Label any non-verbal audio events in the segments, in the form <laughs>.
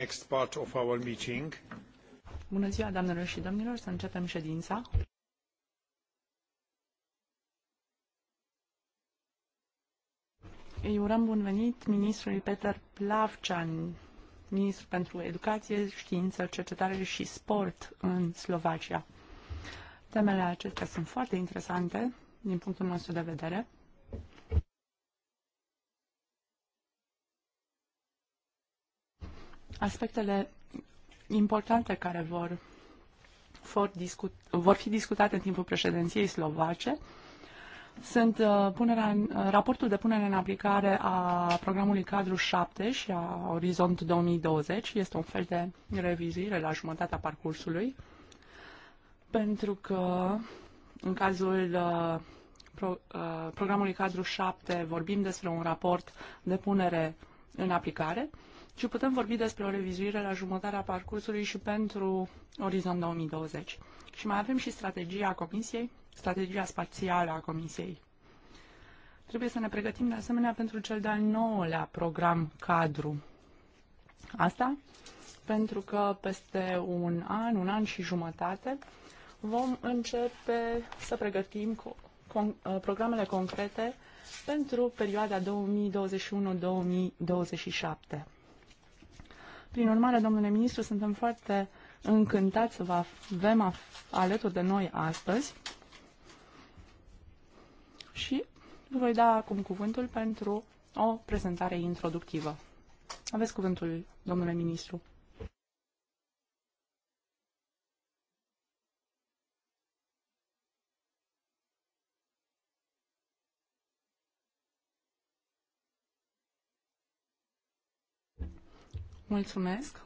Next part of our meeting. Bună ziua, doamnelor și domnilor, să începem ședința. Îi urăm bun venit ministrului Peter Plavcean, ministru pentru educație, știință, cercetare și sport în Slovacia. Temele acestea sunt foarte interesante din punctul nostru de vedere. aspectele importante care vor, vor, discut, vor fi discutate în timpul președinției slovace sunt uh, punerea, uh, raportul de punere în aplicare a programului cadru 7 și a Orizont 2020. Este un fel de revizuire la jumătatea parcursului, pentru că în cazul uh, pro, programului cadru 7 vorbim despre un raport de punere în aplicare ci putem vorbi despre o revizuire la jumătatea parcursului și pentru Orizont 2020. Și mai avem și strategia Comisiei, strategia spațială a Comisiei. Trebuie să ne pregătim de asemenea pentru cel de-al nouălea program cadru. Asta pentru că peste un an, un an și jumătate vom începe să pregătim co con uh, programele concrete pentru perioada 2021-2027. Prin urmare, domnule ministru, suntem foarte încântați să vă avem alături de noi astăzi și vă voi da acum cuvântul pentru o prezentare introductivă. Aveți cuvântul, domnule ministru. Mulțumesc.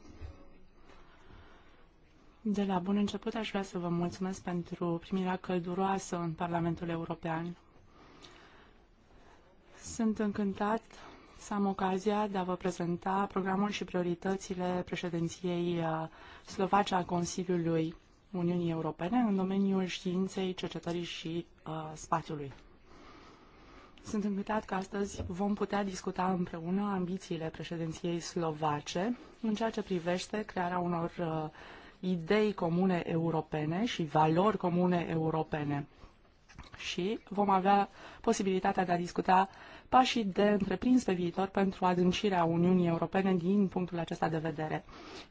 De la bun început aș vrea să vă mulțumesc pentru primirea călduroasă în Parlamentul European. Sunt încântat să am ocazia de a vă prezenta programul și prioritățile președinției uh, slovace a Consiliului Uniunii Europene în domeniul științei, cercetării și uh, spațiului. Sunt încântat că astăzi vom putea discuta împreună ambițiile președinției slovace în ceea ce privește crearea unor uh, idei comune europene și valori comune europene. Și vom avea posibilitatea de a discuta pașii de întreprins pe viitor pentru adâncirea Uniunii Europene din punctul acesta de vedere.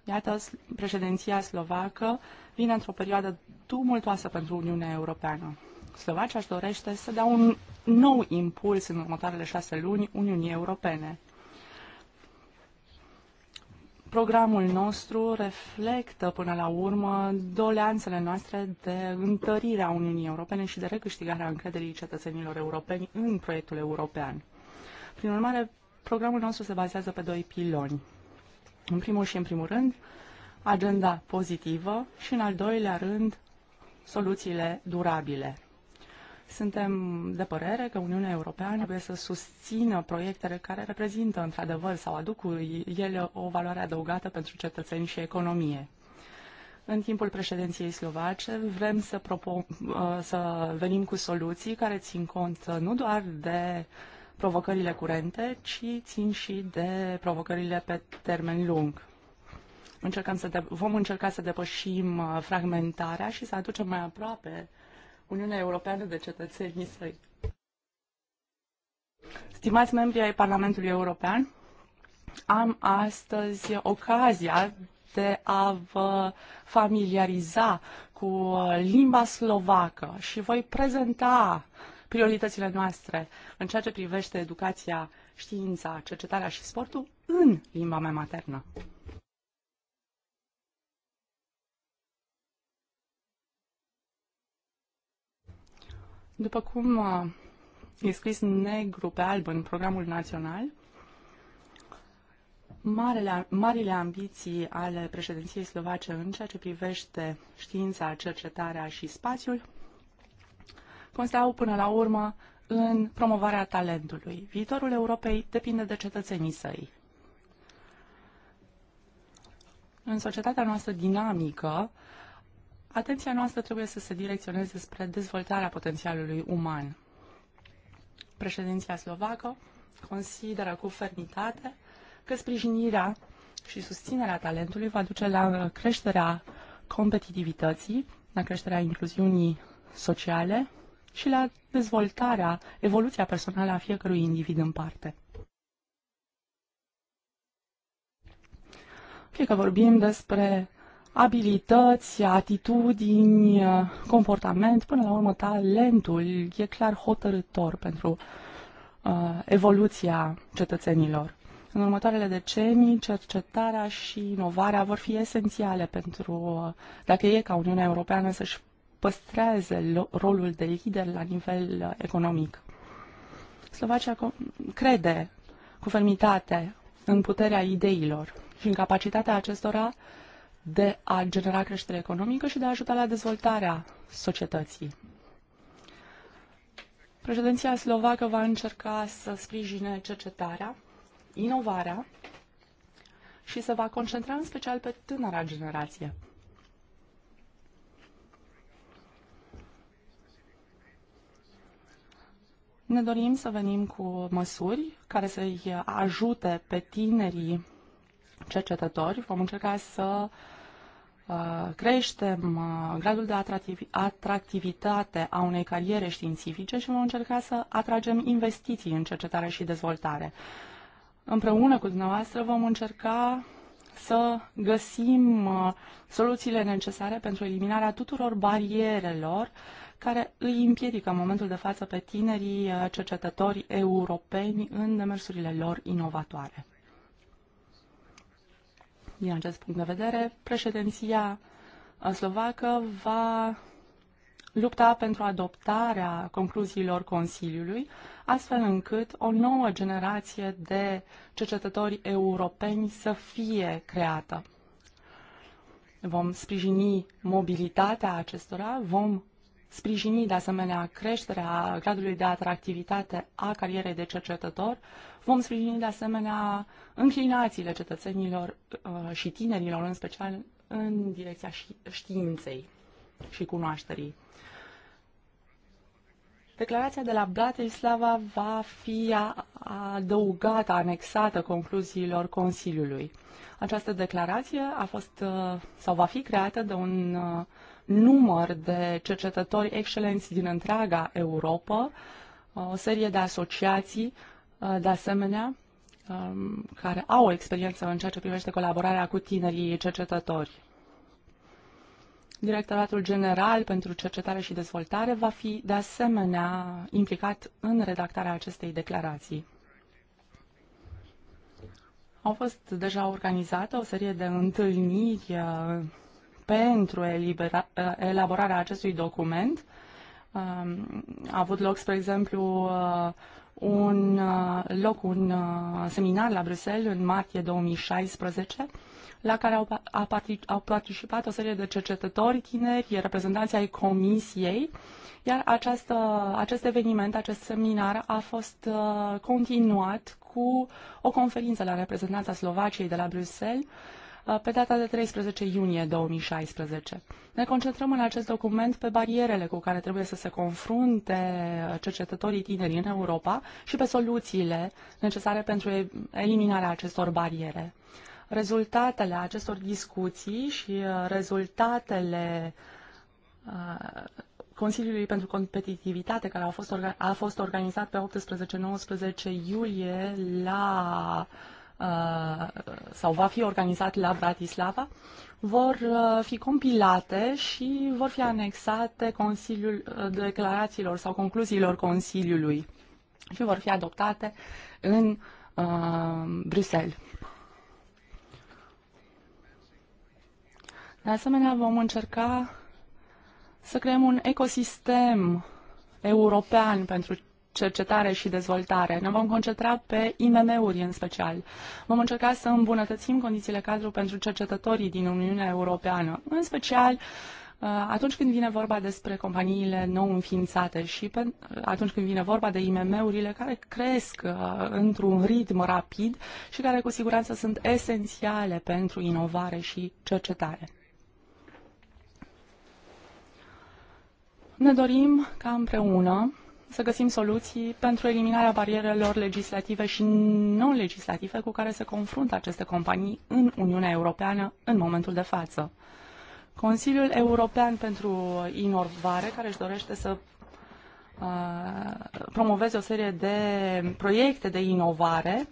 Iată, președinția slovacă vine într-o perioadă tumultoasă pentru Uniunea Europeană. Slovacia își dorește să dea un nou impuls în următoarele șase luni Uniunii Europene. Programul nostru reflectă până la urmă doleanțele noastre de întărirea Uniunii Europene și de recâștigarea încrederii cetățenilor europeni în proiectul european. Prin urmare, programul nostru se bazează pe doi piloni. În primul și în primul rând, agenda pozitivă și în al doilea rând, soluțiile durabile. Suntem de părere că Uniunea Europeană trebuie să susțină proiectele care reprezintă într-adevăr sau aduc ele o valoare adăugată pentru cetățeni și economie. În timpul președinției slovace vrem să, propo- uh, să venim cu soluții care țin cont uh, nu doar de provocările curente, ci țin și de provocările pe termen lung. Încercăm să de- vom încerca să depășim uh, fragmentarea și să aducem mai aproape uh, Uniunea Europeană de cetățenii săi. Stimați membri ai Parlamentului European, am astăzi ocazia de a vă familiariza cu limba slovacă și voi prezenta prioritățile noastre în ceea ce privește educația, știința, cercetarea și sportul în limba mea maternă. După cum uh, e scris negru pe alb în programul național, marele, marile ambiții ale președinției slovace în ceea ce privește știința, cercetarea și spațiul constau până la urmă în promovarea talentului. Viitorul Europei depinde de cetățenii săi. În societatea noastră dinamică, Atenția noastră trebuie să se direcționeze spre dezvoltarea potențialului uman. Președinția slovacă consideră cu fermitate că sprijinirea și susținerea talentului va duce la creșterea competitivității, la creșterea incluziunii sociale și la dezvoltarea, evoluția personală a fiecărui individ în parte. Fie că vorbim despre abilități, atitudini, comportament, până la urmă talentul e clar hotărător pentru uh, evoluția cetățenilor. În următoarele decenii, cercetarea și inovarea vor fi esențiale pentru uh, dacă e ca Uniunea Europeană să-și păstreze rolul de lider la nivel uh, economic. Slovacia crede cu fermitate în puterea ideilor și în capacitatea acestora de a genera creștere economică și de a ajuta la dezvoltarea societății. Președinția slovacă va încerca să sprijine cercetarea, inovarea și se va concentra în special pe tânăra generație. Ne dorim să venim cu măsuri care să-i ajute pe tinerii cercetători, vom încerca să uh, creștem uh, gradul de atractivitate a unei cariere științifice și vom încerca să atragem investiții în cercetare și dezvoltare. Împreună cu dumneavoastră vom încerca să găsim uh, soluțiile necesare pentru eliminarea tuturor barierelor care îi împiedică în momentul de față pe tinerii cercetători europeni în demersurile lor inovatoare. Din acest punct de vedere, președinția uh, slovacă va lupta pentru adoptarea concluziilor Consiliului, astfel încât o nouă generație de cercetători europeni să fie creată. Vom sprijini mobilitatea acestora, vom sprijini de asemenea creșterea gradului de atractivitate a carierei de cercetător, Vom sprijini de asemenea înclinațiile cetățenilor uh, și tinerilor, în special în direcția științei și cunoașterii. Declarația de la Bratislava va fi adăugată, anexată concluziilor Consiliului. Această declarație a fost uh, sau va fi creată de un uh, număr de cercetători excelenți din întreaga Europa, o serie de asociații Uh, de asemenea, um, care au experiență în ceea ce privește colaborarea cu tinerii cercetători. Directoratul General pentru Cercetare și Dezvoltare va fi de asemenea implicat în redactarea acestei declarații. Au fost deja organizate o serie de întâlniri uh, pentru uh, elaborarea acestui document Um, a avut loc, spre exemplu, uh, un uh, loc, un uh, seminar la Bruxelles în martie 2016 la care au, a partic- au participat o serie de cercetători tineri, reprezentanții ai comisiei, iar această, acest eveniment, acest seminar a fost continuat cu o conferință la reprezentanța Slovaciei de la Bruxelles, Uh, pe data de 13 iunie 2016. Ne concentrăm în acest document pe barierele cu care trebuie să se confrunte uh, cercetătorii tineri în Europa și pe soluțiile necesare pentru eliminarea acestor bariere. Rezultatele acestor discuții și uh, rezultatele Consiliului pentru Competitivitate, care a fost, a fost organizat pe 18-19 iulie la uh, Uh, sau va fi organizat la Bratislava, vor uh, fi compilate și vor fi anexate Consiliul, uh, declarațiilor sau concluziilor Consiliului și vor fi adoptate în uh, Bruxelles. De asemenea, vom încerca să creăm un ecosistem european pentru cercetare și dezvoltare. Ne vom concentra pe IMM-uri în special. Vom încerca să îmbunătățim condițiile cadru pentru cercetătorii din Uniunea Europeană, în special uh, atunci când vine vorba despre companiile nou înființate și pe, atunci când vine vorba de IMM-urile care cresc uh, într-un ritm rapid și care cu siguranță sunt esențiale pentru inovare și cercetare. Ne dorim ca împreună să găsim soluții pentru eliminarea barierelor legislative și non-legislative cu care se confruntă aceste companii în Uniunea Europeană în momentul de față. Consiliul European pentru Inovare, care își dorește să uh, promoveze o serie de proiecte de inovare,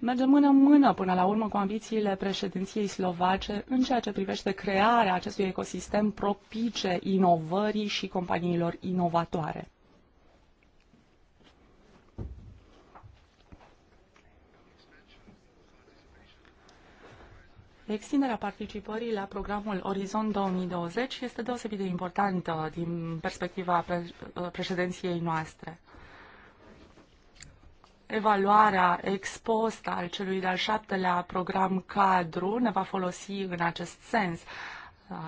merge mână-mână până la urmă cu ambițiile președinției slovace în ceea ce privește crearea acestui ecosistem propice inovării și companiilor inovatoare. Extinderea participării la programul Orizont 2020 este deosebit de importantă din perspectiva președinției noastre. Evaluarea ex post al celui de-al șaptelea program cadru ne va folosi în acest sens.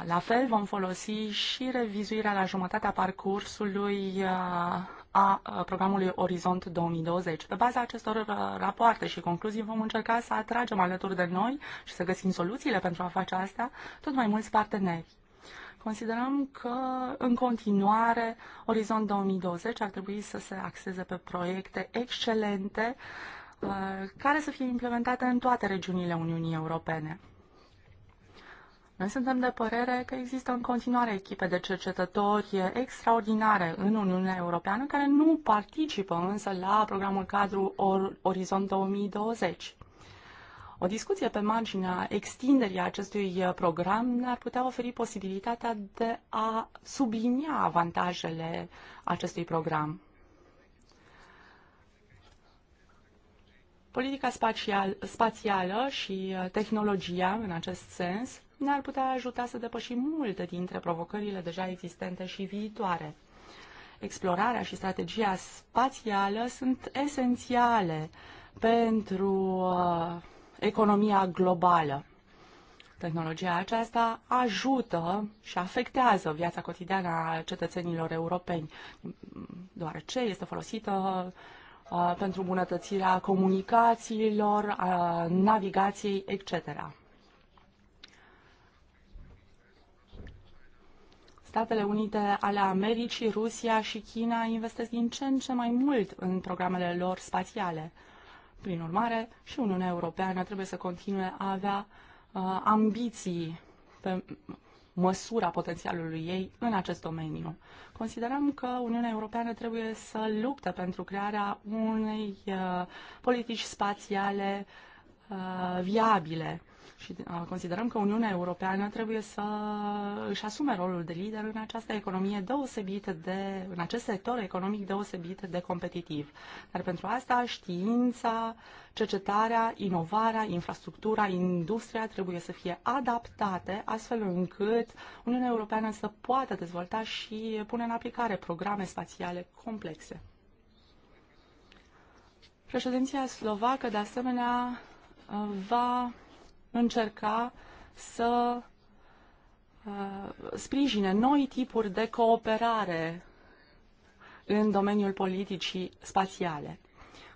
La fel vom folosi și revizuirea la jumătatea parcursului a programului Orizont 2020. Pe baza acestor uh, rapoarte și concluzii vom încerca să atragem alături de noi și să găsim soluțiile pentru a face asta tot mai mulți parteneri. Considerăm că, în continuare, Orizont 2020 ar trebui să se axeze pe proiecte excelente uh, care să fie implementate în toate regiunile Uniunii Europene. Noi suntem de părere că există în continuare echipe de cercetători extraordinare în Uniunea Europeană care nu participă însă la programul cadru Or- Orizont 2020. O discuție pe marginea extinderii acestui uh, program ne-ar putea oferi posibilitatea de a sublinia avantajele acestui program. Politica spațial, spațială și uh, tehnologia, în acest sens, ne-ar putea ajuta să depășim multe dintre provocările deja existente și viitoare. Explorarea și strategia spațială sunt esențiale pentru uh, economia globală. Tehnologia aceasta ajută și afectează viața cotidiană a cetățenilor europeni, deoarece este folosită uh, pentru bunătățirea comunicațiilor, a uh, navigației, etc. Statele Unite ale Americii, Rusia și China investesc din ce în ce mai mult în programele lor spațiale. Prin urmare, și Uniunea Europeană trebuie să continue a avea uh, ambiții pe măsura potențialului ei în acest domeniu. Considerăm că Uniunea Europeană trebuie să lupte pentru crearea unei uh, politici spațiale uh, viabile și uh, considerăm că Uniunea Europeană trebuie să își asume rolul de lider în această economie deosebită de, în acest sector economic deosebit de competitiv. Dar pentru asta știința, cercetarea, inovarea, infrastructura, industria trebuie să fie adaptate astfel încât Uniunea Europeană să poată dezvolta și pune în aplicare programe spațiale complexe. Președinția slovacă, de asemenea, va încerca să uh, sprijine noi tipuri de cooperare în domeniul politicii spațiale.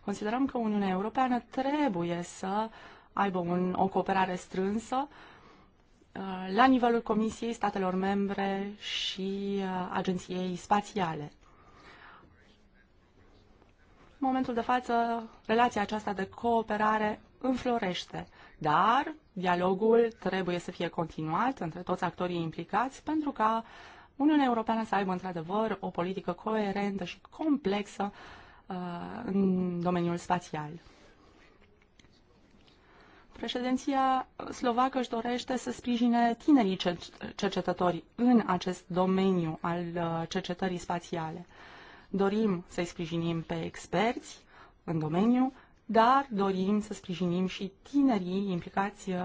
Considerăm că Uniunea Europeană trebuie să aibă un, o cooperare strânsă uh, la nivelul Comisiei statelor membre și uh, Agenției Spațiale. În momentul de față, relația aceasta de cooperare înflorește. Dar dialogul trebuie să fie continuat între toți actorii implicați pentru ca Uniunea Europeană să aibă într-adevăr o politică coerentă și complexă uh, în domeniul spațial. Președinția slovacă își dorește să sprijine tinerii cercetători în acest domeniu al uh, cercetării spațiale. Dorim să-i sprijinim pe experți în domeniu, dar dorim să sprijinim și tinerii implicați uh,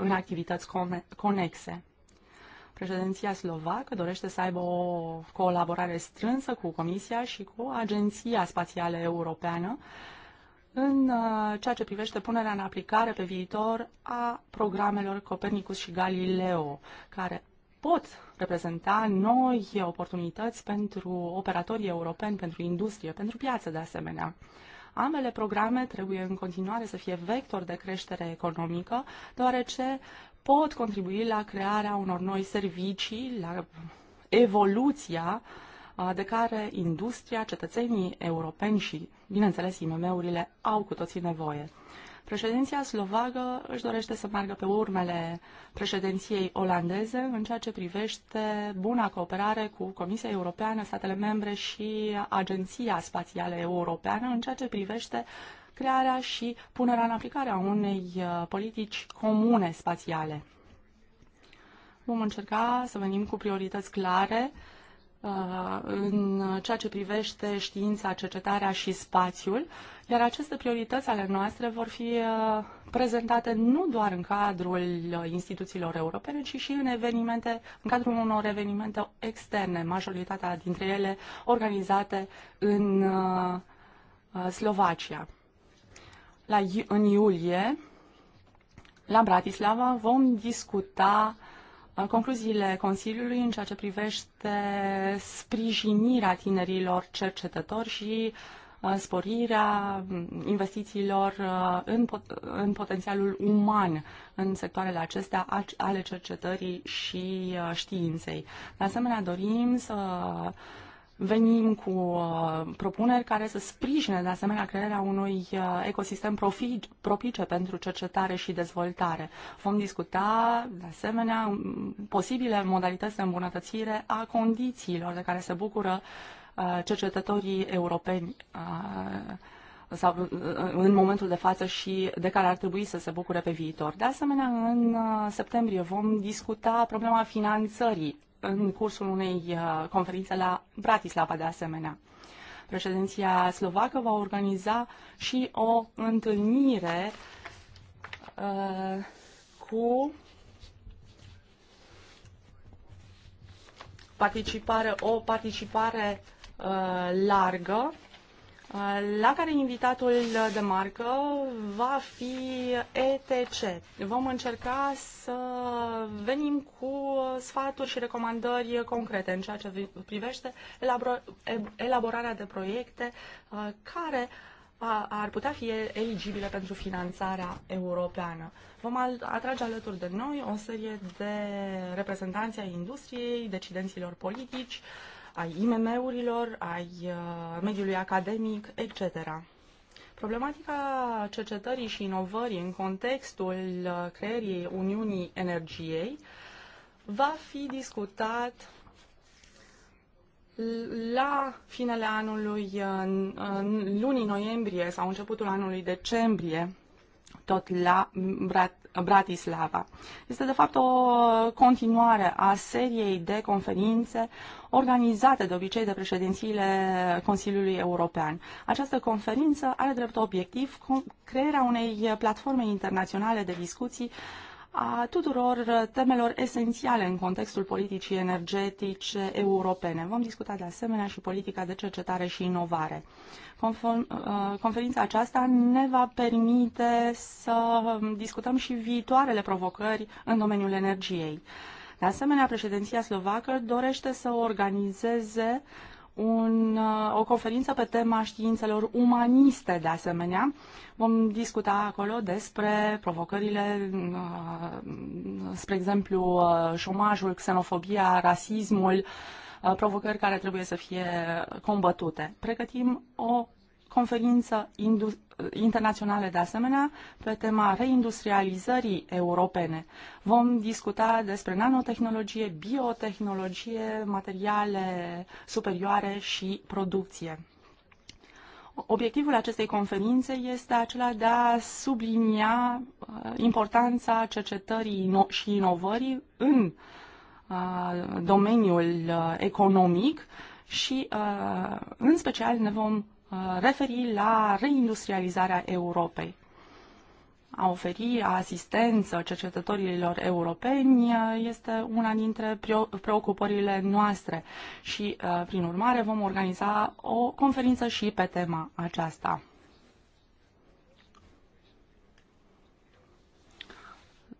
în activități conexe. Președinția slovacă dorește să aibă o colaborare strânsă cu Comisia și cu Agenția Spațială Europeană în uh, ceea ce privește punerea în aplicare pe viitor a programelor Copernicus și Galileo, care pot reprezenta noi oportunități pentru operatorii europeni, pentru industrie, pentru piață de asemenea. Ambele programe trebuie în continuare să fie vector de creștere economică, deoarece pot contribui la crearea unor noi servicii, la evoluția de care industria, cetățenii europeni și, bineînțeles, IMM-urile au cu toții nevoie. Președinția slovacă își dorește să meargă pe urmele președinției olandeze în ceea ce privește buna cooperare cu Comisia Europeană, statele membre și Agenția Spațială Europeană în ceea ce privește crearea și punerea în aplicare a unei uh, politici comune spațiale. Vom încerca să venim cu priorități clare uh, în ceea ce privește știința, cercetarea și spațiul iar aceste priorități ale noastre vor fi uh, prezentate nu doar în cadrul uh, instituțiilor europene, ci și în evenimente, în cadrul unor evenimente externe, majoritatea dintre ele organizate în uh, Slovacia. La, în iulie, la Bratislava, vom discuta concluziile Consiliului în ceea ce privește sprijinirea tinerilor cercetători și uh, sporirea investițiilor uh, în, pot- în potențialul uman în sectoarele acestea ale cercetării și uh, științei. De asemenea, dorim să venim cu uh, propuneri care să sprijine de asemenea crearea unui ecosistem propice pentru cercetare și dezvoltare. Vom discuta de asemenea posibile modalități de îmbunătățire a condițiilor de care se bucură cercetătorii europeni sau în momentul de față și de care ar trebui să se bucure pe viitor. De asemenea, în septembrie vom discuta problema finanțării în cursul unei conferințe la Bratislava de asemenea. Președinția slovacă va organiza și o întâlnire cu participare, o participare Uh, largă uh, la care invitatul de marcă va fi ETC. Vom încerca să venim cu sfaturi și recomandări concrete în ceea ce privește elaborarea de proiecte uh, care ar putea fi eligibile pentru finanțarea europeană. Vom atrage alături de noi o serie de reprezentanți ai industriei, decidenților politici, ai IMM-urilor, ai uh, mediului academic, etc. Problematica cercetării și inovării în contextul uh, creierii Uniunii Energiei va fi discutat la finele anului, uh, în, lunii noiembrie sau începutul anului decembrie tot la Bratislava. Este de fapt o continuare a seriei de conferințe organizate de obicei de președințiile Consiliului European. Această conferință are drept obiectiv crearea unei platforme internaționale de discuții uh, a tuturor temelor esențiale în contextul politicii energetice europene. Vom discuta de asemenea și politica de cercetare și inovare. Uh, conferința aceasta ne va permite să discutăm și viitoarele provocări în domeniul energiei. De asemenea, președinția slovacă dorește să organizeze un, uh, o conferință pe tema științelor umaniste, de asemenea. Vom discuta acolo despre provocările, uh, spre exemplu, uh, șomajul, xenofobia, rasismul, provocări care trebuie să fie combătute. Pregătim o conferință internațională de asemenea pe tema reindustrializării europene. Vom discuta despre nanotehnologie, biotehnologie, materiale superioare și producție. Obiectivul acestei conferințe este acela de a sublinia uh, importanța cercetării și inovării în uh, domeniul uh, economic și în special ne vom Uh, referi la reindustrializarea Europei. A oferi asistență cercetătorilor europeni uh, este una dintre preocupările noastre și, uh, prin urmare, vom organiza o conferință și pe tema aceasta.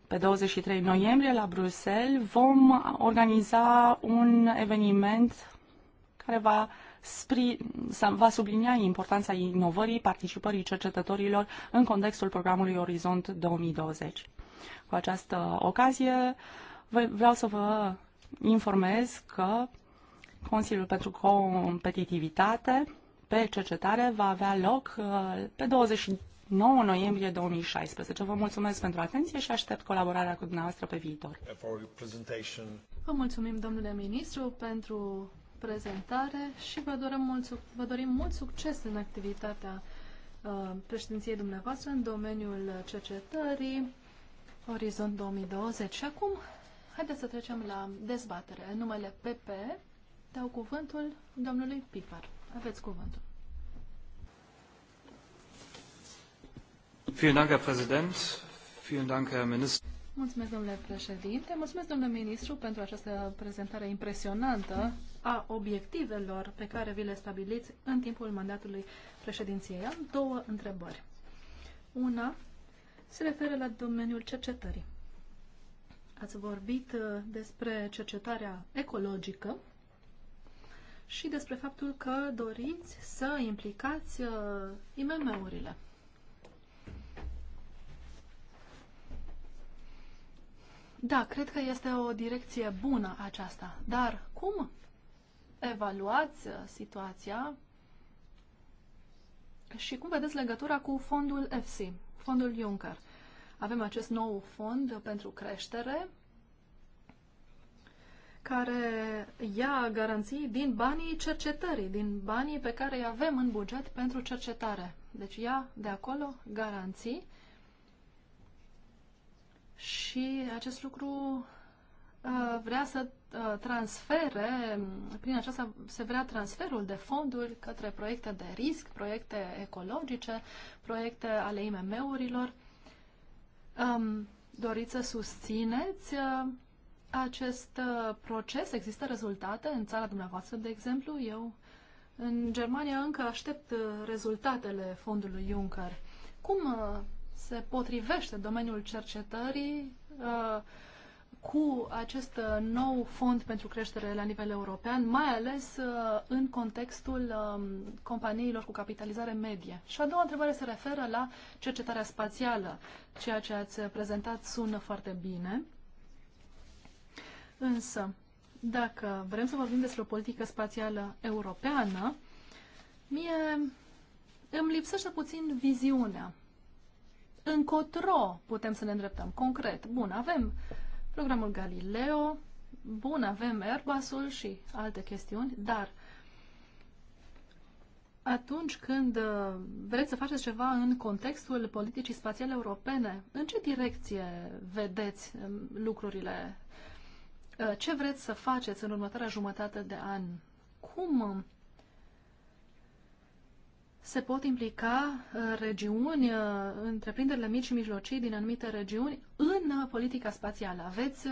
pe 23 noiembrie la Bruxelles vom organiza un eveniment care va va sublinia importanța inovării, participării cercetătorilor în contextul programului Orizont 2020. Cu această ocazie vreau să vă informez că Consiliul pentru Competitivitate pe cercetare va avea loc uh, pe 29 noiembrie 2016. Vă mulțumesc pentru atenție și aștept colaborarea cu dumneavoastră pe viitor. Vă mulțumim, domnule ministru, pentru prezentare și vă dorim mult, vă dorim mult succes în activitatea uh, președinției dumneavoastră în domeniul cercetării Orizont 2020. Și acum, haideți să trecem la dezbatere. În numele PP dau cuvântul domnului Pipar. Aveți cuvântul. Vielen Dank, Herr Präsident. Vielen Dank, Herr Minister. Mulțumesc, domnule președinte. Mulțumesc, domnule ministru, pentru această prezentare impresionantă a obiectivelor pe care vi le stabiliți în timpul mandatului președinției. Am două întrebări. Una se referă la domeniul cercetării. Ați vorbit uh, despre cercetarea ecologică și despre faptul că doriți să implicați uh, IMM-urile. Da, cred că este o direcție bună aceasta, dar cum evaluați uh, situația și cum vedeți legătura cu fondul FC, fondul Juncker. Avem acest nou fond pentru creștere care ia garanții din banii cercetării, din banii pe care îi avem în buget pentru cercetare. Deci ia de acolo garanții și acest lucru uh, vrea să Uh, transfere, prin aceasta se vrea transferul de fonduri către proiecte de risc, proiecte ecologice, proiecte ale IMM-urilor. Um, doriți să susțineți uh, acest uh, proces? Există rezultate în țara dumneavoastră, de exemplu? Eu în Germania încă aștept rezultatele fondului Juncker. Cum se potrivește domeniul cercetării uh, cu acest uh, nou fond pentru creștere la nivel european, mai ales uh, în contextul um, companiilor cu capitalizare medie. Și a doua întrebare se referă la cercetarea spațială, ceea ce ați prezentat sună foarte bine. Însă, dacă vrem să vorbim despre o politică spațială europeană, mie îmi lipsește puțin viziunea încotro putem să ne îndreptăm concret. Bun, avem programul Galileo, bun, avem Airbus-ul și alte chestiuni, dar atunci când uh, vreți să faceți ceva în contextul politicii spațiale europene, în ce direcție vedeți um, lucrurile? Uh, ce vreți să faceți în următoarea jumătate de an? Cum um, se pot implica uh, regiuni, uh, întreprinderile mici și mijlocii din anumite regiuni în uh, politica spațială. Aveți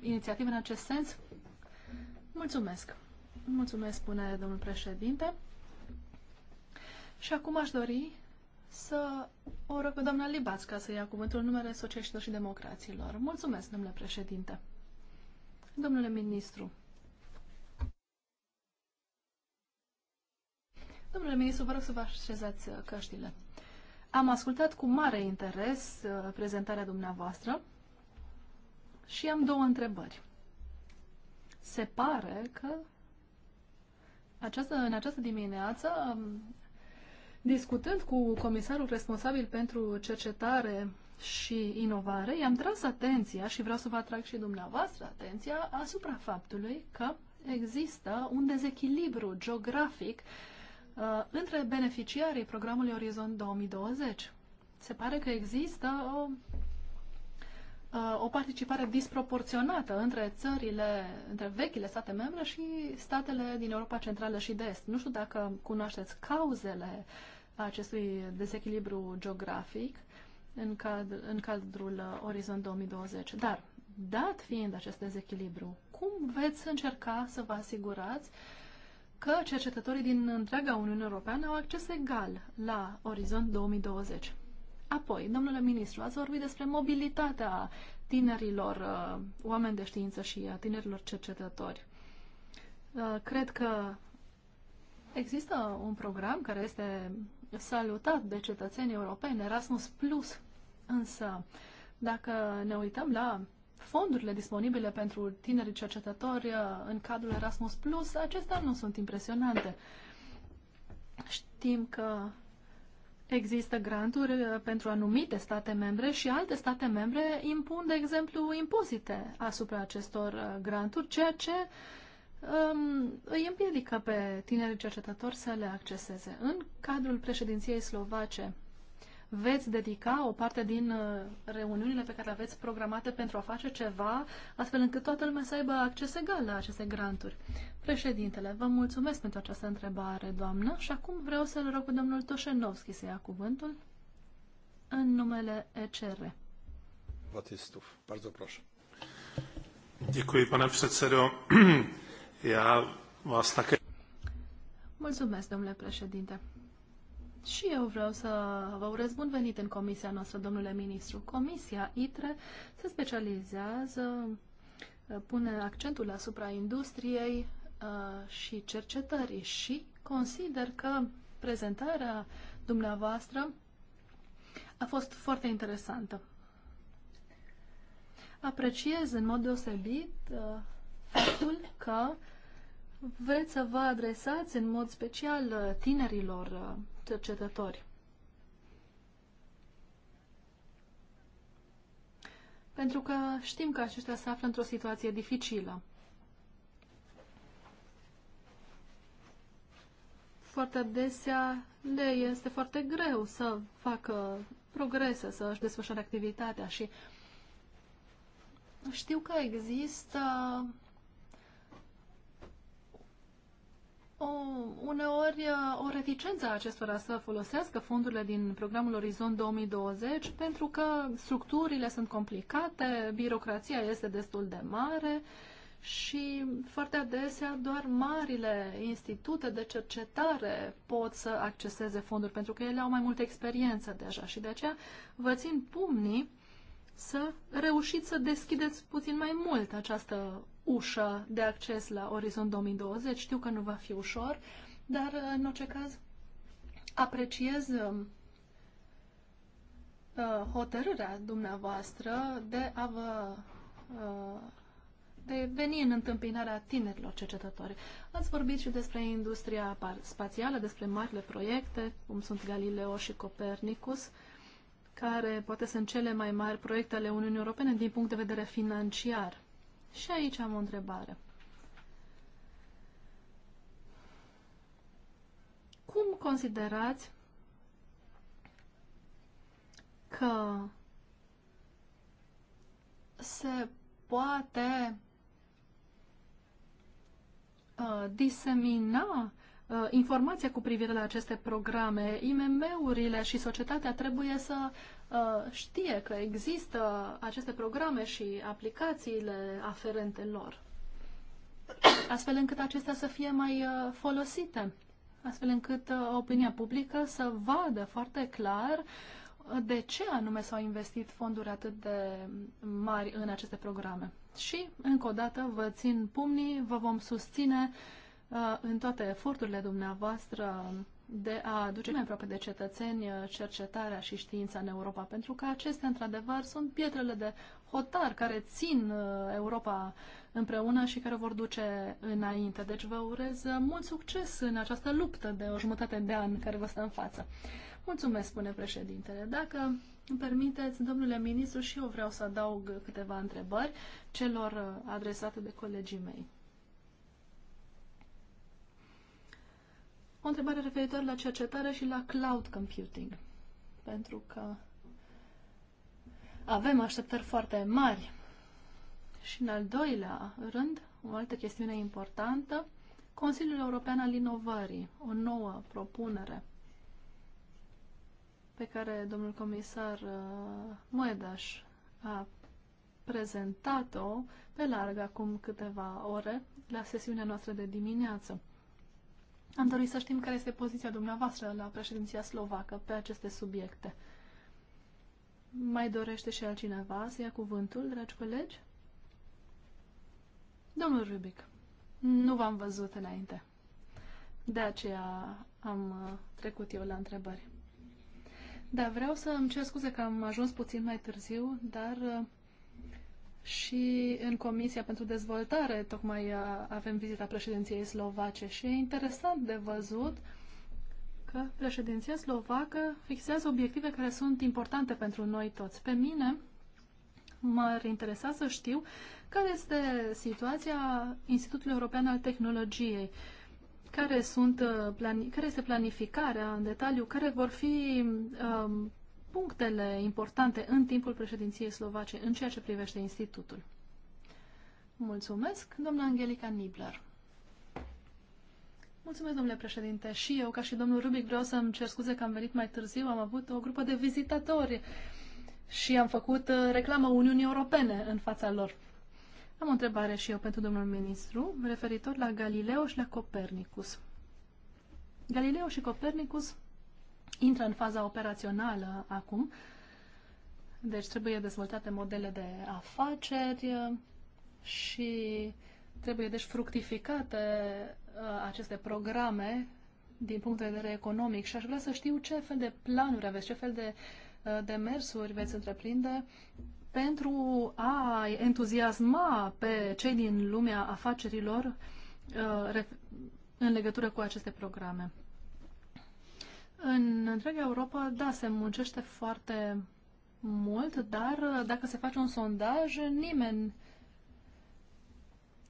inițiative în acest sens? Mulțumesc. Mulțumesc, spune domnul președinte. Și acum aș dori să o rog pe doamna Libațca să ia cuvântul în numele Socialiștilor și Democraților. Mulțumesc, domnule președinte. Domnule ministru, Domnule ministru, vă rog să vă așezați uh, căștile. Am ascultat cu mare interes uh, prezentarea dumneavoastră și am două întrebări. Se pare că această, în această dimineață, um, discutând cu comisarul responsabil pentru cercetare și inovare, i-am tras atenția și vreau să vă atrag și dumneavoastră atenția asupra faptului că există un dezechilibru geografic Uh, între beneficiarii programului Orizont 2020. Se pare că există o, uh, o participare disproporționată între țările, între vechile state membre și statele din Europa Centrală și de Est. Nu știu dacă cunoașteți cauzele acestui dezechilibru geografic în, cad- în cadrul Orizont 2020, dar dat fiind acest dezechilibru, cum veți încerca să vă asigurați uh, că cercetătorii din întreaga Uniune Europeană au acces egal la Orizont 2020. Apoi, domnule ministru, ați vorbit despre mobilitatea tinerilor uh, oameni de știință și a tinerilor cercetători. Uh, cred că există un program care este salutat de cetățenii europeni, Erasmus Plus, însă dacă ne uităm la fondurile disponibile pentru tinerii cercetători uh, în cadrul Erasmus Plus, acestea nu sunt impresionante. Știm că există granturi uh, pentru anumite state membre și alte state membre impun, de exemplu, impozite asupra acestor uh, granturi, ceea ce um, îi împiedică pe tinerii cercetători să le acceseze. În cadrul președinției slovace veți dedica o parte din uh, reuniunile pe care le aveți programate pentru a face ceva, astfel încât toată lumea să aibă acces egal la aceste granturi. Președintele, vă mulțumesc pentru această întrebare, doamnă, și acum vreau să-l rog pe domnul Toșenovski să ia cuvântul în numele ECR. Vatistov, bardzo proșu. Děkuji, pane předsedo. <clears throat> Já vás také... Mulțumesc, domnule președinte. Și eu vreau să vă urez bun venit în comisia noastră, domnule ministru. Comisia ITRE se specializează, uh, pune accentul asupra industriei uh, și cercetării și consider că prezentarea dumneavoastră a fost foarte interesantă. Apreciez în mod deosebit uh, faptul că vreți să vă adresați în mod special tinerilor cercetători. Pentru că știm că aceștia se află într-o situație dificilă. Foarte adesea le este foarte greu să facă progrese, să își desfășoare activitatea și știu că există o, uneori uh, o reticență a acestora să folosească fondurile din programul Orizont 2020 pentru că structurile sunt complicate, birocrația este destul de mare și foarte adesea doar marile institute de cercetare pot să acceseze fonduri pentru că ele au mai multă experiență deja și de aceea vă țin pumnii să reușiți să deschideți puțin mai mult această ușă de acces la Orizont 2020. Știu că nu va fi ușor, dar uh, în orice caz apreciez um, uh, hotărârea dumneavoastră de a vă uh, de veni în întâmpinarea tinerilor cercetători. Ați vorbit și despre industria spațială, despre marile proiecte, cum sunt Galileo și Copernicus. Uh, care poate sunt cele mai mari proiecte ale Uniunii Europene din punct de vedere financiar. Și aici am o întrebare. Cum considerați că se poate uh, disemina Uh, informația cu privire la aceste programe. IMM-urile și societatea trebuie să uh, știe că există aceste programe și aplicațiile aferente lor, astfel încât acestea să fie mai uh, folosite, astfel încât opinia publică să vadă foarte clar de ce anume s-au investit fonduri atât de mari în aceste programe. Și, încă o dată, vă țin pumnii, vă vom susține uh, Uh, în toate eforturile dumneavoastră de a aduce mai aproape de cetățeni uh, cercetarea și știința în Europa, pentru că acestea, într-adevăr, sunt pietrele de hotar care țin uh, Europa împreună și care vor duce înainte. Deci vă urez mult succes în această luptă de o jumătate de an care vă stă în față. Mulțumesc, spune președintele. Dacă îmi permiteți, domnule ministru, și eu vreau să adaug câteva întrebări celor adresate de colegii mei. o întrebare referitor la cercetare și la cloud computing. Pentru că avem așteptări foarte mari. Și în al doilea rând, o altă chestiune importantă, Consiliul European al Inovării, o nouă propunere pe care domnul comisar uh, Moedaș a prezentat-o pe larg acum câteva ore la sesiunea noastră de dimineață. Am dorit să știm care este poziția dumneavoastră la președinția slovacă pe aceste subiecte. Mai dorește și altcineva să ia cuvântul, dragi colegi? Domnul Rubic, nu v-am văzut înainte. De aceea am uh, trecut eu la întrebări. Da, vreau să îmi cer scuze că am ajuns puțin mai târziu, dar uh, și în Comisia pentru Dezvoltare tocmai uh, avem vizita președinției slovace și e interesant de văzut că președinția slovacă fixează obiective care sunt importante pentru noi toți. Pe mine m-ar interesa să știu care este situația Institutului European al Tehnologiei, care, sunt, uh, care este planificarea în detaliu, care vor fi um, punctele importante în timpul președinției slovace în ceea ce privește institutul. Mulțumesc, doamna Angelica Nibler. Mulțumesc, domnule președinte. Și eu, ca și domnul Rubic, vreau să-mi cer scuze că am venit mai târziu. Am avut o grupă de vizitatori și am făcut uh, reclamă Uniunii Europene în fața lor. Am o întrebare și eu pentru domnul ministru, referitor la Galileo și la Copernicus. Galileo și Copernicus intră în faza operațională acum. Deci trebuie dezvoltate modele de afaceri uh, și trebuie deci fructificate uh, aceste programe din punct de vedere economic și aș vrea să știu ce fel de planuri aveți, ce fel de uh, demersuri veți întreprinde pentru a entuziasma pe cei din lumea afacerilor în legătură cu aceste programe. În întreaga Europa, da, se muncește foarte mult, dar dacă se face un sondaj, nimeni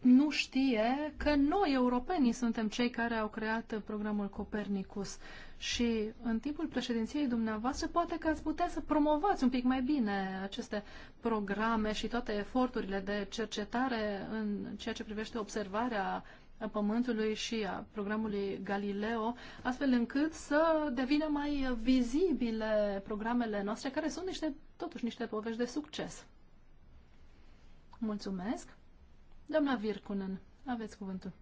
nu știe că noi, europenii, suntem cei care au creat programul Copernicus. Și în timpul președinției dumneavoastră, poate că ați putea să promovați un pic mai bine aceste programe și toate eforturile de cercetare în ceea ce privește observarea Pământului și a programului Galileo, astfel încât să devină mai vizibile programele noastre, care sunt niște, totuși niște povești de succes. Mulțumesc. Doamna Virkunen, aveți cuvântul.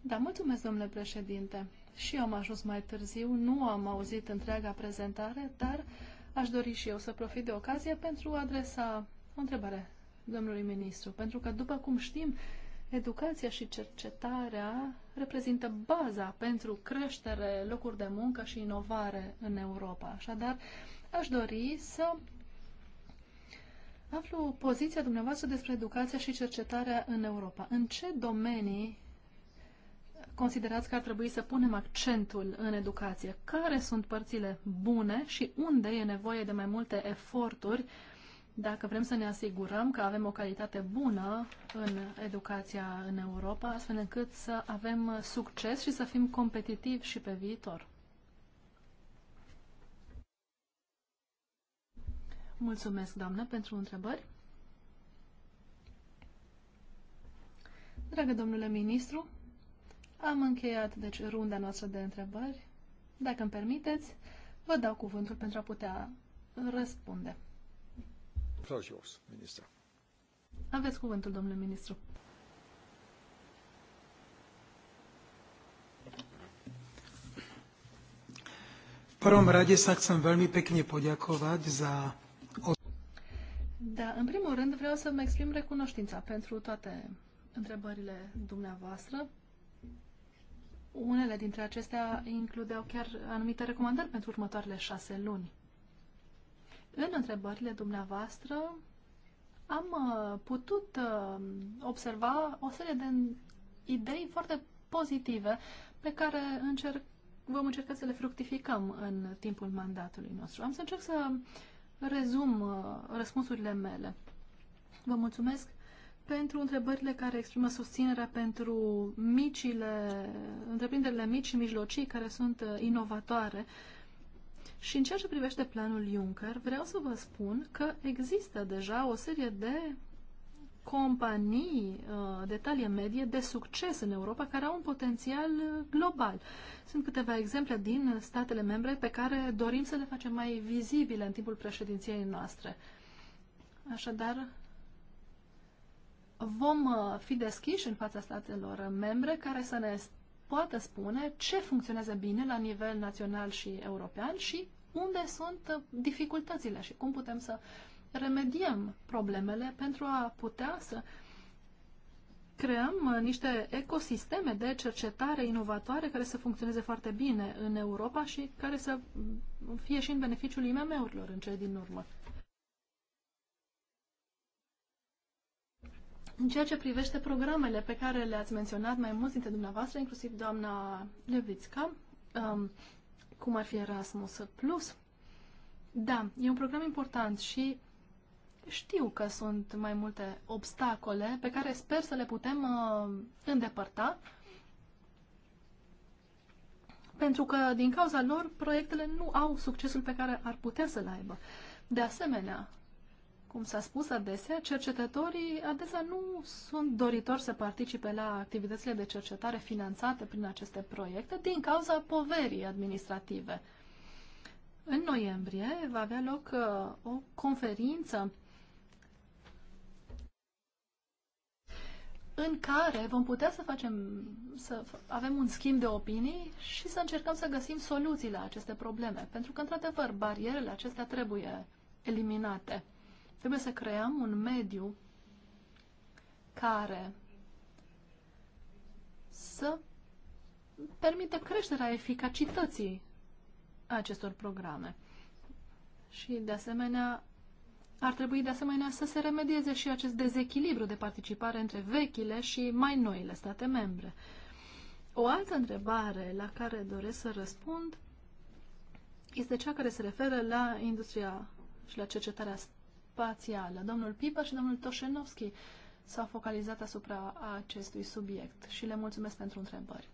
Da, mulțumesc, domnule președinte. Și eu am ajuns mai târziu, nu am auzit întreaga prezentare, dar aș dori și eu să profit de ocazie pentru a adresa o întrebare domnului ministru, pentru că, după cum știm, Educația și cercetarea reprezintă baza pentru creștere, locuri de muncă și inovare în Europa. Așadar, aș dori să aflu poziția dumneavoastră despre educația și cercetarea în Europa. În ce domenii considerați că ar trebui să punem accentul în educație? Care sunt părțile bune și unde e nevoie de mai multe eforturi uh, dacă vrem să ne asigurăm că avem o calitate bună în educația în Europa, astfel încât să avem succes și să fim competitivi și pe viitor. Mulțumesc, doamnă, pentru întrebări. Dragă domnule ministru, am încheiat deci runda noastră de întrebări. Dacă îmi permiteți, vă dau cuvântul pentru a putea răspunde. Floor yours, Aveți cuvântul, domnule ministru. prvom rade sa chcem veľmi pekne poďakovať za... Da, în primul rând vreau să-mi exprim recunoștința pentru toate întrebările dumneavoastră. Unele dintre acestea includeau chiar anumite recomandări pentru următoarele șase luni. În întrebările dumneavoastră am uh, putut uh, observa o serie de idei foarte pozitive pe care încerc, vom încerca să le fructificăm în timpul mandatului nostru. Am să încerc să rezum uh, răspunsurile mele. Vă mulțumesc pentru întrebările care exprimă susținerea pentru micile, întreprinderile mici și mijlocii care sunt inovatoare și în ceea ce privește planul Juncker, vreau să vă spun că există deja o serie de companii uh, de talie medie de succes în Europa care au un potențial uh, global. Sunt câteva exemple din statele membre pe care dorim să le facem mai vizibile în timpul președinției noastre. Așadar, vom uh, fi deschiși în fața statelor membre care să ne poată spune ce funcționează bine la nivel național și european și unde sunt uh, dificultățile și cum putem să remediem problemele pentru a putea să creăm uh, niște ecosisteme de cercetare inovatoare care să funcționeze foarte bine în Europa și care să mm, fie și în beneficiul IMM-urilor în cele din urmă. În ceea ce privește programele pe care le-ați menționat mai mulți dintre dumneavoastră, inclusiv doamna Levitska, um, cum ar fi Erasmus Plus, da, e un program important și știu că sunt mai multe obstacole pe care sper să le putem uh, îndepărta, pentru că din cauza lor proiectele nu au succesul pe care ar putea să-l aibă. De asemenea, cum s-a spus adesea, cercetătorii adesea nu sunt doritori să participe la activitățile de cercetare finanțate prin aceste proiecte din cauza poverii administrative. În noiembrie va avea loc uh, o conferință în care vom putea să facem, să avem un schimb de opinii și să încercăm să găsim soluții la aceste probleme. Pentru că, într-adevăr, barierele acestea trebuie eliminate. Trebuie să creăm un mediu care să permită creșterea eficacității acestor programe. Și, de asemenea, ar trebui, de asemenea, să se remedieze și acest dezechilibru de participare între vechile și mai noile state membre. O altă întrebare la care doresc să răspund este cea care se referă la industria și la cercetarea spațială. Domnul Pipa și domnul Toșenovski s-au focalizat asupra acestui subiect și le mulțumesc pentru întrebări.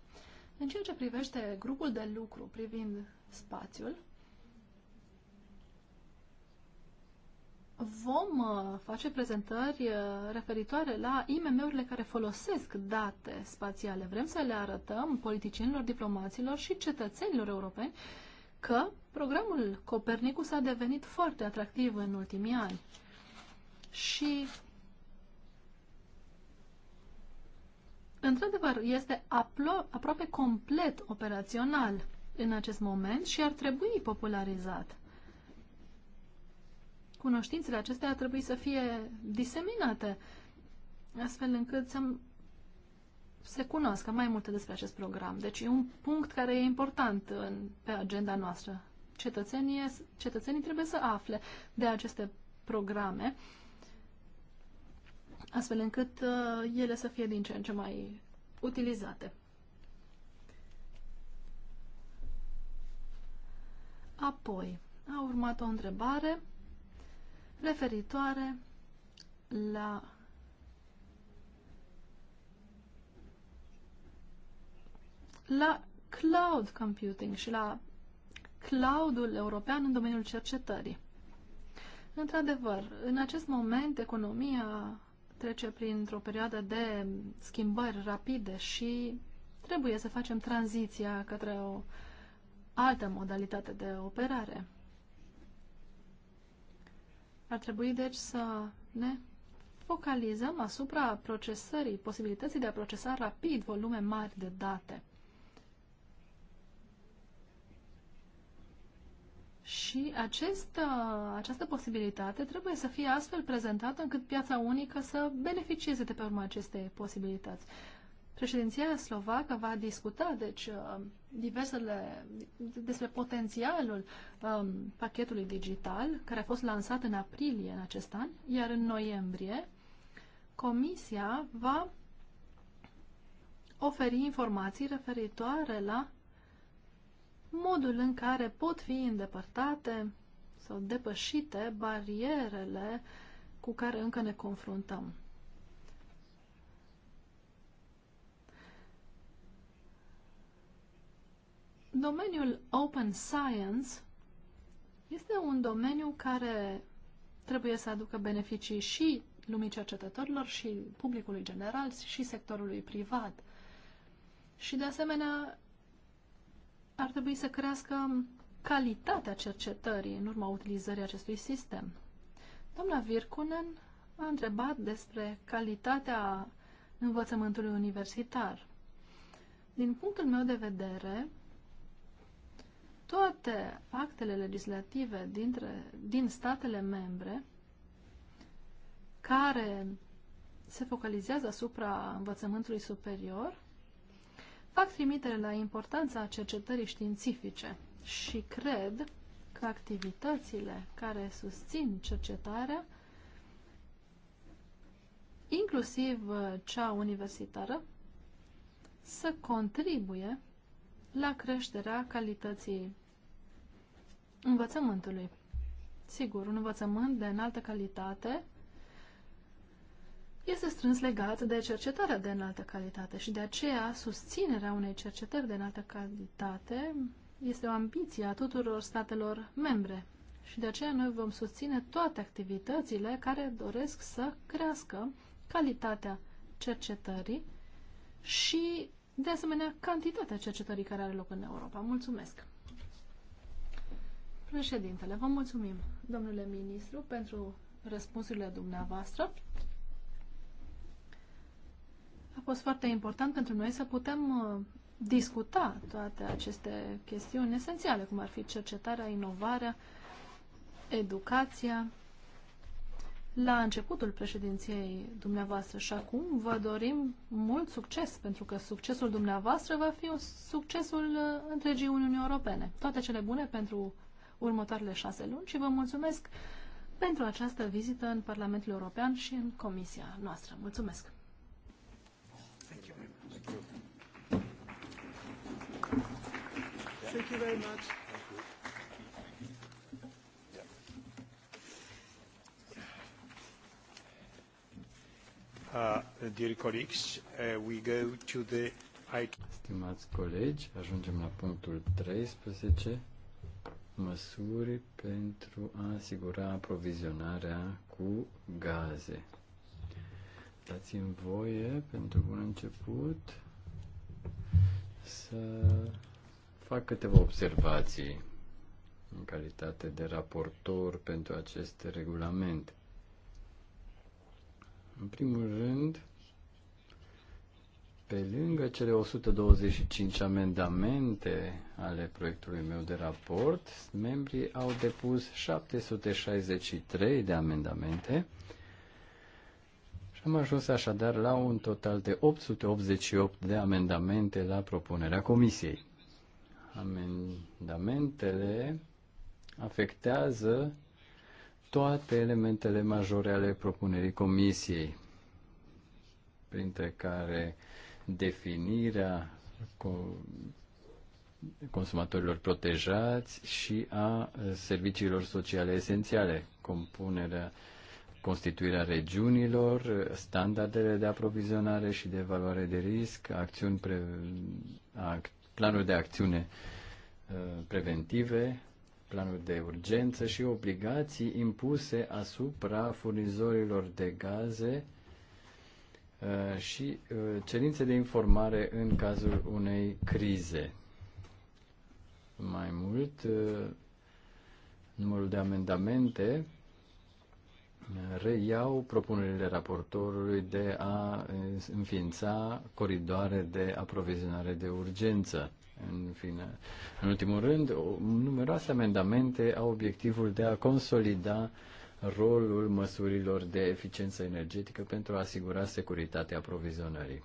În ceea ce privește grupul de lucru privind spațiul, vom uh, face prezentări uh, referitoare la IMM-urile care folosesc date spațiale. Vrem să le arătăm politicienilor, diplomaților și cetățenilor europeni că programul Copernicus a devenit foarte atractiv în ultimii ani și într-adevăr este aplo- aproape complet operațional în acest moment și ar trebui popularizat. Cunoștințele acestea ar trebui să fie diseminate astfel încât să se cunoască mai multe despre acest program. Deci e un punct care e important în, pe agenda noastră. Cetățenii, cetățenii trebuie să afle de aceste programe, astfel încât uh, ele să fie din ce în ce mai utilizate. Apoi, a urmat o întrebare referitoare la la cloud computing și la cloudul european în domeniul cercetării. Într-adevăr, în acest moment economia trece printr-o perioadă de schimbări rapide și trebuie să facem tranziția către o altă modalitate de operare. Ar trebui, deci, să ne focalizăm asupra procesării, posibilității de a procesa rapid volume mari de date. Și acest, uh, această posibilitate trebuie să fie astfel prezentată încât piața unică să beneficieze de pe urma acestei posibilități. Președinția slovacă va discuta, deci, uh, diversele, despre potențialul um, pachetului digital care a fost lansat în aprilie în acest an, iar în noiembrie Comisia va oferi informații referitoare la modul în care pot fi îndepărtate sau depășite barierele cu care încă ne confruntăm. Domeniul Open Science este un domeniu care trebuie să aducă beneficii și lumii cercetătorilor și publicului general și sectorului privat. Și de asemenea ar trebui să crească calitatea cercetării în urma utilizării acestui sistem. Doamna Virkunen a întrebat despre calitatea învățământului universitar. Din punctul meu de vedere, toate actele legislative dintre, din statele membre care se focalizează asupra învățământului superior fac trimitere la importanța cercetării științifice și cred că activitățile care susțin cercetarea, inclusiv uh, cea universitară, să contribuie la creșterea calității învățământului. Sigur, un învățământ de înaltă calitate este strâns legat de cercetarea de înaltă calitate și de aceea susținerea unei cercetări de înaltă calitate este o ambiție a tuturor statelor membre și de aceea noi vom susține toate activitățile care doresc să crească calitatea cercetării și, de asemenea, cantitatea cercetării care are loc în Europa. Mulțumesc! Președintele, vă mulțumim, domnule ministru, pentru răspunsurile dumneavoastră. A fost foarte important pentru noi să putem uh, discuta toate aceste chestiuni esențiale, cum ar fi cercetarea, inovarea, educația. La începutul președinției dumneavoastră și acum vă dorim mult succes, pentru că succesul dumneavoastră va fi succesul uh, întregii Uniunii Europene. Toate cele bune pentru următoarele șase luni și vă mulțumesc pentru această vizită în Parlamentul European și în Comisia noastră. Mulțumesc! Thank you very much. Uh, dear colleagues, uh, we go to the Stimați colegi, ajungem la punctul 13, măsuri pentru a asigura aprovizionarea cu gaze. Dați-mi voie pentru un început să fac câteva observații în calitate de raportor pentru acest regulament. În primul rând, pe lângă cele 125 amendamente ale proiectului meu de raport, membrii au depus 763 de amendamente și am ajuns așadar la un total de 888 de amendamente la propunerea comisiei. Amendamentele afectează toate elementele majore ale propunerii comisiei, printre care definirea consumatorilor protejați și a serviciilor sociale esențiale, compunerea, constituirea regiunilor, standardele de aprovizionare și de evaluare de risc, acțiuni pre, act, planuri de acțiune uh, preventive, planuri de urgență și obligații impuse asupra furnizorilor de gaze uh, și uh, cerințe de informare în cazul unei crize. Mai mult, numărul de amendamente reiau propunerile raportorului de a înființa coridoare de aprovizionare de urgență. În fine, în ultimul rând, numeroase amendamente au obiectivul de a consolida rolul măsurilor de eficiență energetică pentru a asigura securitatea aprovizionării.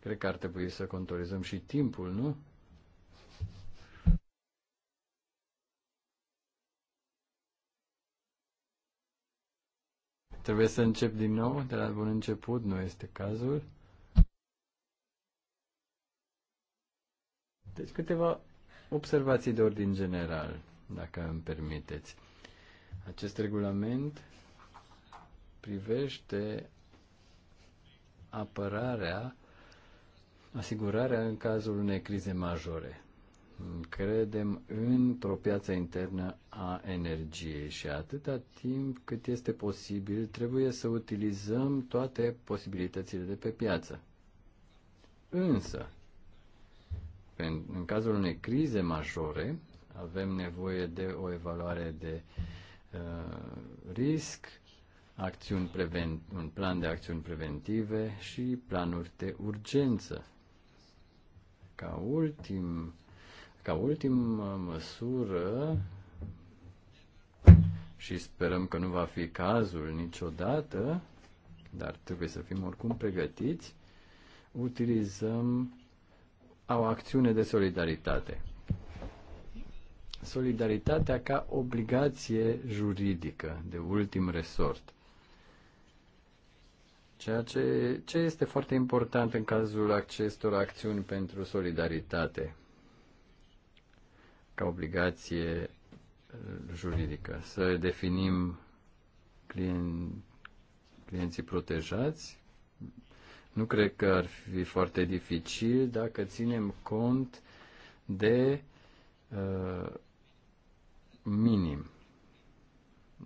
Cred că ar trebui să controlizăm și timpul, nu? Trebuie să încep din nou, de la bun început, nu este cazul. Deci câteva observații de ordin general, dacă îmi permiteți. Acest regulament privește apărarea, asigurarea în cazul unei crize majore credem într-o piață internă a energiei și atâta timp cât este posibil, trebuie să utilizăm toate posibilitățile de pe piață. Însă, în cazul unei crize majore, avem nevoie de o evaluare de uh, risc, acțiuni prevent, un plan de acțiuni preventive și planuri de urgență. Ca ultim ca ultimă măsură, și sperăm că nu va fi cazul niciodată, dar trebuie să fim oricum pregătiți, utilizăm o acțiune de solidaritate. Solidaritatea ca obligație juridică de ultim resort. Ceea ce, ce este foarte important în cazul acestor acțiuni pentru solidaritate ca obligație eh, juridică. Să definim clien, clienții protejați. Nu cred că ar fi foarte dificil dacă ținem cont de uh, minim.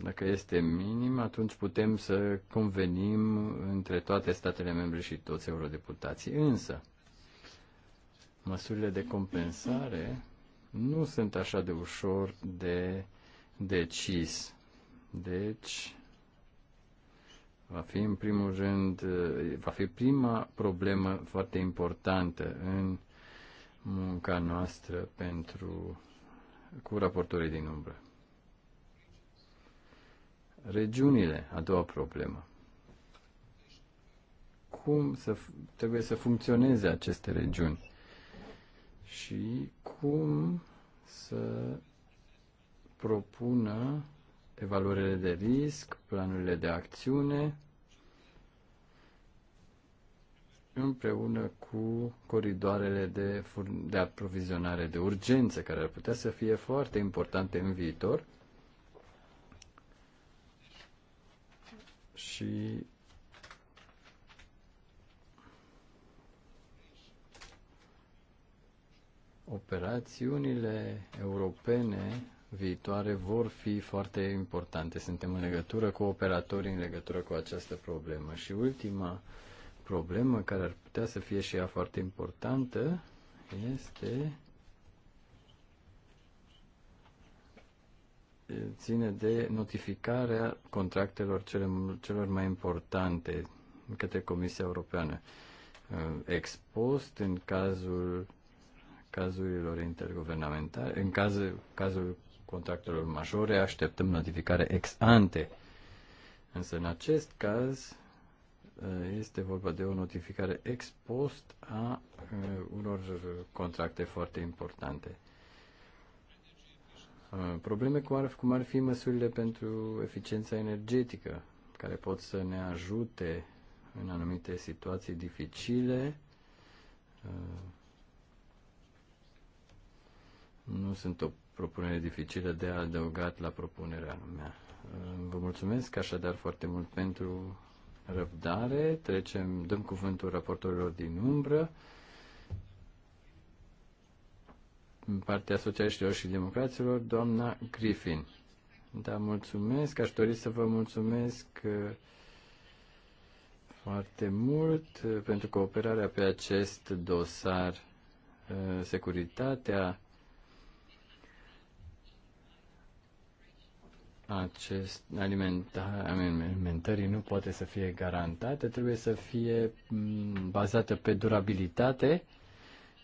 Dacă este minim, atunci putem să convenim între toate statele membre și toți eurodeputații. Însă, măsurile de compensare nu sunt așa de ușor de decis. Deci, va fi în primul rând, va fi prima problemă foarte importantă în munca noastră pentru cu raportorii din umbră. Regiunile, a doua problemă. Cum să, trebuie să funcționeze aceste regiuni? și cum să propună evaluările de risc, planurile de acțiune, împreună cu coridoarele de, de aprovizionare de urgență, care ar putea să fie foarte importante în viitor. Și operațiunile europene viitoare vor fi foarte importante. Suntem în legătură cu operatorii în legătură cu această problemă. Și ultima problemă care ar putea să fie și ea foarte importantă este ține de notificarea contractelor cele, celor mai importante către Comisia Europeană. Expost în cazul cazurilor interguvernamentale, în caz, cazul contractelor majore, așteptăm notificare ex ante. Însă în acest caz eh, este vorba de o notificare ex post a eh, unor eh, contracte foarte importante. Probleme cu ar, cum ar fi măsurile pentru eficiența energetică, care pot să ne ajute în anumite situații dificile, nu sunt o propunere dificilă de adăugat la propunerea mea. Vă mulțumesc așadar foarte mult pentru răbdare. Trecem, dăm cuvântul raportorilor din umbră. În partea Socialiștilor și Democraților, doamna Griffin. Da, mulțumesc. Aș dori să vă mulțumesc uh, foarte mult uh, pentru cooperarea pe acest dosar. Uh, securitatea acest alimenta, alimentării nu poate să fie garantată, trebuie să fie mm, bazată pe durabilitate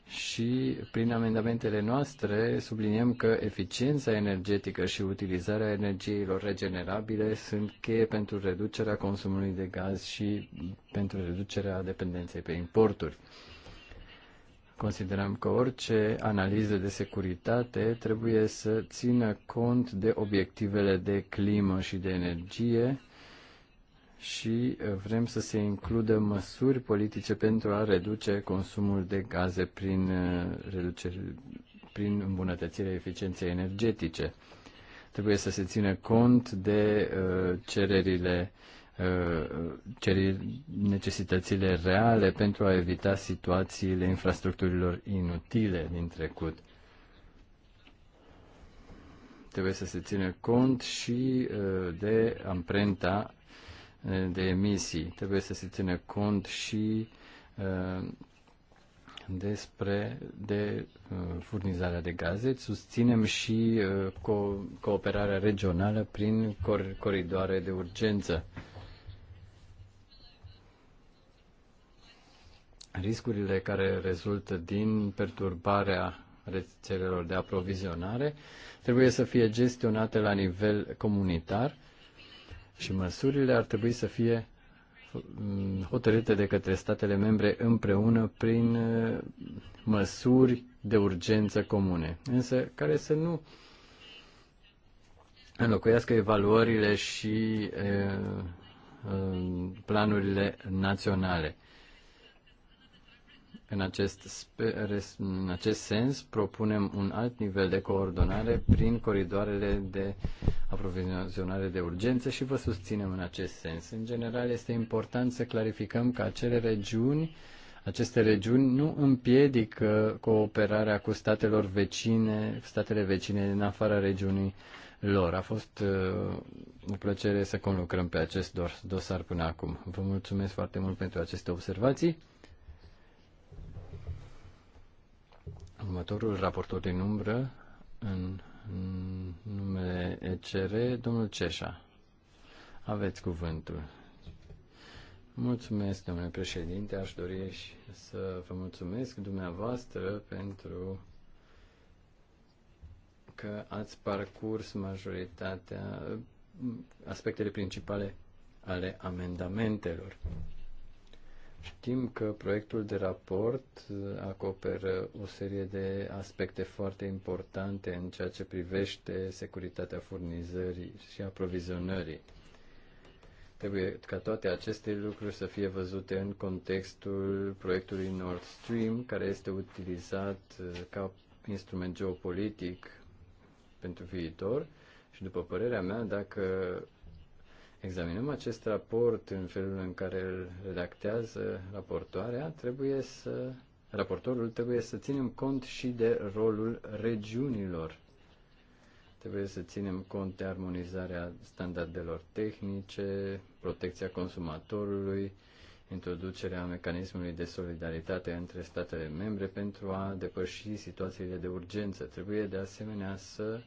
și prin amendamentele noastre subliniem că eficiența energetică și utilizarea energiilor regenerabile sunt cheie pentru reducerea consumului de gaz și pentru reducerea dependenței pe importuri. Considerăm că orice analiză de securitate trebuie să țină cont de obiectivele de climă și de energie și vrem să se includă măsuri politice pentru a reduce consumul de gaze prin, uh, reducere, prin îmbunătățirea eficienței energetice. Trebuie să se țină cont de uh, cererile uh, Uh, necesitățile reale pentru a evita situațiile infrastructurilor inutile din trecut. Trebuie să se ține cont și uh, de amprenta uh, de emisii. Trebuie să se ține cont și despre de furnizarea de gaze. Susținem și cooperarea regională prin coridoare de urgență. riscurile care rezultă din perturbarea rețelelor de aprovizionare trebuie să fie gestionate la nivel comunitar și măsurile ar trebui să fie mm, hotărâte de către statele membre împreună prin măsuri de urgență comune, însă care să nu înlocuiască evaluările și planurile naționale. În acest, în acest sens, propunem un alt nivel de coordonare prin coridoarele de aprovizionare de urgență și vă susținem în acest sens. În general, este important să clarificăm că acele regiuni, aceste regiuni nu împiedică cooperarea cu statelor vecine, statele vecine din afara regiunii lor. A fost uh, o plăcere să conlucrăm pe acest dosar până acum. Vă mulțumesc foarte mult pentru aceste observații Următorul raportor din umbră în numele ECR, domnul Ceșa. Aveți cuvântul. Mulțumesc, domnule președinte. Aș dori și să vă mulțumesc dumneavoastră pentru că ați parcurs majoritatea, aspectele principale ale amendamentelor. Știm că proiectul de raport uh, acoperă o serie de aspecte foarte importante în ceea ce privește securitatea furnizării și aprovizionării. Trebuie ca toate aceste lucruri să fie văzute în contextul proiectului Nord Stream, care este utilizat uh, ca instrument geopolitic pentru viitor și, după părerea mea, dacă examinăm acest raport în felul în care îl redactează raportoarea, trebuie să, raportorul trebuie să ținem cont și de rolul regiunilor. Trebuie să ținem cont de armonizarea standardelor tehnice, protecția consumatorului, introducerea mecanismului de solidaritate între statele membre pentru a depăși situațiile de urgență. Trebuie de asemenea să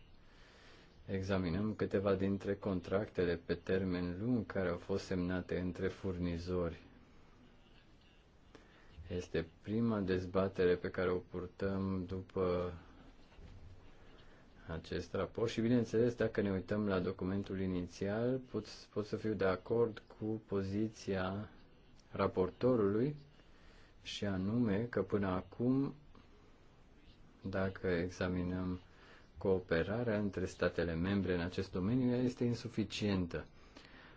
examinăm câteva dintre contractele pe termen lung care au fost semnate între furnizori. Este prima dezbatere pe care o purtăm după acest raport și, bineînțeles, dacă ne uităm la documentul inițial, pot, pot să fiu de acord cu poziția raportorului și anume că până acum, dacă examinăm cooperarea între statele membre în acest domeniu este insuficientă.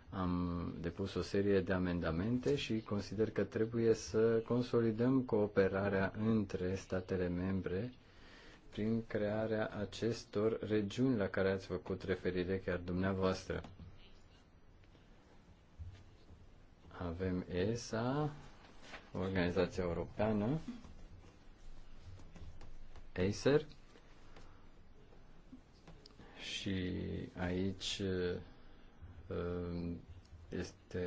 Am depus o serie de amendamente și consider că trebuie să consolidăm cooperarea între statele membre prin crearea acestor regiuni la care ați făcut referire chiar dumneavoastră. Avem ESA, Organizația Europeană, Acer, și aici uh, este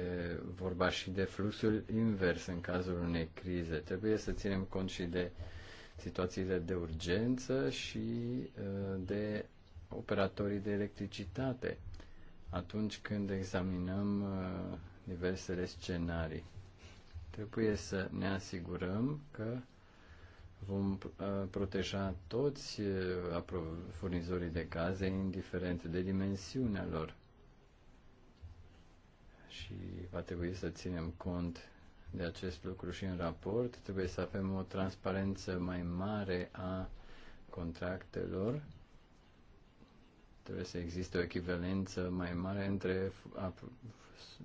vorba și de fluxul invers în cazul unei crize. Trebuie să ținem cont și de situațiile de urgență și uh, de operatorii de electricitate atunci când examinăm uh, diversele scenarii. Trebuie să ne asigurăm că vom uh, proteja toți uh, furnizorii de gaze, indiferent de dimensiunea lor. Și va trebui să ținem cont de acest lucru și în raport. Trebuie să avem o transparență mai mare a contractelor. Trebuie să existe o echivalență mai mare între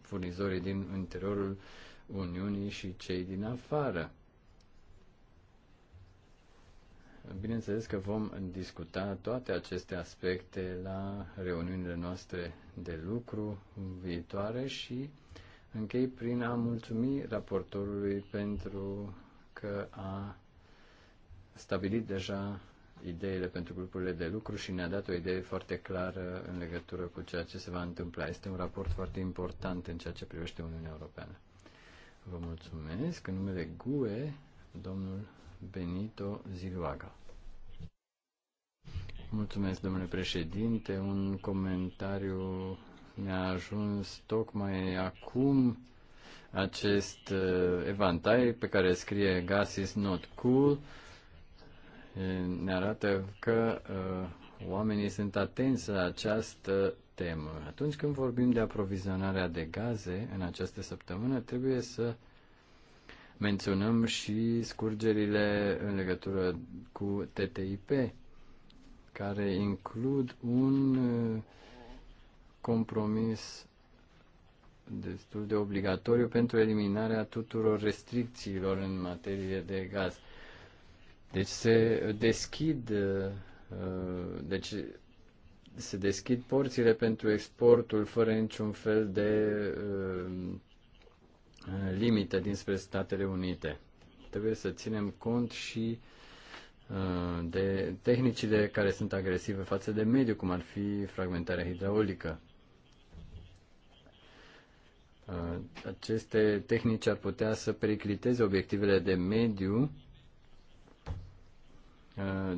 furnizorii din interiorul Uniunii și cei din afară Bineînțeles că vom discuta toate aceste aspecte la reuniunile noastre de lucru viitoare și închei prin a mulțumi raportorului pentru că a stabilit deja ideile pentru grupurile de lucru și ne-a dat o idee foarte clară în legătură cu ceea ce se va întâmpla. Este un raport foarte important în ceea ce privește Uniunea Europeană. Vă mulțumesc. În numele GUE, domnul Benito Zilvaga. Mulțumesc, domnule președinte. Un comentariu mi-a ajuns tocmai acum acest uh, evantai pe care scrie Gas is not cool ne arată că uh, oamenii sunt atenți la această temă. Atunci când vorbim de aprovizionarea de gaze în această săptămână, trebuie să uh, menționăm și scurgerile în legătură cu TTIP, care includ un uh, compromis destul de obligatoriu pentru eliminarea tuturor restricțiilor în materie de gaz. Deci se deschid uh, uh, deci se deschid porțile pentru exportul fără niciun fel de Uh, limită dinspre Statele Unite. Trebuie să ținem cont și uh, de tehnicile care sunt agresive față de mediu, cum ar fi fragmentarea hidraulică. Uh, aceste tehnici ar putea să pericliteze obiectivele de mediu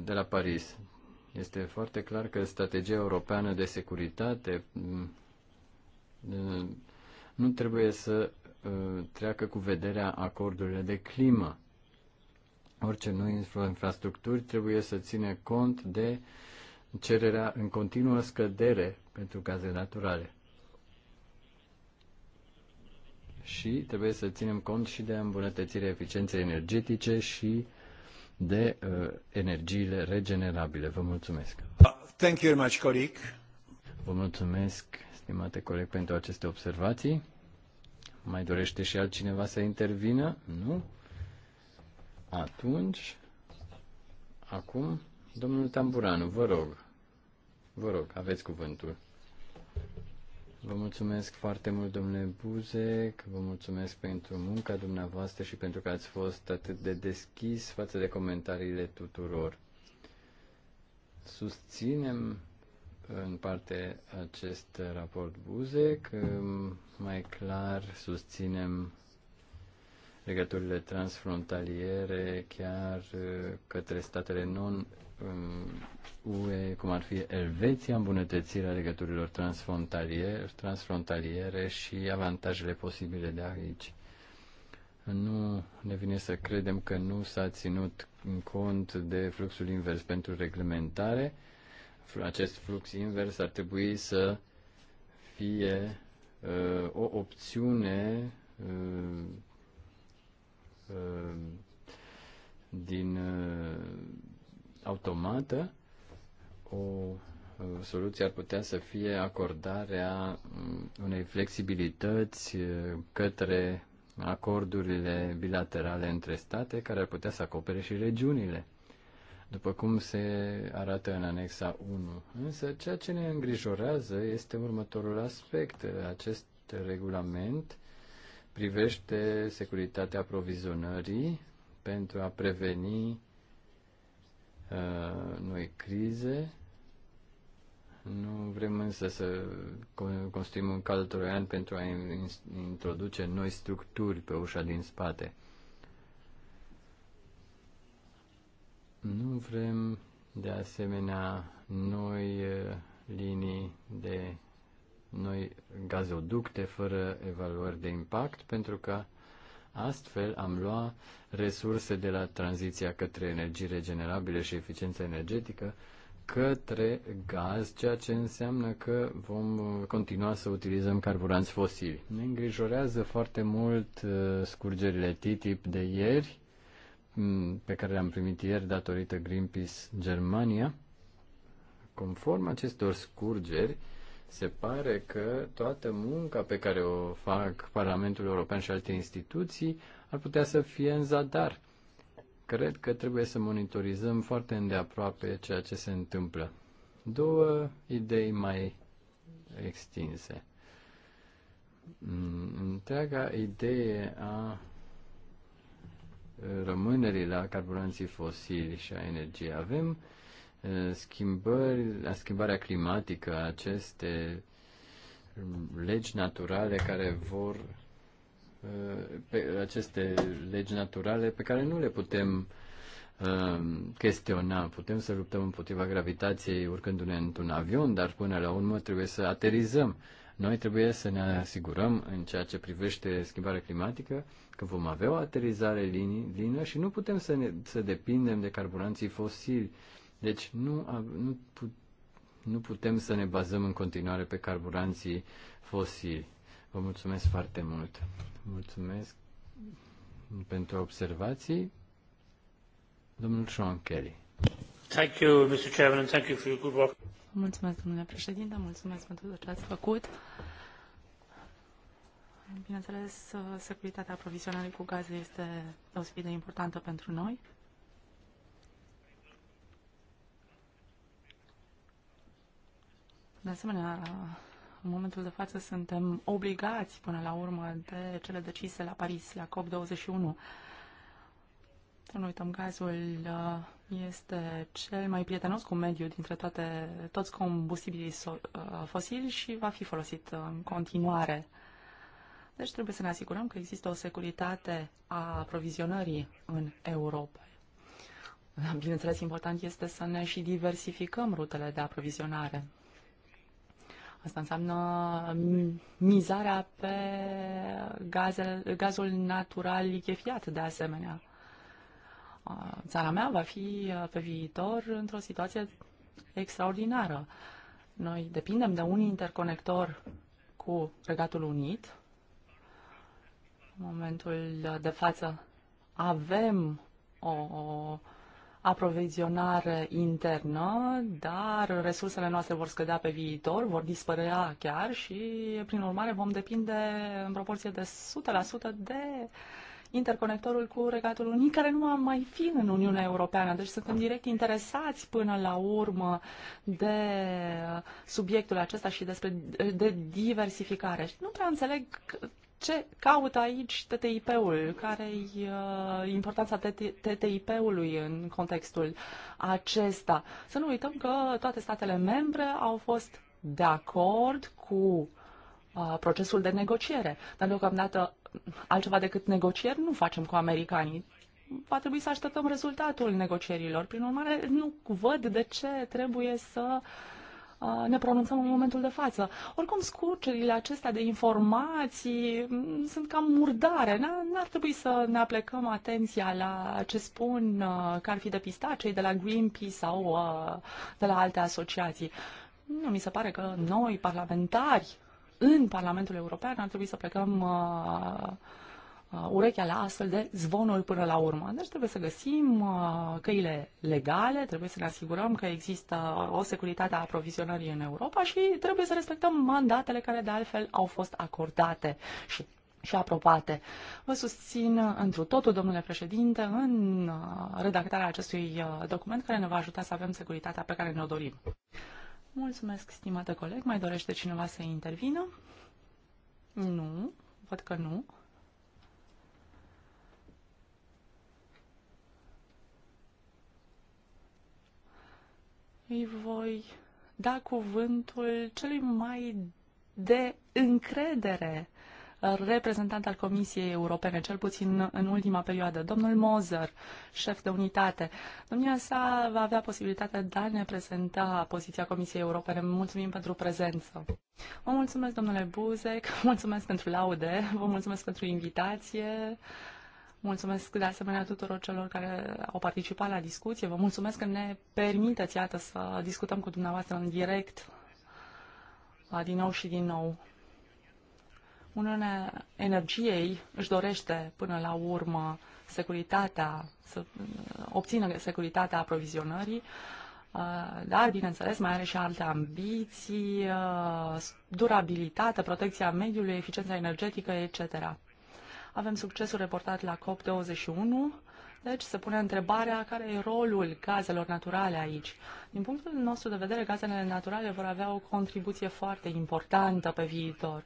de la Paris. Este foarte clar că strategia europeană de securitate mm, nu trebuie să Uh, treacă cu vederea acordurile de climă. Orice noi infrastructuri trebuie să ține cont de cererea în continuă scădere pentru gaze naturale. Și trebuie să ținem cont și de îmbunătățirea eficienței energetice și de uh, energiile regenerabile. Vă mulțumesc. Thank you very much, colleague. Vă mulțumesc, stimate coleg, pentru aceste observații. Mai dorește și altcineva să intervină? Nu? Atunci, acum, domnul Tamburanu, vă rog, vă rog, aveți cuvântul. Vă mulțumesc foarte mult, domnule Buzec, vă mulțumesc pentru munca dumneavoastră și pentru că ați fost atât de deschis față de comentariile tuturor. Susținem în parte acest raport Buzek. Mai clar susținem legăturile transfrontaliere chiar uh, către statele non-UE, um, cum ar fi Elveția, îmbunătățirea legăturilor transfrontaliere, transfrontaliere și avantajele posibile de aici. Nu ne vine să credem că nu s-a ținut în cont de fluxul invers pentru reglementare, acest flux invers ar trebui să fie uh, o opțiune uh, uh, din uh, automată. O uh, soluție ar putea să fie acordarea mm, unei flexibilități uh, către acordurile bilaterale între state care ar putea să acopere și regiunile după cum se arată în anexa 1. Însă, ceea ce ne îngrijorează este următorul aspect. Acest regulament privește securitatea aprovizionării pentru a preveni uh, noi crize. Nu vrem însă să construim un cal troian pentru a introduce noi structuri pe ușa din spate. Nu vrem, de asemenea, noi eh, linii de noi gazoducte fără evaluări de impact, pentru că astfel am luat resurse de la tranziția către energii regenerabile și eficiență energetică către gaz, ceea ce înseamnă că vom eh, continua să utilizăm carburanți fosili. Ne îngrijorează foarte mult eh, scurgerile TTIP de ieri, pe care le-am primit ieri datorită Greenpeace Germania, conform acestor scurgeri, se pare că toată munca pe care o fac Parlamentul European și alte instituții ar putea să fie în zadar. Cred că trebuie să monitorizăm foarte îndeaproape ceea ce se întâmplă. Două idei mai extinse. Mm, întreaga idee a rămânerii la carburanții fosili și a energiei. Avem uh, schimbări, la schimbarea climatică, aceste um, legi naturale care vor uh, pe aceste legi naturale pe care nu le putem um, chestiona. Putem să luptăm împotriva gravitației urcându-ne într-un avion, dar până la urmă trebuie să aterizăm. Noi trebuie să ne asigurăm în ceea ce privește schimbarea climatică că vom avea o aterizare lină și nu putem să, ne, să depindem de carburanții fosili. Deci nu, nu, nu putem să ne bazăm în continuare pe carburanții fosili. Vă mulțumesc foarte mult. Mulțumesc pentru observații. Domnul Sean Kelly. Thank you, Mr. Chairman, and thank you for your good work. Mulțumesc, domnule președinte, mulțumesc pentru tot ce ați făcut. Bineînțeles, securitatea aprovizionării cu gaze este o sfidă importantă pentru noi. De asemenea, în momentul de față suntem obligați până la urmă de cele decise la Paris, la COP21. Să nu uităm gazul uh, este cel mai prietenos cu mediul dintre toate, toți combustibilii uh, fosili și va fi folosit în continuare. Deci trebuie să ne asigurăm că există o securitate a aprovizionării în Europa. Bineînțeles, important este să ne și diversificăm rutele de aprovizionare. Asta înseamnă mizarea pe gazel, gazul natural lichefiat, de asemenea țara mea va fi pe viitor într-o situație extraordinară. Noi depindem de un interconector cu Regatul Unit. În momentul de față avem o, aprovizionare internă, dar resursele noastre vor scădea pe viitor, vor dispărea chiar și, prin urmare, vom depinde în proporție de 100% de interconectorul cu Regatul Unii, care nu ar mai fi în Uniunea Europeană. Deci suntem direct interesați până la urmă de subiectul acesta și despre, de diversificare. Și nu prea înțeleg ce caută aici TTIP-ul? care e uh, importanța TTIP-ului în contextul acesta? Să nu uităm că toate statele membre au fost de acord cu procesul de negociere. Dar deocamdată altceva decât negocieri nu facem cu americanii. Va trebui să așteptăm rezultatul negocierilor. Prin urmare, nu văd de ce trebuie să ne pronunțăm în momentul de față. Oricum, scurcerile acestea de informații sunt cam murdare. N-ar trebui să ne aplecăm atenția la ce spun că ar fi depistat cei de la Greenpeace sau de la alte asociații. Nu mi se pare că noi, parlamentari, în Parlamentul European ar trebui să plecăm uh, uh, urechea la astfel de zvonuri până la urmă. Deci trebuie să găsim uh, căile legale, trebuie să ne asigurăm că există o securitate a aprovizionării în Europa și trebuie să respectăm mandatele care de altfel au fost acordate și și apropate. Vă susțin întru totul, domnule președinte, în uh, redactarea acestui uh, document care ne va ajuta să avem securitatea pe care ne-o dorim. Mulțumesc, stimată coleg. Mai dorește cineva să intervină? Nu, văd că nu. Îi voi da cuvântul celui mai de încredere reprezentant al Comisiei Europene, cel puțin în ultima perioadă, domnul Moser, șef de unitate. Domnia sa va avea posibilitatea de a ne prezenta poziția Comisiei Europene. Mulțumim pentru prezență. Vă mulțumesc, domnule Buzek, <laughs> mulțumesc pentru laude, vă mulțumesc pentru invitație. Mulțumesc de asemenea tuturor celor care au participat la discuție. Vă mulțumesc că ne permiteți, iată, să discutăm cu dumneavoastră în direct din nou și din nou. Uniunea Energiei își dorește până la urmă securitatea, să obțină securitatea aprovizionării, uh, dar, bineînțeles, mai are și alte ambiții, uh, durabilitate, protecția mediului, eficiența energetică, etc. Avem succesul reportat la COP21, deci se pune întrebarea care e rolul gazelor naturale aici. Din punctul nostru de vedere, gazele naturale vor avea o contribuție foarte importantă pe viitor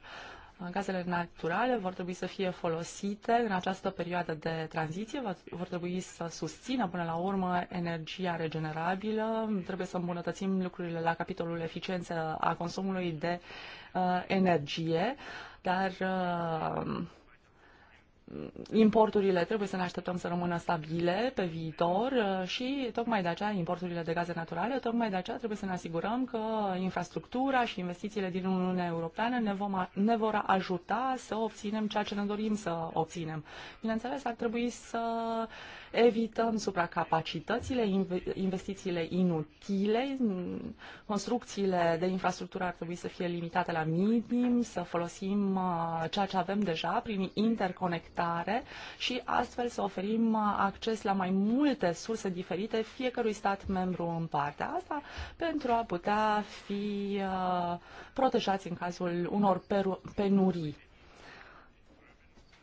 gazele naturale vor trebui să fie folosite în această perioadă de tranziție, vor trebui să susțină până la urmă energia regenerabilă, trebuie să îmbunătățim lucrurile la capitolul eficiență a consumului de uh, energie, dar uh, importurile trebuie să ne așteptăm să rămână stabile pe viitor uh, și tocmai de aceea importurile de gaze naturale, tocmai de aceea trebuie să ne asigurăm că infrastructura și investițiile din Uniunea Europeană ne, vom, ne vor ajuta să obținem ceea ce ne dorim să obținem. Bineînțeles, ar trebui să evităm supracapacitățile, investițiile inutile, construcțiile de infrastructură ar trebui să fie limitate la minim, să folosim uh, ceea ce avem deja prin interconectare și astfel să oferim uh, acces la mai multe surse diferite fiecărui stat membru în partea. Asta pentru a putea fi uh, protejați în cazul unor penurii.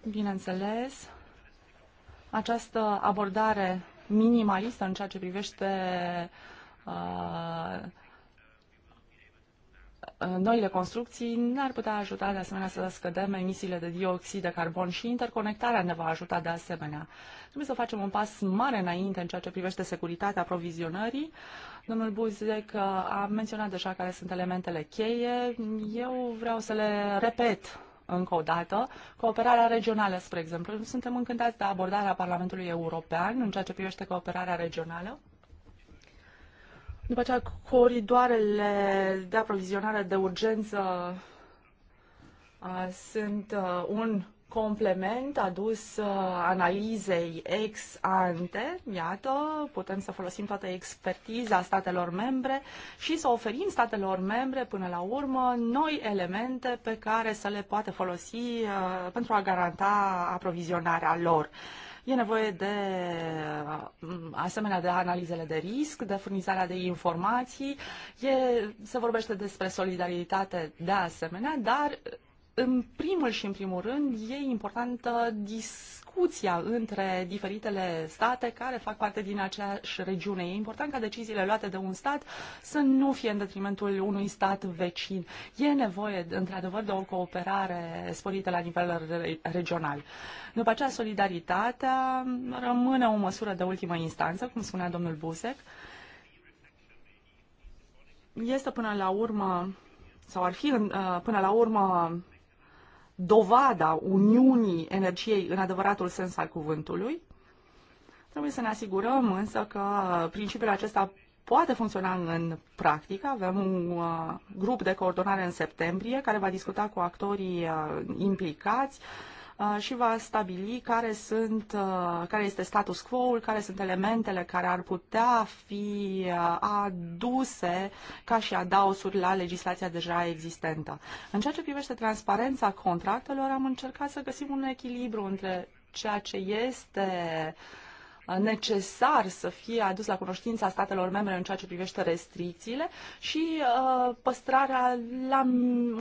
Bineînțeles, această abordare minimalistă în ceea ce privește uh, noile construcții ne-ar putea ajuta de asemenea să scădem emisiile de dioxid de carbon și interconectarea ne va ajuta de asemenea. Trebuie să facem un pas mare înainte în ceea ce privește securitatea aprovizionării. Domnul Buzek uh, a menționat deja care sunt elementele cheie. Eu vreau să le repet încă o dată, cooperarea regională, spre exemplu. Suntem încântați de abordarea Parlamentului European în ceea ce privește cooperarea regională. După aceea, coridoarele de aprovizionare de urgență uh, sunt uh, un complement adus uh, analizei ex ante, iată, putem să folosim toată expertiza statelor membre și să oferim statelor membre, până la urmă, noi elemente pe care să le poate folosi uh, pentru a garanta aprovizionarea lor. E nevoie de uh, asemenea de analizele de risc, de furnizarea de informații, e, se vorbește despre solidaritate de asemenea, dar în primul și în primul rând, e importantă discuția între diferitele state care fac parte din aceeași regiune. E important ca deciziile luate de un stat să nu fie în detrimentul unui stat vecin. E nevoie, într-adevăr, de o cooperare sporită la nivel regional. După aceea, solidaritatea rămâne o măsură de ultimă instanță, cum spunea domnul Busec. Este până la urmă sau ar fi uh, până la urmă dovada Uniunii Energiei în adevăratul sens al cuvântului. Trebuie să ne asigurăm însă că principiul acesta poate funcționa în practică. Avem un uh, grup de coordonare în septembrie care va discuta cu actorii uh, implicați, uh, Uh, și va stabili care, sunt, uh, care este status quo-ul, care sunt elementele care ar putea fi uh, aduse ca și adaosuri la legislația deja existentă. În ceea ce privește transparența contractelor, am încercat să găsim un echilibru între ceea ce este necesar să fie adus la cunoștința statelor membre în ceea ce privește restricțiile și uh, păstrarea la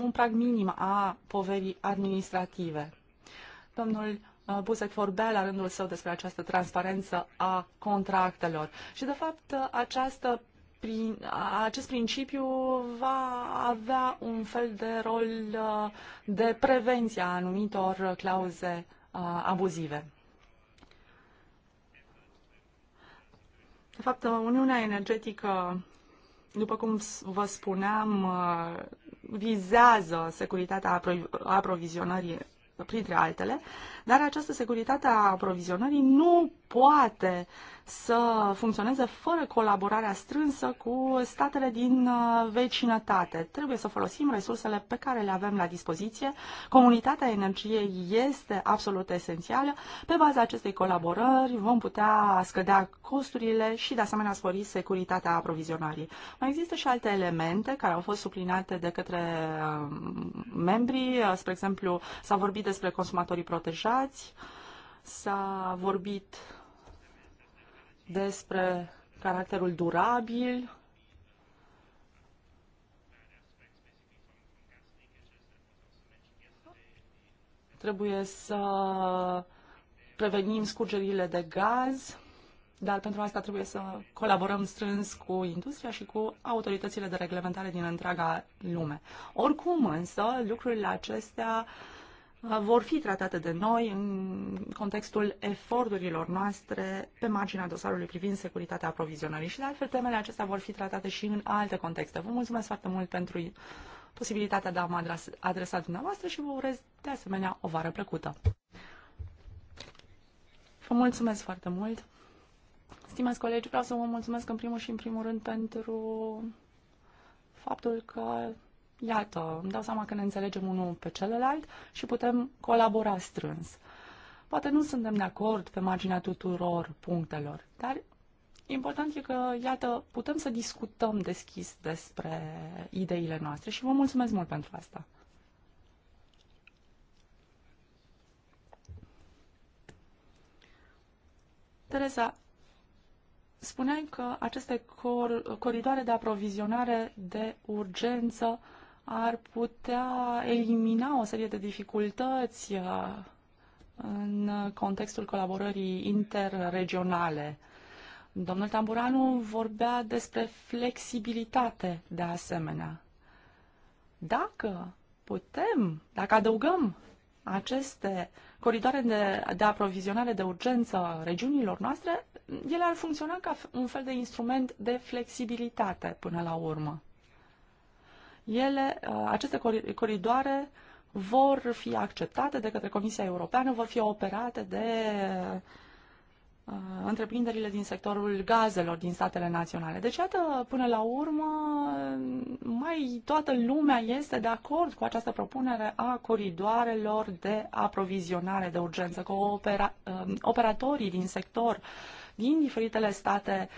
un prag minim a poverii administrative. Domnul uh, Buzek vorbea la rândul său despre această transparență a contractelor. Și, de fapt, această prin, acest principiu va avea un fel de rol uh, de prevenție a anumitor clauze uh, abuzive. De fapt, Uniunea Energetică, după cum vă spuneam, vizează securitatea aprovizionării printre altele, dar această securitate a aprovizionării nu poate uh, să funcționeze fără colaborarea strânsă cu statele din uh, vecinătate. Trebuie să folosim resursele pe care le avem la dispoziție. Comunitatea energiei este absolut esențială. Pe baza acestei colaborări vom putea scădea costurile și de asemenea spori securitatea aprovizionării. Mai există și alte elemente care au fost suplinate de către uh, membrii. Spre exemplu, s-a vorbit despre consumatorii protejați, s-a vorbit despre caracterul durabil trebuie să prevenim scurgerile de gaz, dar pentru asta trebuie să colaborăm strâns cu industria și cu autoritățile de reglementare din întreaga lume. Oricum, însă, lucrurile acestea uh, vor fi tratate de noi în contextul eforturilor noastre pe marginea dosarului privind securitatea aprovizionării și de altfel temele acestea vor fi tratate și în alte contexte. Vă mulțumesc foarte mult pentru posibilitatea de a mă adresa dumneavoastră și vă urez de asemenea o vară plăcută. Vă mulțumesc foarte mult. Stimați colegi, vreau să vă mulțumesc în primul și în primul rând pentru faptul că Iată, îmi dau seama că ne înțelegem unul pe celălalt și putem colabora strâns. Poate nu suntem de acord pe marginea tuturor punctelor, dar important e că, iată, putem să discutăm deschis despre ideile noastre și vă mulțumesc mult pentru asta. Teresa, spuneai că aceste cor- coridoare de aprovizionare de urgență uh, ar putea elimina o serie de dificultăți uh, în contextul colaborării interregionale. Domnul Tamburanu vorbea despre flexibilitate de asemenea. Dacă putem, dacă adăugăm aceste coridoare de, de aprovizionare de urgență regiunilor noastre, ele ar funcționa ca un fel de instrument de flexibilitate până la urmă. Ele, uh, aceste coridoare vor fi acceptate de către Comisia Europeană, vor fi operate de uh, întreprinderile din sectorul gazelor din statele naționale. Deci, iată, până la urmă, mai toată lumea este de acord cu această propunere a coridoarelor de aprovizionare de urgență, cu opera, uh, operatorii din sector din diferitele state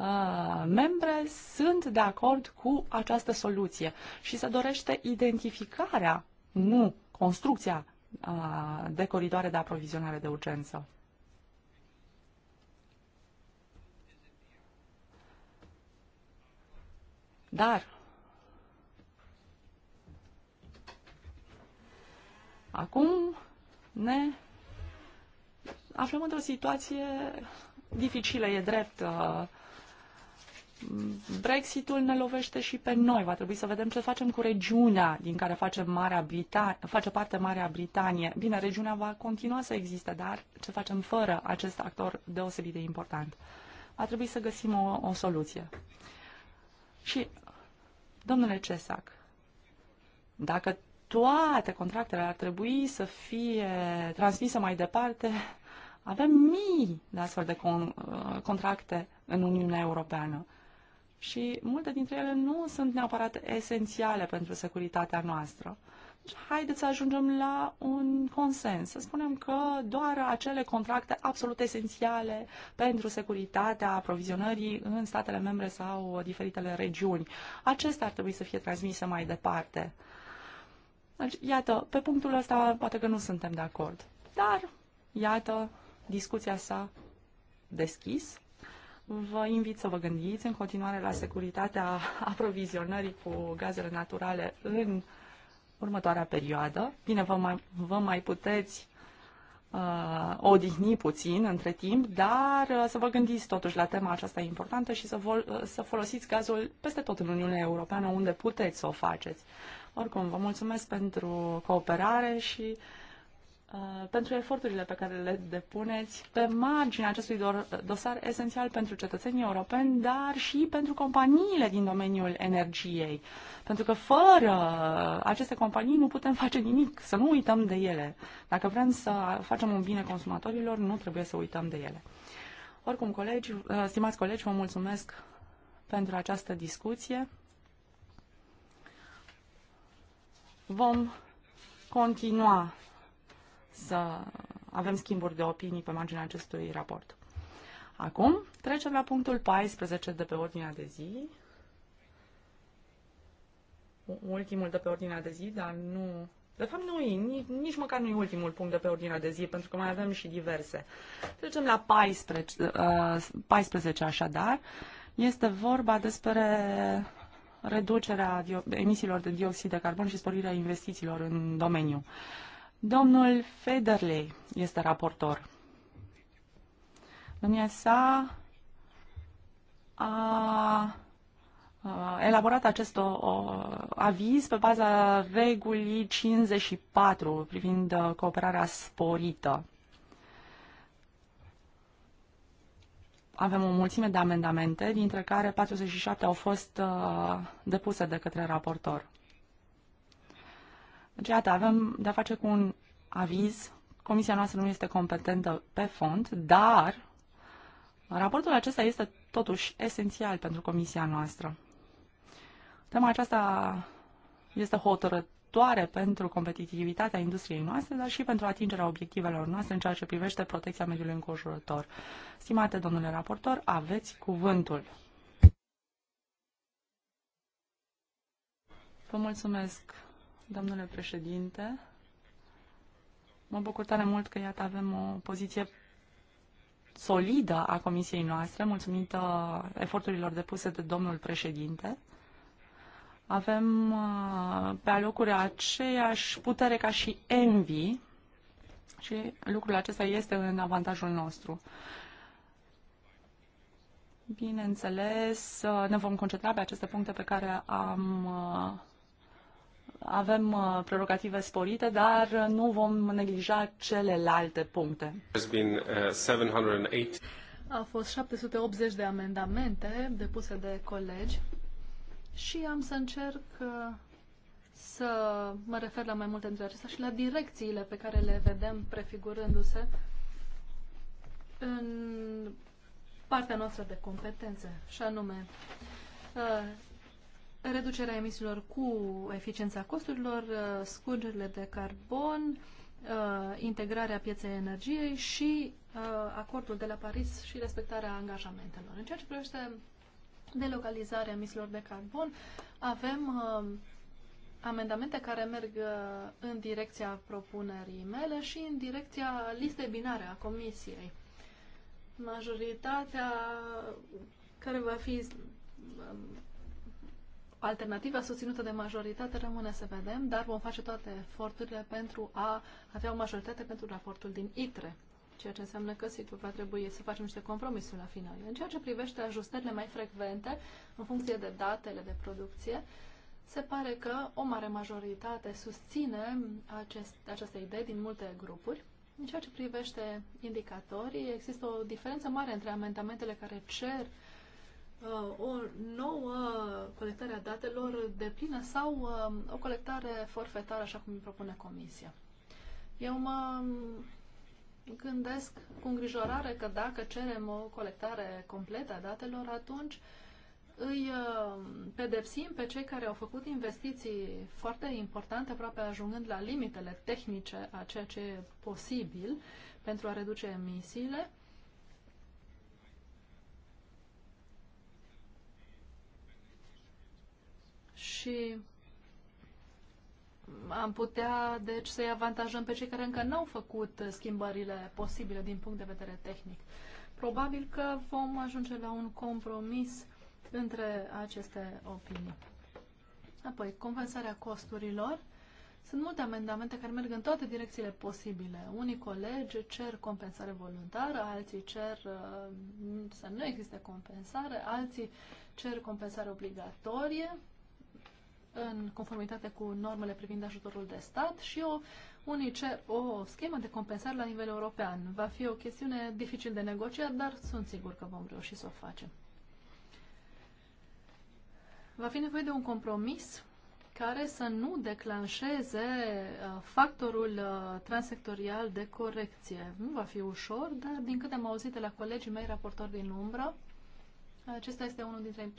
Uh, membre sunt de acord cu această soluție și se dorește identificarea, nu construcția uh, de coridoare de aprovizionare de urgență. Dar acum ne aflăm într-o situație dificilă, e drept. Uh, Brexitul ne lovește și pe noi. Va trebui să vedem ce facem cu regiunea din care face, Marea Britan- face parte Marea Britanie. Bine, regiunea va continua să existe, dar ce facem fără acest actor deosebit de important? Va trebui să găsim o, o soluție. Și, domnule Cesac, dacă toate contractele ar trebui să fie transmise mai departe, avem mii de astfel de con- uh, contracte în Uniunea Europeană și multe dintre ele nu sunt neapărat esențiale pentru securitatea noastră. Deci, haideți să ajungem la un consens, să spunem că doar acele contracte absolut esențiale pentru securitatea aprovizionării în statele membre sau diferitele regiuni, acestea ar trebui să fie transmise mai departe. Deci, iată, pe punctul ăsta poate că nu suntem de acord. Dar, iată, discuția s-a deschis Vă invit să vă gândiți în continuare la securitatea aprovizionării cu gazele naturale în următoarea perioadă. Bine, vă mai, vă mai puteți uh, odihni puțin între timp, dar uh, să vă gândiți totuși la tema aceasta importantă și să, vol, uh, să folosiți gazul peste tot în Uniunea Europeană unde puteți să o faceți. Oricum, vă mulțumesc pentru cooperare și uh, Uh, pentru eforturile pe care le depuneți pe marginea acestui dosar esențial pentru cetățenii europeni, dar și pentru companiile din domeniul energiei. Pentru că fără aceste companii nu putem face nimic, să nu uităm de ele. Dacă vrem să facem un bine consumatorilor, nu trebuie să uităm de ele. Oricum, colegi, uh, stimați colegi, vă mulțumesc pentru această discuție. Vom continua să avem schimburi de opinii pe marginea acestui raport. Acum trecem la punctul 14 de pe ordinea de zi. Ultimul de pe ordinea de zi, dar nu... De fapt, nu e, nici, nici măcar nu e ultimul punct de pe ordinea de zi, pentru că mai avem și diverse. Trecem la 14, 14 uh, așadar. Este vorba despre reducerea emisiilor de dioxid de carbon și sporirea investițiilor în domeniu. Uh, Domnul Federley este raportor. Domnia sa a elaborat acest o, o, aviz pe baza regulii 54 privind uh, cooperarea sporită. Avem o mulțime de amendamente, dintre care 47 au fost uh, depuse de către raportor. Deci, iată, avem de-a face cu un aviz. Comisia noastră nu este competentă pe fond, dar raportul acesta este totuși esențial pentru comisia noastră. Tema aceasta este hotărătoare pentru competitivitatea industriei noastre, dar și pentru atingerea obiectivelor noastre în ceea ce privește protecția mediului înconjurător. Stimate domnule raportor, aveți cuvântul. Vă mulțumesc domnule președinte. Mă bucur tare mult că, iată, avem o poziție solidă a comisiei noastre, mulțumită eforturilor depuse de domnul președinte. Avem uh, pe alocuri aceeași putere ca și Envy și lucrul acesta este în avantajul nostru. Bineînțeles, uh, ne vom concentra pe aceste puncte pe care am uh, avem uh, prerogative sporite, dar uh, nu vom neglija celelalte puncte. Uh, A fost 780 de amendamente depuse de colegi și am să încerc să mă refer la mai multe dintre acestea și la direcțiile pe care le vedem prefigurându-se în partea noastră de competențe, și anume reducerea emisiilor cu eficiența costurilor, uh, scurgerile de carbon, uh, integrarea pieței energiei și uh, acordul de la Paris și respectarea angajamentelor. În ceea ce privește delocalizarea emisiilor de carbon, avem amendamente care merg în direcția propunerii mele și în direcția listei binare a Comisiei. Majoritatea care va fi um, alternativa susținută de majoritate rămâne să vedem, dar vom face toate eforturile pentru a avea o majoritate pentru raportul din ITRE, ceea ce înseamnă că sigur va trebui să facem niște compromisuri la final. În ceea ce privește ajustările mai frecvente, în funcție de datele de producție, se pare că o mare majoritate susține acest, această idee din multe grupuri. În ceea ce privește indicatorii, există o diferență mare între amendamentele care cer uh, Uh, o nouă colectare a datelor de plină sau um, o colectare forfetară, așa cum îmi propune Comisia. Eu mă um, gândesc cu îngrijorare că dacă cerem o colectare completă a datelor, atunci îi um, pedepsim pe cei care au făcut investiții foarte importante, aproape ajungând la limitele tehnice a ceea ce e posibil pentru a reduce emisiile și am putea, deci, să-i avantajăm pe cei care încă n-au făcut schimbările posibile din punct de vedere tehnic. Probabil că vom ajunge la un compromis între aceste opinii. Apoi, compensarea costurilor. Sunt multe amendamente care merg în toate direcțiile posibile. Unii colegi cer compensare voluntară, alții cer uh, să nu existe compensare, alții cer compensare obligatorie în conformitate cu normele privind ajutorul de stat și o, unii cer o schemă de compensare la nivel european. Va fi o chestiune dificil de negociat, dar sunt sigur că vom reuși să o facem. Va fi nevoie de un compromis care să nu declanșeze uh, factorul uh, transectorial de corecție. Nu va fi ușor, dar din câte am auzit de la colegii mei raportori din umbră, acesta este unul dintre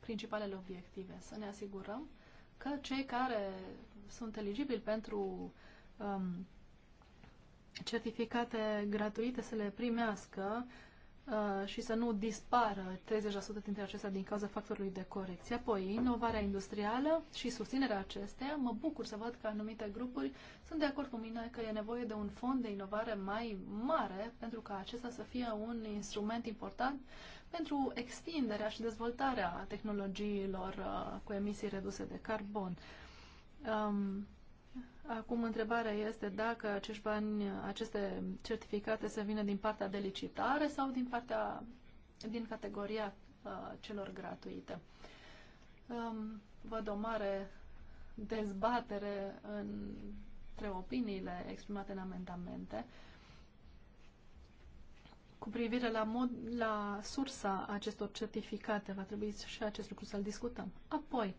principalele obiective, să ne asigurăm că cei care sunt eligibili pentru um, certificate gratuite să le primească uh, și să nu dispară 30% dintre acestea din cauza factorului de corecție. Apoi, inovarea industrială și susținerea acesteia. Mă bucur să văd că anumite grupuri sunt de acord cu mine că e nevoie de un fond de inovare mai mare pentru ca acesta să fie un instrument important pentru extinderea și dezvoltarea tehnologiilor uh, cu emisii reduse de carbon. Um, acum întrebarea este dacă acești bani, aceste certificate se vină din partea de licitare sau din partea din categoria uh, celor gratuite. Um, văd o mare dezbatere între opiniile exprimate în amendamente. Uh, cu privire la, mod, la sursa acestor certificate. Va trebui și acest lucru să-l discutăm. Apoi,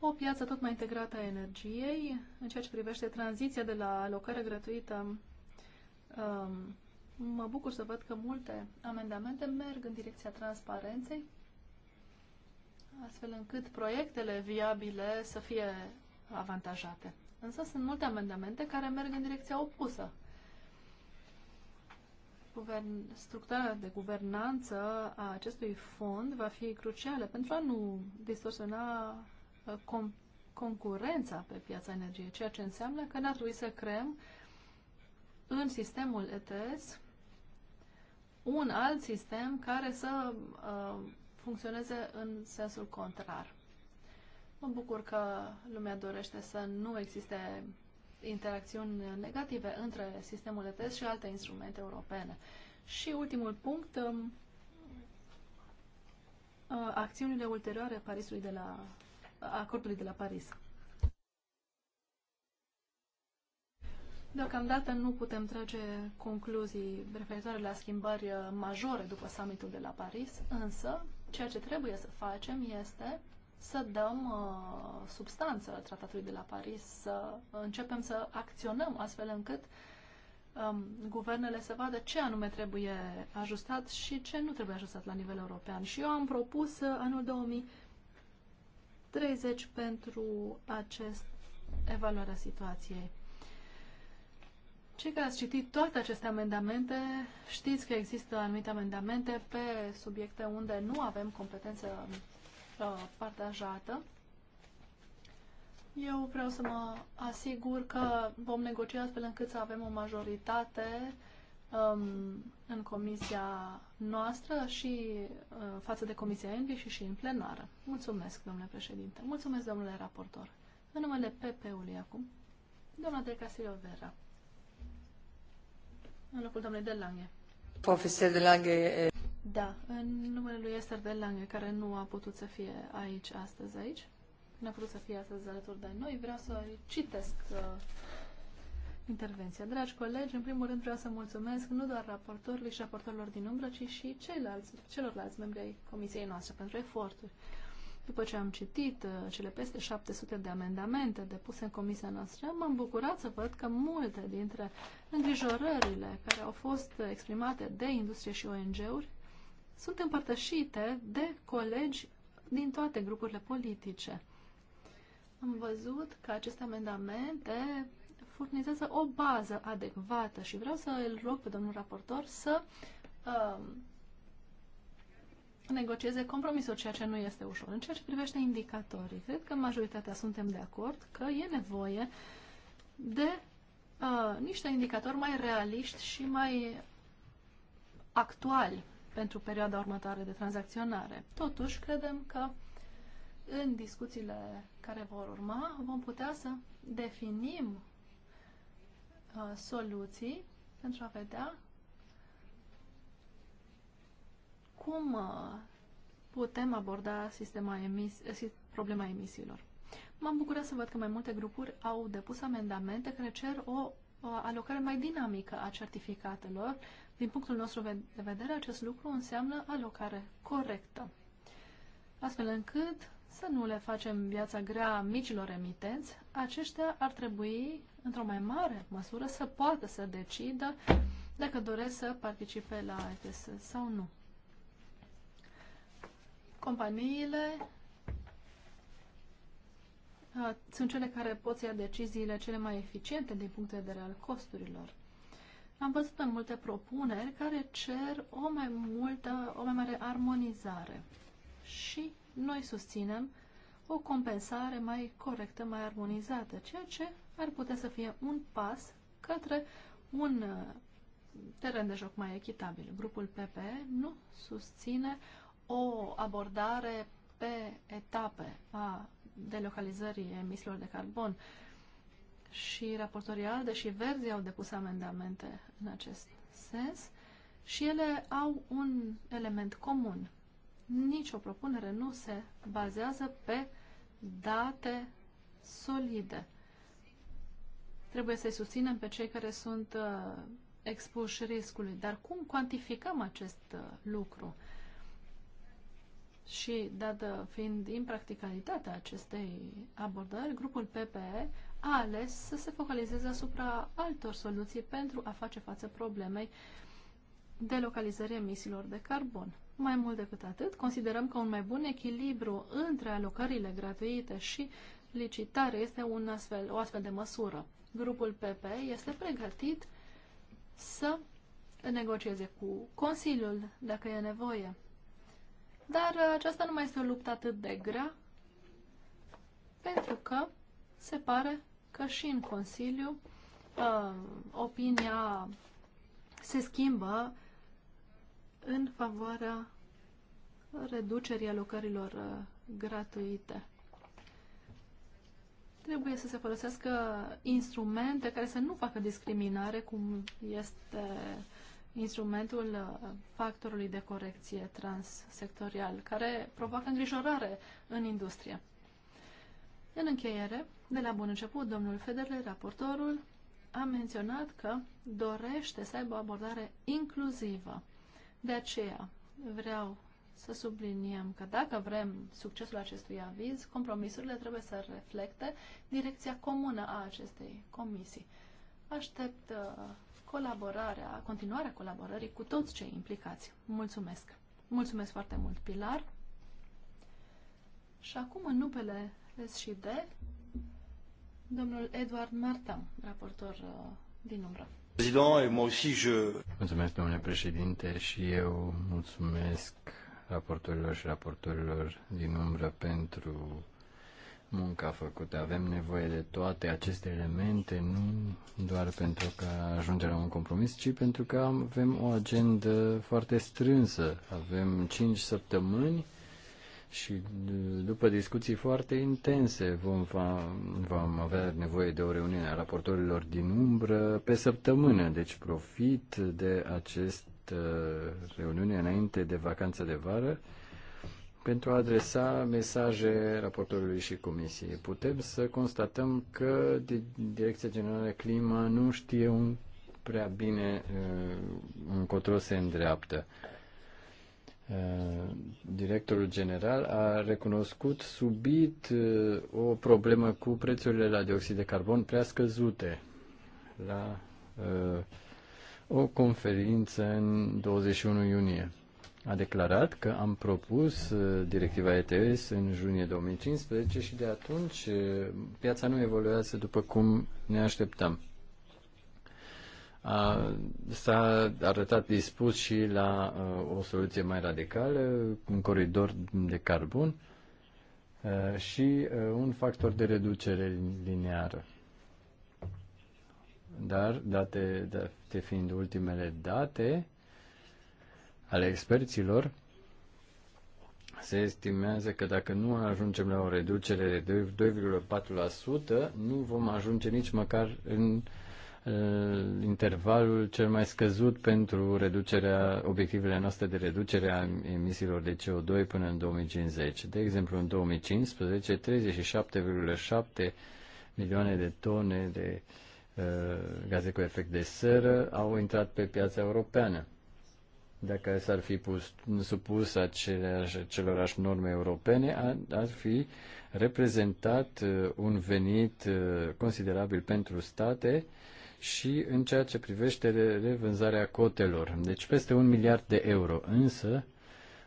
o piață tot mai integrată a energiei în ceea ce privește tranziția de la alocare gratuită. Um, mă bucur să văd că multe amendamente merg în direcția transparenței, astfel încât proiectele viabile să fie avantajate. Însă sunt multe amendamente care merg în direcția opusă, guvern, structura de guvernanță a acestui fond va fi crucială pentru a nu distorsiona uh, com, concurența pe piața energiei, ceea ce înseamnă că n-ar trebui să creăm în sistemul ETS un alt sistem care să uh, funcționeze în sensul contrar. Mă bucur că lumea dorește să nu existe interacțiuni negative între sistemul de test și alte instrumente europene. Și ultimul punct, um, uh, acțiunile ulterioare Parisului de la, uh, acordului de la Paris. Deocamdată nu putem trage concluzii referitoare la schimbări uh, majore după summitul de la Paris, însă ceea ce trebuie să facem este să dăm uh, substanță tratatului de la Paris, să începem să acționăm astfel încât um, guvernele să vadă ce anume trebuie ajustat și ce nu trebuie ajustat la nivel european. Și eu am propus uh, anul 2030 pentru acest a situației. Cei care ați citit toate aceste amendamente, știți că există anumite amendamente pe subiecte unde nu avem competență Uh, partajată. Eu vreau să mă asigur că vom negocia astfel încât să avem o majoritate um, în comisia noastră și uh, față de comisia Envi și și în plenară. Mulțumesc, domnule președinte. Mulțumesc, domnule raportor. În numele PP-ului acum, doamna de Castillo Vera. În locul doamnei de Lange. Profesor de Lange. Da, în numele lui Esther de Lange, care nu a putut să fie aici astăzi aici, n-a putut să fie astăzi alături de noi, vreau să citesc uh, intervenția. Dragi colegi, în primul rând vreau să mulțumesc nu doar raportorului și raportorilor din umbră, ci și ceilalți, celorlalți membri ai comisiei noastre pentru eforturi. După ce am citit uh, cele peste 700 de amendamente depuse în comisia noastră, m-am bucurat să văd că multe dintre îngrijorările care au fost exprimate de industrie și ONG-uri sunt împărtășite de colegi din toate grupurile politice. Am văzut că aceste amendamente furnizează o bază adecvată și vreau să îl rog pe domnul raportor să uh, negocieze compromisul, ceea ce nu este ușor. În ceea ce privește indicatorii, cred că majoritatea suntem de acord că e nevoie de uh, niște indicatori mai realiști și mai actuali pentru perioada următoare de tranzacționare. Totuși, credem că în discuțiile care vor urma vom putea să definim uh, soluții pentru a vedea cum uh, putem aborda sistema emis eh, problema emisiilor. M-am bucurat să văd că mai multe grupuri au depus amendamente care cer o, o alocare mai dinamică a certificatelor din punctul nostru de vedere, acest lucru înseamnă alocare corectă, astfel încât să nu le facem viața grea micilor emitenți, aceștia ar trebui, într-o mai mare măsură, să poată să decidă dacă doresc să participe la ETS sau nu. Companiile uh, sunt cele care pot să ia deciziile cele mai eficiente din punct de vedere al costurilor am văzut în multe propuneri care cer o mai multă, o mai mare armonizare și noi susținem o compensare mai corectă, mai armonizată, ceea ce ar putea să fie un pas către un uh, teren de joc mai echitabil. Grupul PP nu susține o abordare pe etape a delocalizării emisiilor de carbon. Uh, și raportorii ALDE și Verzi au depus amendamente în acest sens și ele au un element comun. Nici o propunere nu se bazează pe date solide. Trebuie să-i susținem pe cei care sunt uh, expuși riscului, dar cum cuantificăm acest uh, lucru? Și, dată fiind impracticalitatea acestei abordări, grupul PPE a ales să se focalizeze asupra altor soluții pentru a face față problemei de delocalizării emisiilor de carbon. Mai mult decât atât, considerăm că un mai bun echilibru între alocările gratuite și licitare este un astfel, o astfel de măsură. Grupul PP este pregătit să negocieze cu Consiliul dacă e nevoie. Dar aceasta nu mai este o luptă atât de grea, pentru că se pare că și în Consiliu uh, opinia se schimbă în favoarea reducerii alocărilor uh, gratuite. Trebuie să se folosească instrumente care să nu facă discriminare, cum este instrumentul uh, factorului de corecție transsectorial, care provoacă îngrijorare în industrie. În încheiere, de la bun început, domnul Federle, raportorul, a menționat că dorește să aibă o abordare inclusivă. De aceea vreau să subliniem că dacă vrem succesul acestui aviz, compromisurile trebuie să reflecte direcția comună a acestei comisii. Aștept uh, colaborarea, continuarea colaborării cu toți cei implicați. Mulțumesc! Mulțumesc foarte mult, Pilar! Și acum, în numele S și D. Domnul Eduard Martin, raportor uh, din umbră. Mulțumesc, domnule președinte, și eu mulțumesc raportorilor și raportorilor din umbră pentru munca făcută. Avem nevoie de toate aceste elemente, nu doar pentru că ajungem la un compromis, ci pentru că avem o agendă foarte strânsă. Avem 5 săptămâni și după discuții foarte intense vom, vom avea nevoie de o reuniune a raportorilor din umbră pe săptămână, deci profit de această reuniune înainte de vacanța de vară pentru a adresa mesaje raportorului și comisiei. Putem să constatăm că Direcția Generală Clima nu știe un prea bine uh, încotro se îndreaptă. Uh, Eh, directorul general a recunoscut subit eh, o problemă cu prețurile la dioxid de carbon prea scăzute la eh, o conferință în 21 iunie. A declarat că am propus directiva ETS în junie 2015 și de atunci piața nu evoluează după cum ne așteptam s-a arătat dispus și la o soluție mai radicală, un coridor de carbon și un factor de reducere lineară. Dar, date, date fiind ultimele date ale experților, se estimează că dacă nu ajungem la o reducere de 2,4%, nu vom ajunge nici măcar în uh, Uh, intervalul cel mai scăzut pentru reducerea, obiectivele noastre de reducere a emisiilor de CO2 până în 2050. De exemplu, în 2015, 37,7 milioane de tone de uh, gaze cu efect de seră au intrat pe piața europeană. Dacă s-ar fi pus, supus aceleași, acelorași norme europene, ar, ar fi reprezentat uh, un venit uh, considerabil pentru state uh, și în ceea ce privește revânzarea cotelor, deci peste un miliard de euro. Însă,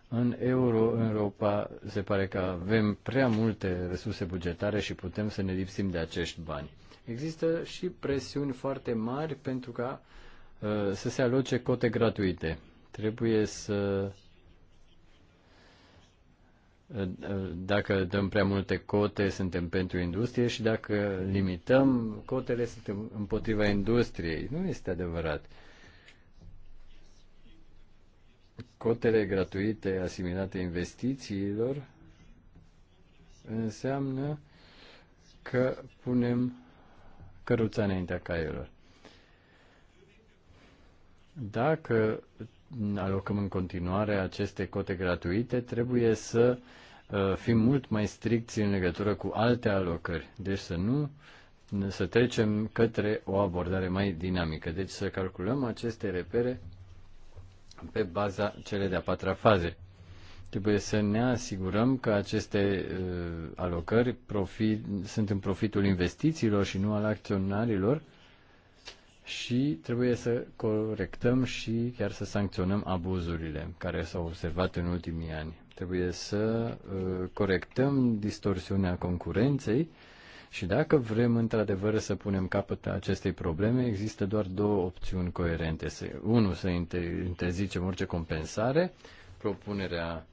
în euro, în Europa, se pare că avem prea multe resurse bugetare și putem să ne lipsim de acești bani. Există și presiuni foarte mari pentru ca uh, să se aloce cote gratuite. Trebuie să dacă dăm prea multe cote, suntem pentru industrie și dacă limităm cotele, suntem împotriva industriei. Nu este adevărat. Cotele gratuite asimilate investițiilor înseamnă că punem căruța înaintea caielor. Dacă alocăm în continuare aceste cote gratuite, trebuie să uh, fim mult mai stricți în legătură cu alte alocări. Deci să nu să trecem către o abordare mai dinamică. Deci să calculăm aceste repere pe baza cele de-a patra faze. Trebuie să ne asigurăm că aceste uh, alocări profit, sunt în profitul investițiilor și nu al acționarilor, și trebuie să corectăm și chiar să sancționăm abuzurile care s-au observat în ultimii ani. Trebuie să uh, corectăm distorsiunea concurenței și dacă vrem într-adevăr să punem capăt acestei probleme, există doar două opțiuni coerente. Unu, să interzicem orice compensare, propunerea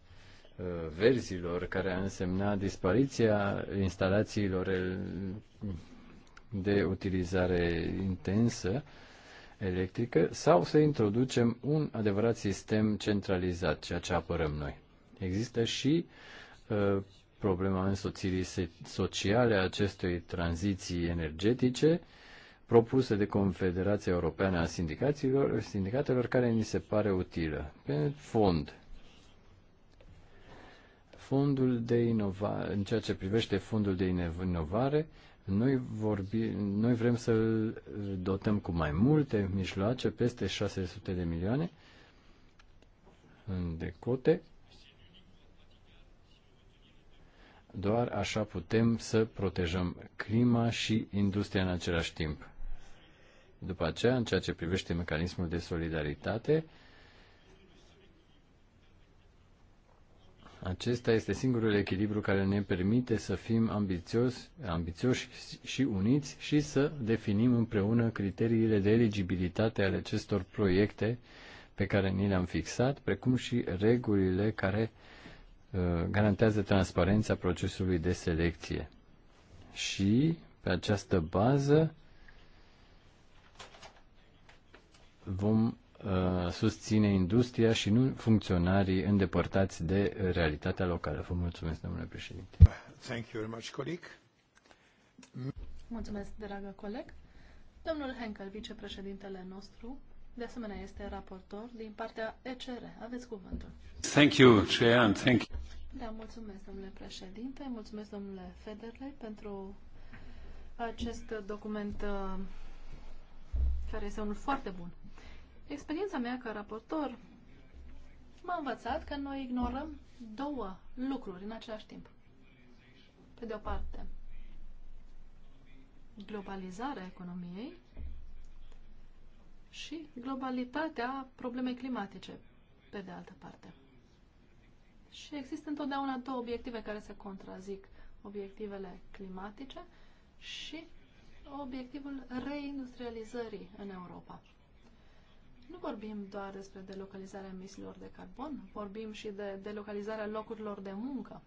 uh, verzilor, care a însemnat dispariția instalațiilor de utilizare intensă electrică sau să introducem un adevărat sistem centralizat, ceea ce apărăm noi. Există și uh, problema însoțirii sociale a acestei tranziții energetice propuse de Confederația Europeană a Sindicaților, Sindicatelor, care ni se pare utilă. Pe fond, fondul de inovare, în ceea ce privește fondul de inovare, noi, vorbi, noi vrem să dotăm cu mai multe mijloace, peste 600 de milioane de cote. Doar așa putem să protejăm clima și industria în același timp. După aceea, în ceea ce privește mecanismul de solidaritate, Acesta este singurul echilibru care ne permite să fim ambițios, ambițioși și uniți și să definim împreună criteriile de eligibilitate ale acestor proiecte pe care ni le-am fixat, precum și regulile care uh, garantează transparența procesului de selecție. Și, pe această bază, vom Uh, susține industria și nu funcționarii îndepărtați de realitatea locală. Vă mulțumesc, domnule președinte. Thank you very much, colleague. Mulțumesc, dragă coleg. Domnul Henkel, vicepreședintele nostru, de asemenea este raportor din partea ECR. Aveți cuvântul. Thank you, Chair, and thank you. Da, mulțumesc, domnule președinte, mulțumesc, domnule Federle, pentru acest document uh, care este unul foarte bun. Experiența mea ca raportor m-a învățat că noi ignorăm două lucruri în același timp. Pe de o parte, globalizarea economiei și globalitatea problemei climatice, pe de altă parte. Și există întotdeauna două obiective care se contrazic. Obiectivele climatice și obiectivul reindustrializării în Europa nu vorbim doar despre delocalizarea emisiilor de carbon, vorbim și de delocalizarea locurilor de muncă.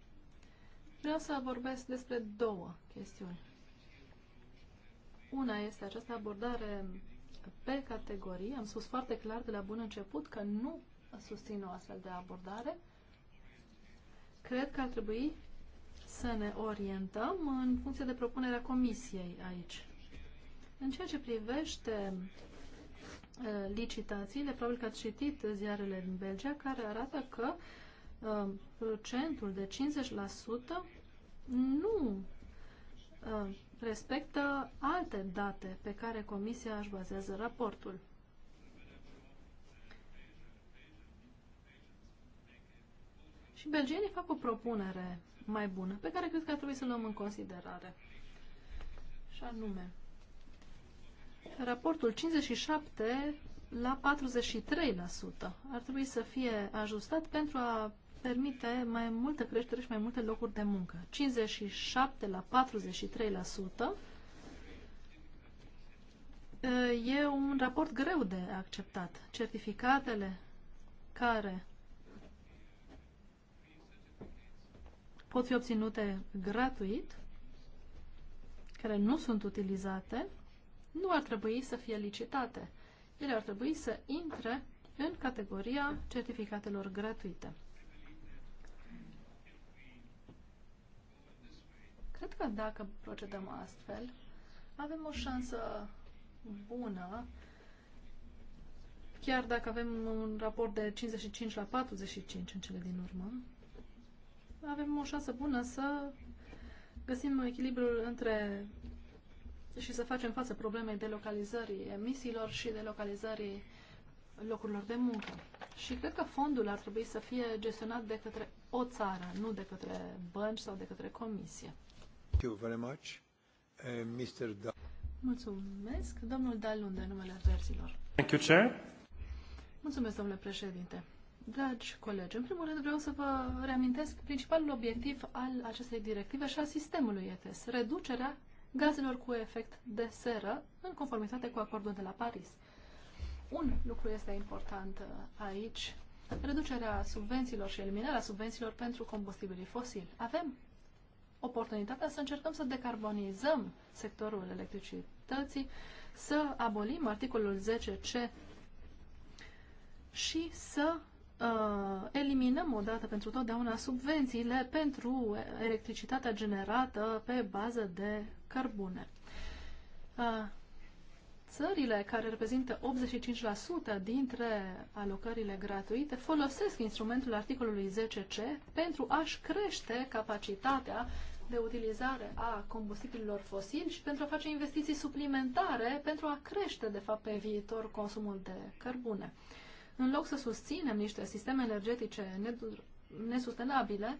Vreau să vorbesc despre două chestiuni. Una este această abordare pe categorie. Am spus foarte clar de la bun început că nu susțin o astfel de abordare. Cred că ar trebui să ne orientăm în funcție de propunerea comisiei aici. În ceea ce privește Uh, licitațiile, probabil că ați citit ziarele din Belgia, care arată că uh, procentul de 50% nu uh, respectă alte date pe care Comisia își bazează raportul. Și belgienii fac o propunere mai bună, pe care cred că ar trebui să luăm în considerare. Și anume, raportul 57 la 43%. Ar trebui să fie ajustat pentru a permite mai multă creștere și mai multe locuri de muncă. 57 la 43% e un raport greu de acceptat. Certificatele care pot fi obținute gratuit, care nu sunt utilizate, nu ar trebui să fie licitate. Ele ar trebui să intre în categoria certificatelor gratuite. Cred că dacă procedăm astfel, avem o șansă bună, chiar dacă avem un raport de 55 la 45 în cele din urmă, avem o șansă bună să găsim echilibrul între și să facem față problemei de localizării emisiilor și de localizării locurilor de muncă. Și cred că fondul ar trebui să fie gestionat de către o țară, nu de către bănci sau de către comisie. Thank you very much, uh, Mr. Da Mulțumesc, domnul Dalun, de numele verzilor. Thank you, Chair. Mulțumesc, domnule președinte. Dragi colegi, în primul rând vreau să vă reamintesc principalul obiectiv al acestei directive și al sistemului ETS, reducerea gazelor cu efect de seră, în conformitate cu acordul de la Paris. Un lucru este important uh, aici, reducerea subvențiilor și eliminarea subvențiilor pentru combustibilii fosili. Avem oportunitatea să încercăm să decarbonizăm sectorul electricității, să abolim articolul 10C și să uh, eliminăm odată pentru totdeauna subvențiile pentru electricitatea generată pe bază de cărbune. Țările care reprezintă 85% dintre alocările gratuite folosesc instrumentul articolului 10C pentru a-și crește capacitatea de utilizare a combustibililor fosili și pentru a face investiții suplimentare pentru a crește, de fapt, pe viitor consumul de cărbune. În loc să susținem niște sisteme energetice nesustenabile,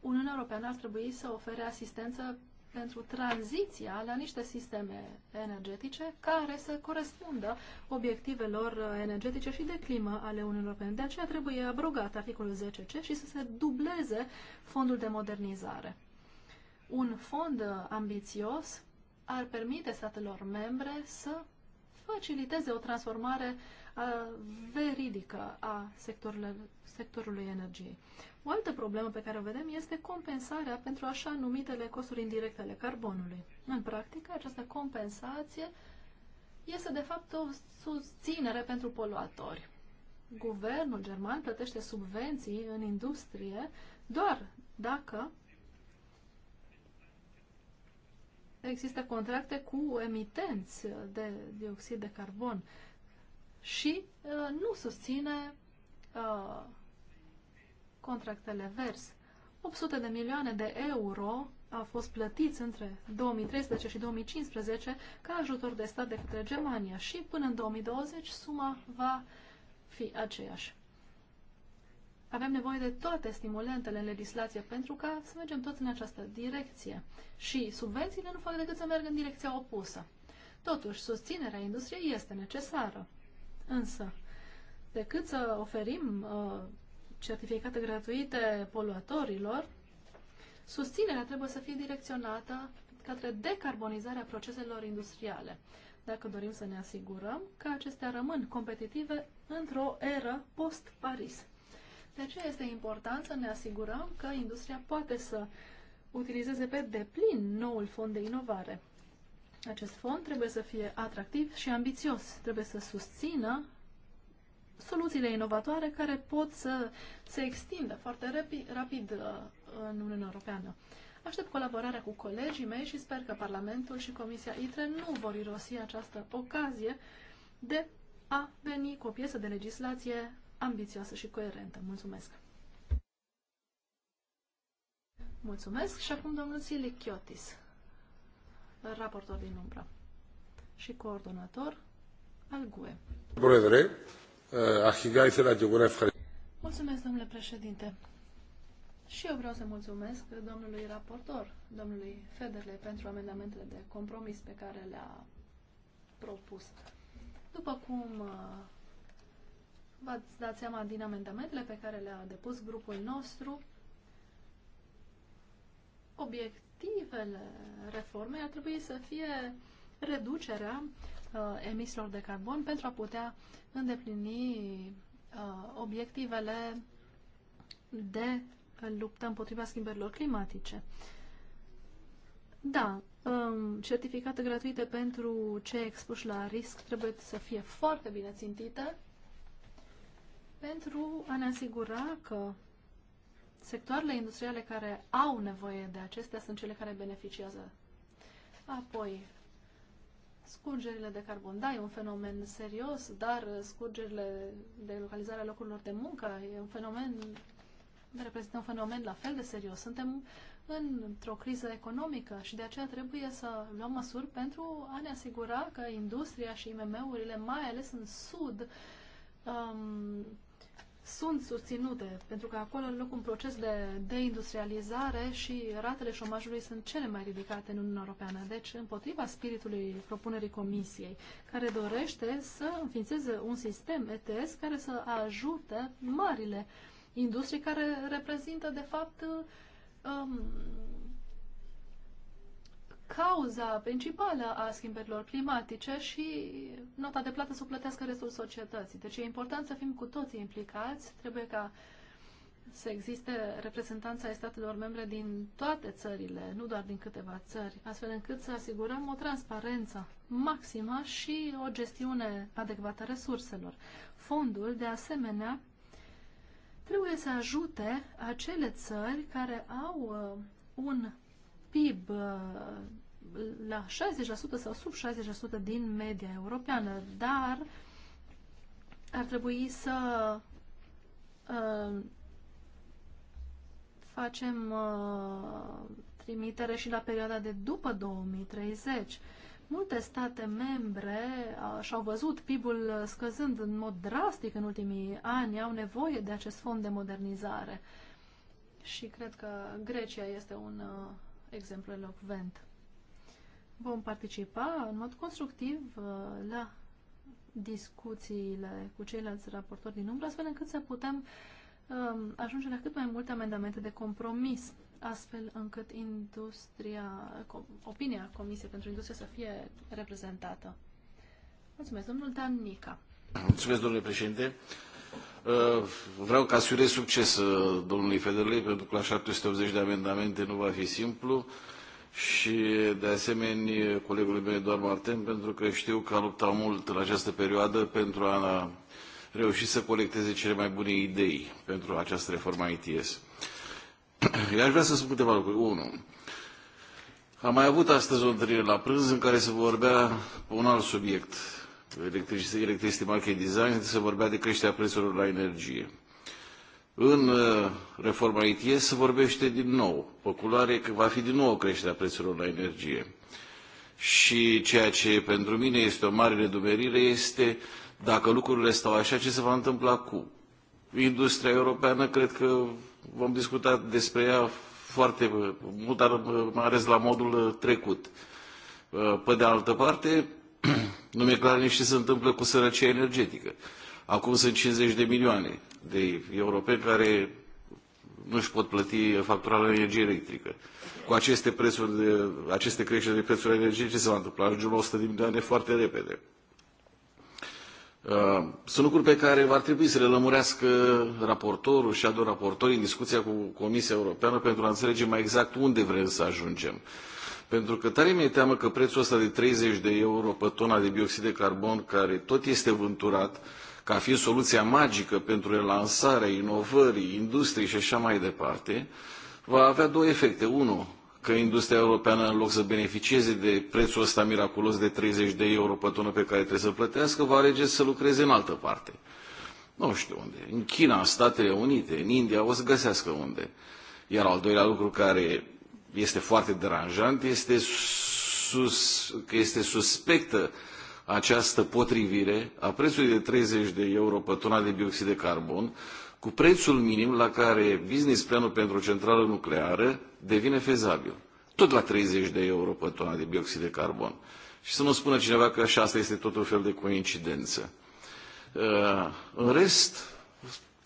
Uniunea Europeană ar trebui să ofere asistență pentru tranziția la niște sisteme energetice care să corespundă obiectivelor energetice și de climă ale Uniunii Europene. De aceea trebuie abrogat articolul 10C și să se dubleze fondul de modernizare. Un fond ambițios ar permite statelor membre să faciliteze o transformare veridică a sectorului energiei. O altă problemă pe care o vedem este compensarea pentru așa numitele costuri indirecte ale carbonului. În practică, această compensație este de fapt o susținere pentru poluatori. Guvernul german plătește subvenții în industrie doar dacă există contracte cu emitenți de dioxid de carbon și uh, nu susține uh, contractele vers. 800 de milioane de euro au fost plătiți între 2013 și 2015 ca ajutor de stat de către Germania și până în 2020 suma va fi aceeași. Avem nevoie de toate stimulentele în legislație pentru ca să mergem tot în această direcție. Și subvențiile nu fac decât să meargă în direcția opusă. Totuși, susținerea industriei este necesară. Însă, decât să oferim uh, certificate gratuite poluatorilor, susținerea trebuie să fie direcționată către decarbonizarea proceselor industriale, dacă dorim să ne asigurăm că acestea rămân competitive într-o eră post-Paris. De aceea este important să ne asigurăm că industria poate să utilizeze pe deplin noul fond de inovare. Acest fond trebuie să fie atractiv și ambițios, trebuie să susțină soluțiile inovatoare care pot să se extindă foarte rapid, rapid uh, în Uniunea Europeană. Aștept colaborarea cu colegii mei și sper că Parlamentul și Comisia ITRE nu vor irosi această ocazie de a veni cu o piesă de legislație ambițioasă și coerentă. Mulțumesc! Mulțumesc și acum domnul Chiotis, raportor din umbră și coordonator al GUE. Bună Αρχικά ήθελα και εγώ να Mulțumesc, domnule președinte. Și eu vreau să mulțumesc domnului raportor, domnului Federle, pentru amendamentele de compromis pe care le-a propus. După cum uh, v-ați dat seama din amendamentele pe care le-a depus grupul nostru, obiectivele reformei ar trebui să fie reducerea Uh, emisiilor de carbon pentru a putea îndeplini uh, obiectivele de luptă împotriva schimbărilor climatice. Da, um, certificate gratuite pentru cei expuși la risc trebuie să fie foarte bine țintite pentru a ne asigura că sectoarele industriale care au nevoie de acestea sunt cele care beneficiază. Apoi, Scurgerile de carbon, da, e un fenomen serios, dar scurgerile de localizare a locurilor de muncă e un fenomen, reprezintă un fenomen la fel de serios. Suntem într-o criză economică și de aceea trebuie să luăm măsuri pentru a ne asigura că industria și IMM-urile, mai ales în sud, um, sunt susținute, pentru că acolo în loc un proces de deindustrializare și ratele șomajului sunt cele mai ridicate în Uniunea Europeană. Deci, împotriva spiritului propunerii Comisiei, care dorește să înființeze un sistem ETS care să ajute marile industrii care reprezintă, de fapt, um, cauza principală a schimbărilor climatice și nota de plată să o plătească restul societății. Deci e important să fim cu toții implicați, trebuie ca să existe reprezentanța ai statelor membre din toate țările, nu doar din câteva țări, astfel încât să asigurăm o transparență maximă și o gestiune adecvată a resurselor. Fondul, de asemenea, trebuie să ajute acele țări care au uh, un PIB uh, la 60% sau sub 60% din media europeană, dar ar trebui să uh, facem uh, trimitere și la perioada de după 2030. Multe state membre uh, și-au văzut PIB-ul scăzând în mod drastic în ultimii ani, au nevoie de acest fond de modernizare. Și cred că Grecia este un uh, exemplu elocvent. Vom participa în mod constructiv uh, la discuțiile cu ceilalți raportori din umbră, astfel încât să putem um, ajunge la cât mai multe amendamente de compromis, astfel încât industria, opinia Comisiei pentru Industrie să fie reprezentată. Mulțumesc, domnul Dan Nica. Mulțumesc, domnule președinte. Uh, vreau ca să urez succes uh, domnului Federley, pentru că la 780 de amendamente nu va fi simplu și de asemenea colegului meu Eduard Marten, pentru că știu că a luptat mult în această perioadă pentru a reuși să colecteze cele mai bune idei pentru această reformă a ITS. Eu aș vrea să spun câteva lucruri. Unu, am mai avut astăzi o întâlnire la prânz în care se vorbea un alt subiect, Electricity, Electricity Market Design, se vorbea de creșterea prețurilor la energie. În uh, reforma ITS se vorbește din nou, populare, că va fi din nou creșterea prețurilor la energie. Și ceea ce pentru mine este o mare nedumerire este dacă lucrurile stau așa, ce se va întâmpla cu industria europeană? Cred că vom discuta despre ea foarte mult, dar mai ales la modul trecut. Uh, pe de altă parte, <clears throat> nu mi-e clar nici ce se întâmplă cu sărăcia energetică. Acum sunt 50 de milioane de europeni care nu își pot plăti factura la energie electrică. Cu aceste, prețuri de, aceste creșteri de prețuri energetice ce se va întâmpla? Ajungem la 100 de milioane foarte repede. Uh, sunt lucruri pe care va trebui să le lămurească raportorul și adu raportorii în discuția cu Comisia Europeană pentru a înțelege mai exact unde vrem să ajungem. Pentru că tare mi-e teamă că prețul ăsta de 30 de euro pe tona de bioxid de carbon, care tot este vânturat ca fiind soluția magică pentru relansarea inovării, industriei și așa mai departe, va avea două efecte. Unu, că industria europeană, în loc să beneficieze de prețul ăsta miraculos de 30 de euro pe tonă pe care trebuie să plătească, va alege să lucreze în altă parte. Nu știu unde. În China, în Statele Unite, în India, o să găsească unde. Iar al doilea lucru care este foarte deranjant este, sus, că este suspectă această potrivire a prețului de 30 de euro pe tona de dioxid de carbon cu prețul minim la care business planul pentru o centrală nucleară devine fezabil. Tot la 30 de euro pe tona de dioxid de carbon. Și să nu spună cineva că așa asta este tot un fel de coincidență. Uh, în rest,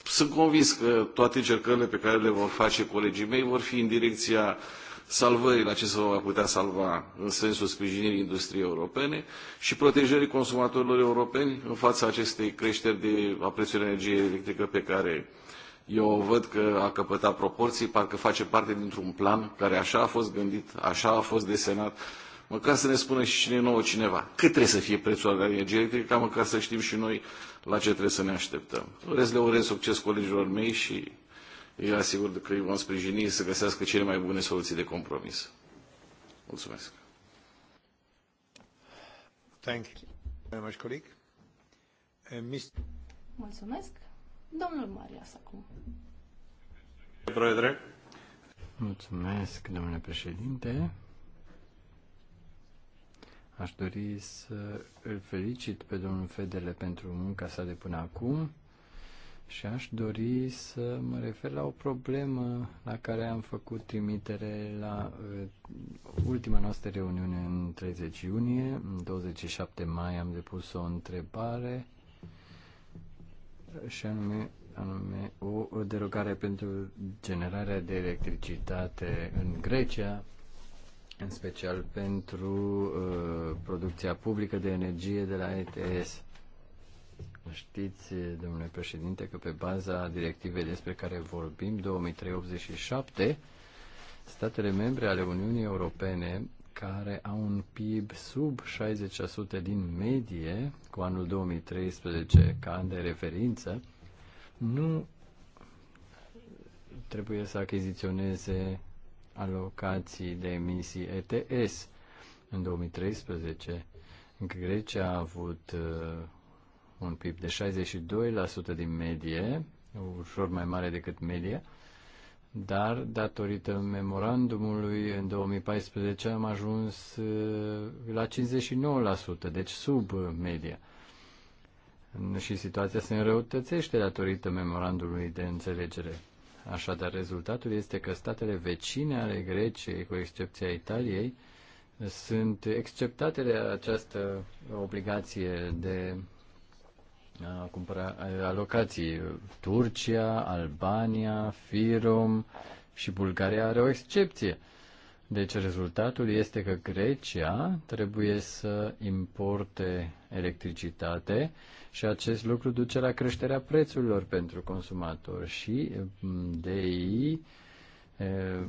sunt convins că toate încercările pe care le vor face colegii mei vor fi în direcția uh, salvării la ce se va putea salva în sensul sprijinirii industriei europene și protejării consumatorilor europeni în fața acestei creșteri de, a prețului energiei electrică pe care eu văd că a căpătat proporții, parcă face parte dintr-un plan care așa a fost gândit, așa a fost desenat, măcar să ne spună și cine nouă cineva. Cât trebuie să fie prețul la energie electrică, ca măcar să știm și noi la ce trebuie să ne așteptăm. Doresc le urez succes colegilor mei și eu asigur că îi vom sprijini să găsească cele mai bune soluții de compromis. Mulțumesc. Thank you very much, colleague. Uh, Mulțumesc. Domnul Marias acum. Proedre. Mulțumesc, domnule președinte. Aș dori să îl felicit pe domnul Fedele pentru munca sa de până acum și aș dori să mă refer la o problemă la care am făcut trimitere la uh, ultima noastră reuniune în 30 iunie. În 27 mai am depus o întrebare eh, și anume, anume o, o derogare pentru generarea de electricitate în Grecia, în special pentru uh, producția publică de energie de la ETS. Știți, domnule președinte, că pe baza directivei despre care vorbim, 2387, statele membre ale Uniunii Europene care au un PIB sub 60% din medie cu anul 2013 ca an de referință, nu trebuie să achiziționeze alocații de emisii ETS. În 2013, Grecia a avut uh, un PIB de 62% din medie, ușor mai mare decât media, dar datorită memorandumului în 2014 am ajuns uh, la 59%, deci sub media. Și situația se înrăutățește datorită memorandumului de înțelegere. Așadar, rezultatul este că statele vecine ale Greciei, cu excepția Italiei, sunt exceptate de această obligație de a cumpăra alocații. Turcia, Albania, Firom și Bulgaria are o excepție. Deci rezultatul este că Grecia trebuie să importe electricitate și acest lucru duce la creșterea prețurilor pentru consumatori și de mm, DI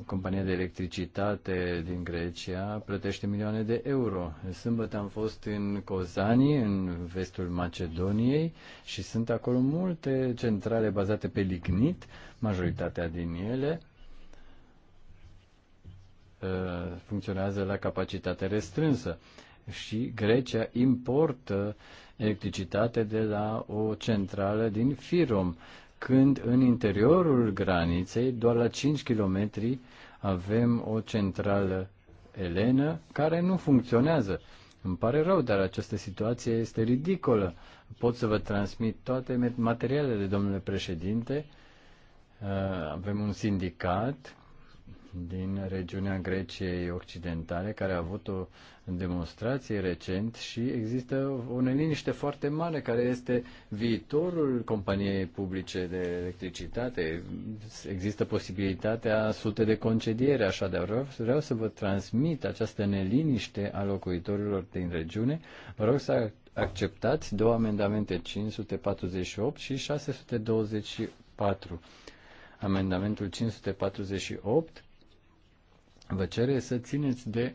compania de electricitate din Grecia plătește milioane de euro. Sâmbătă am fost în Kozani, în vestul Macedoniei și sunt acolo multe centrale bazate pe lignit, majoritatea din ele funcționează la capacitate restrânsă și Grecia importă electricitate de la o centrală din Firom când în interiorul graniței, doar la 5 km, avem o centrală elenă care nu funcționează. Îmi pare rău, dar această situație este ridicolă. Pot să vă transmit toate materialele, domnule președinte. Uh, avem un sindicat din regiunea Greciei Occidentale, care a avut o demonstrație recent și există o neliniște foarte mare care este viitorul companiei publice de electricitate. Există posibilitatea sute de concediere, așa de vreau, vreau să vă transmit această neliniște a locuitorilor din regiune. Vă rog să acceptați două amendamente 548 și 624. Amendamentul 548 Vă cere să țineți de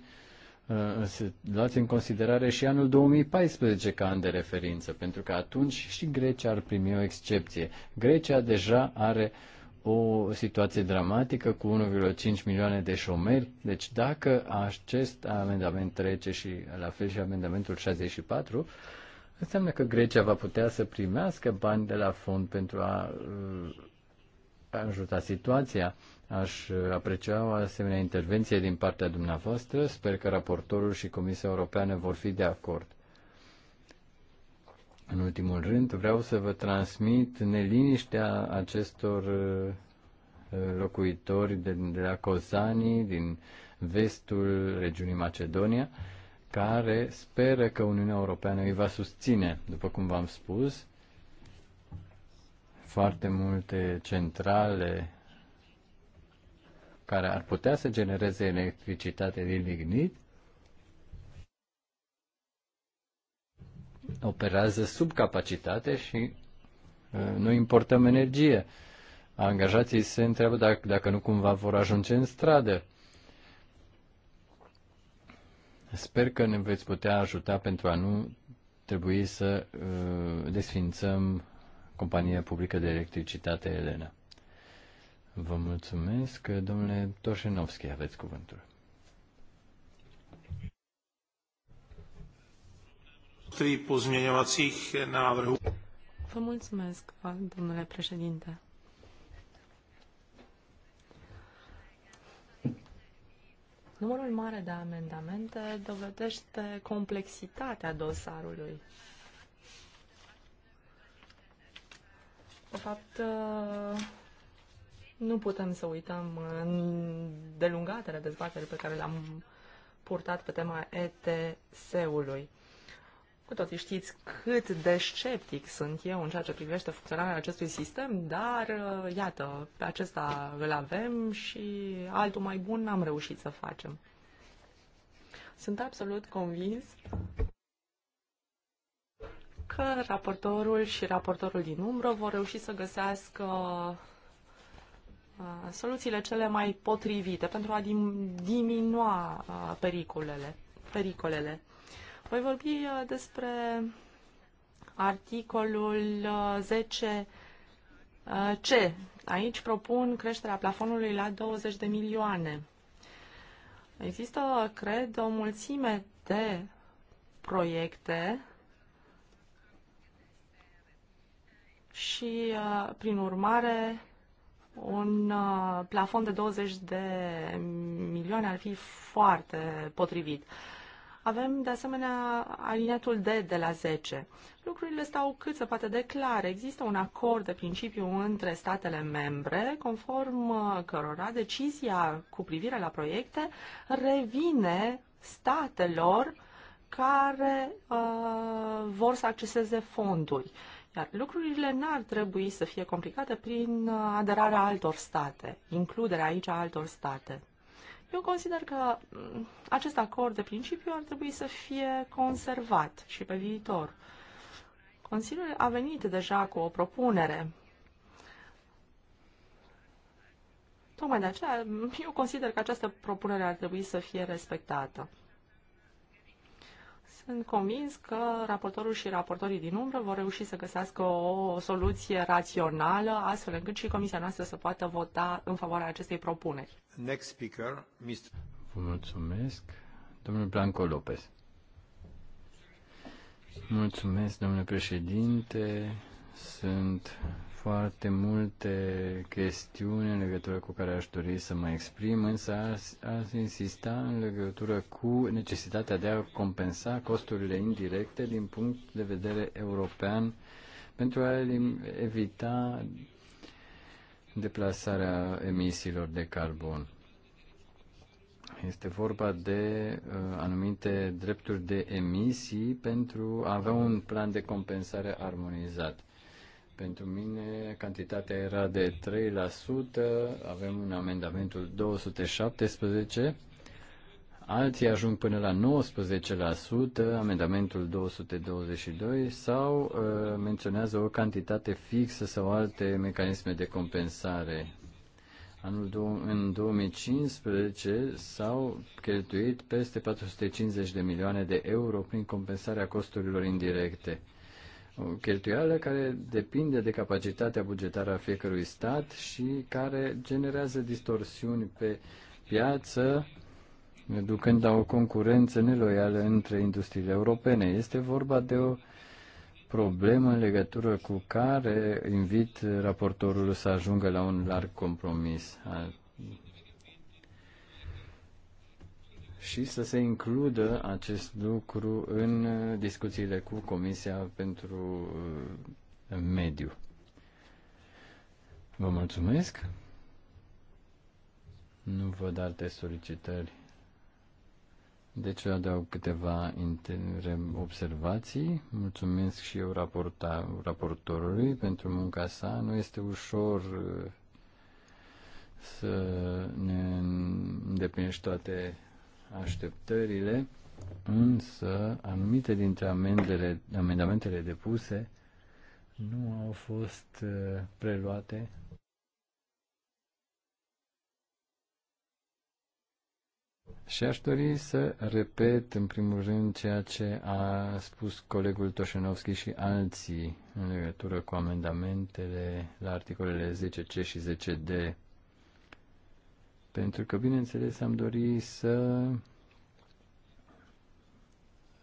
uh, să luați în considerare și anul 2014 ca an de referință, pentru că atunci și Grecia ar primi o excepție. Grecia deja are o situație dramatică cu 1,5 milioane de șomeri, deci dacă acest amendament trece și la fel și amendamentul 64, înseamnă că Grecia va putea să primească bani de la fond pentru a uh, ajuta situația. Aș aprecia o asemenea intervenție din partea dumneavoastră. Sper că raportorul și Comisia Europeană vor fi de acord. În ultimul rând, vreau să vă transmit neliniștea acestor uh, locuitori de, de la Cozani, din vestul regiunii Macedonia, care speră că Uniunea Europeană îi va susține. După cum v-am spus, foarte multe centrale care ar putea să genereze electricitate din lignit operează sub capacitate și uh, nu importăm energie. Angajații se întreabă dacă, dacă nu cumva vor ajunge în stradă. Sper că ne veți putea ajuta pentru a nu trebui să uh, desfințăm compania publică de electricitate Elena. Vă mulțumesc. Domnule Toșenovski, aveți cuvântul. Trei Vă mulțumesc, domnule președinte. Numărul mare de amendamente dovedește complexitatea dosarului. De fapt, nu putem să uităm delungatele dezbateri pe care le-am purtat pe tema ETS-ului. Cu toții știți cât de sceptic sunt eu în ceea ce privește funcționarea acestui sistem, dar uh, iată, pe acesta îl avem și altul mai bun n-am reușit să facem. Sunt absolut convins că raportorul și raportorul din umbră vor reuși să găsească Uh, soluțiile cele mai potrivite pentru a diminua uh, pericolele. pericolele. Voi vorbi uh, despre articolul 10 C. Aici propun creșterea plafonului la 20 de milioane. Există, cred, o mulțime de proiecte și, prin urmare, un uh, plafon de 20 de milioane ar fi foarte potrivit. Avem, de asemenea, aliniatul D de la 10. Lucrurile stau cât se poate de clar. Există un acord de principiu între statele membre, conform uh, cărora decizia cu privire la proiecte revine statelor care uh, vor să acceseze fonduri. Uh, dar lucrurile n-ar trebui să fie complicate prin uh, aderarea altor state, includerea aici a altor state. Eu consider că mm, acest acord de principiu ar trebui să fie conservat și pe viitor. Consiliul a venit deja cu o propunere. Tocmai de aceea, mm, eu consider că această propunere ar trebui să fie respectată sunt convins că raportorul și raportorii din umbră vor reuși să găsească o soluție rațională, astfel încât și comisia noastră să poată vota în favoarea acestei propuneri. Next speaker, Mr. Vă mulțumesc, domnul Blanco Lopez. Mulțumesc, domnule președinte. Sunt foarte multe chestiuni în legătură cu care aș dori să mă exprim, însă aș insista în legătură cu necesitatea de a compensa costurile indirecte din punct de vedere european pentru a evita deplasarea emisiilor de carbon. Este vorba de uh, anumite drepturi de emisii pentru a avea un plan de compensare armonizat. Pentru mine cantitatea era de 3%, avem un amendamentul 217, alții ajung până la 19%, amendamentul 222, sau uh, menționează o cantitate fixă sau alte mecanisme de compensare. Anul în 2015 s-au cheltuit peste 450 de milioane de euro prin compensarea costurilor indirecte o cheltuială care depinde de capacitatea bugetară a fiecărui stat și care generează distorsiuni pe piață, ducând la o concurență neloială între industriile europene. Este vorba de o problemă în legătură cu care invit raportorul să ajungă la un larg compromis. și să se includă acest lucru în uh, discuțiile cu Comisia pentru uh, Mediu. Vă mulțumesc. Nu văd alte solicitări. Deci adaug câteva observații. Mulțumesc și eu raporta, raportorului pentru munca sa. Nu este ușor uh, să ne îndeplinești toate așteptările, însă anumite dintre amendele, amendamentele depuse nu au fost uh, preluate Și aș dori să repet, în primul rând, ceea ce a spus colegul Toșenovski și alții în legătură cu amendamentele la articolele 10C și 10D pentru că, bineînțeles, am dorit să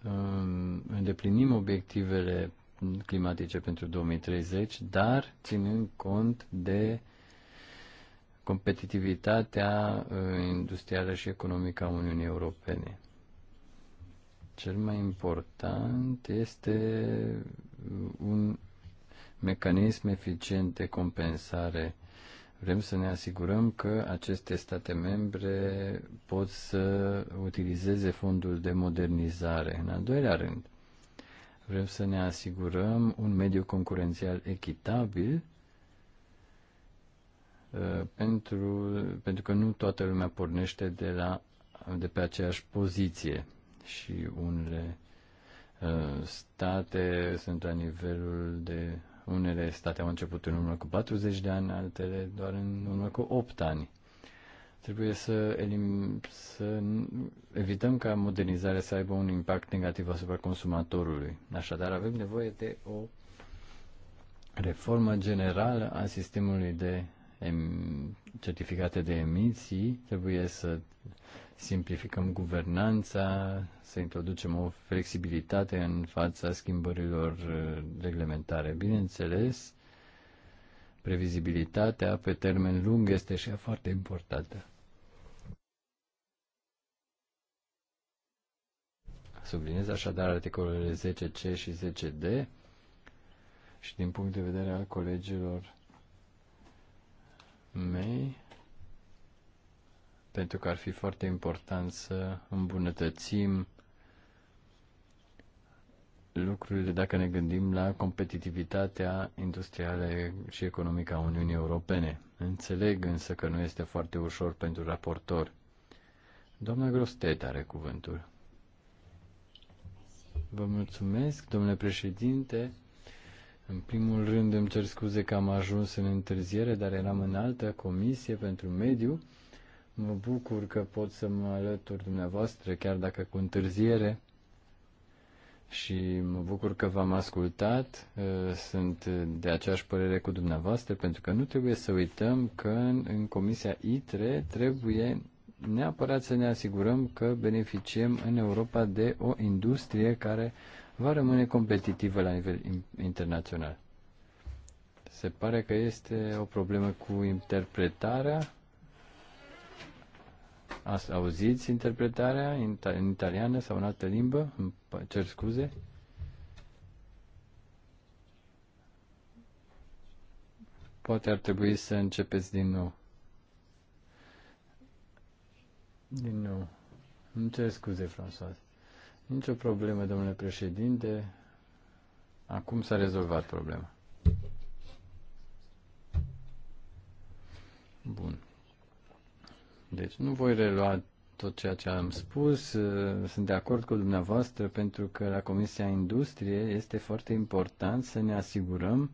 um, îndeplinim obiectivele climatice pentru 2030, dar ținând cont de competitivitatea uh, industrială și economică a Uniunii Europene. Cel mai important este un mecanism eficient de compensare Vrem să ne asigurăm că aceste state membre pot să utilizeze fondul de modernizare. În al doilea rând, vrem să ne asigurăm un mediu concurențial echitabil uh, pentru, pentru că nu toată lumea pornește de, la, de pe aceeași poziție și unele uh, state sunt la nivelul de unele state au început în urmă cu 40 de ani, altele doar în urmă cu 8 ani. Trebuie să, elim, să evităm ca modernizarea să aibă un impact negativ asupra consumatorului. Așadar, avem nevoie de o reformă generală a sistemului de certificate de emisii. Trebuie să simplificăm guvernanța, să introducem o flexibilitate în fața schimbărilor uh, reglementare. Bineînțeles, previzibilitatea pe termen lung este și ea foarte importantă. Subliniez așadar articolele 10C și 10D și din punct de vedere al colegilor mei, pentru că ar fi foarte important să îmbunătățim lucrurile dacă ne gândim la competitivitatea industrială și economică a Uniunii Europene. Înțeleg însă că nu este foarte ușor pentru raportor. Doamna Grostet are cuvântul. Vă mulțumesc, domnule președinte. În primul rând îmi cer scuze că am ajuns în întârziere, dar eram în altă comisie pentru mediu Mă bucur că pot să mă alătur dumneavoastră, chiar dacă cu întârziere. Și mă bucur că v-am ascultat. Uh, sunt de aceeași părere cu dumneavoastră, pentru că nu trebuie să uităm că în, Comisia ITRE trebuie neapărat să ne asigurăm că beneficiem în Europa de o industrie care va rămâne competitivă la nivel internațional. Se pare că este o problemă cu interpretarea Auziți interpretarea în italiană sau în altă limbă? Îmi cer scuze. Poate ar trebui să începeți din nou. Din nou. Îmi cer scuze, François. Nicio problemă, domnule președinte. Acum s-a rezolvat problema. Bun. Deci nu voi relua tot ceea ce am spus. Uh, sunt de acord cu dumneavoastră pentru că la Comisia Industrie este foarte important să ne asigurăm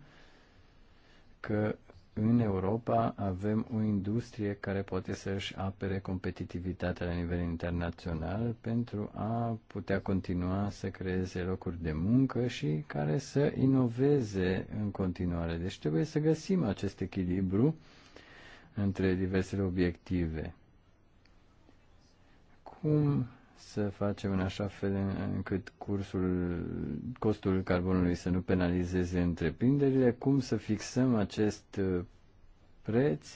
că în Europa avem o industrie care poate să-și apere competitivitatea la nivel internațional pentru a putea continua să creeze locuri de muncă și care să inoveze în continuare. Deci trebuie să găsim acest echilibru între diversele obiective cum să facem în așa fel încât cursul, costul carbonului să nu penalizeze întreprinderile, cum să fixăm acest uh, preț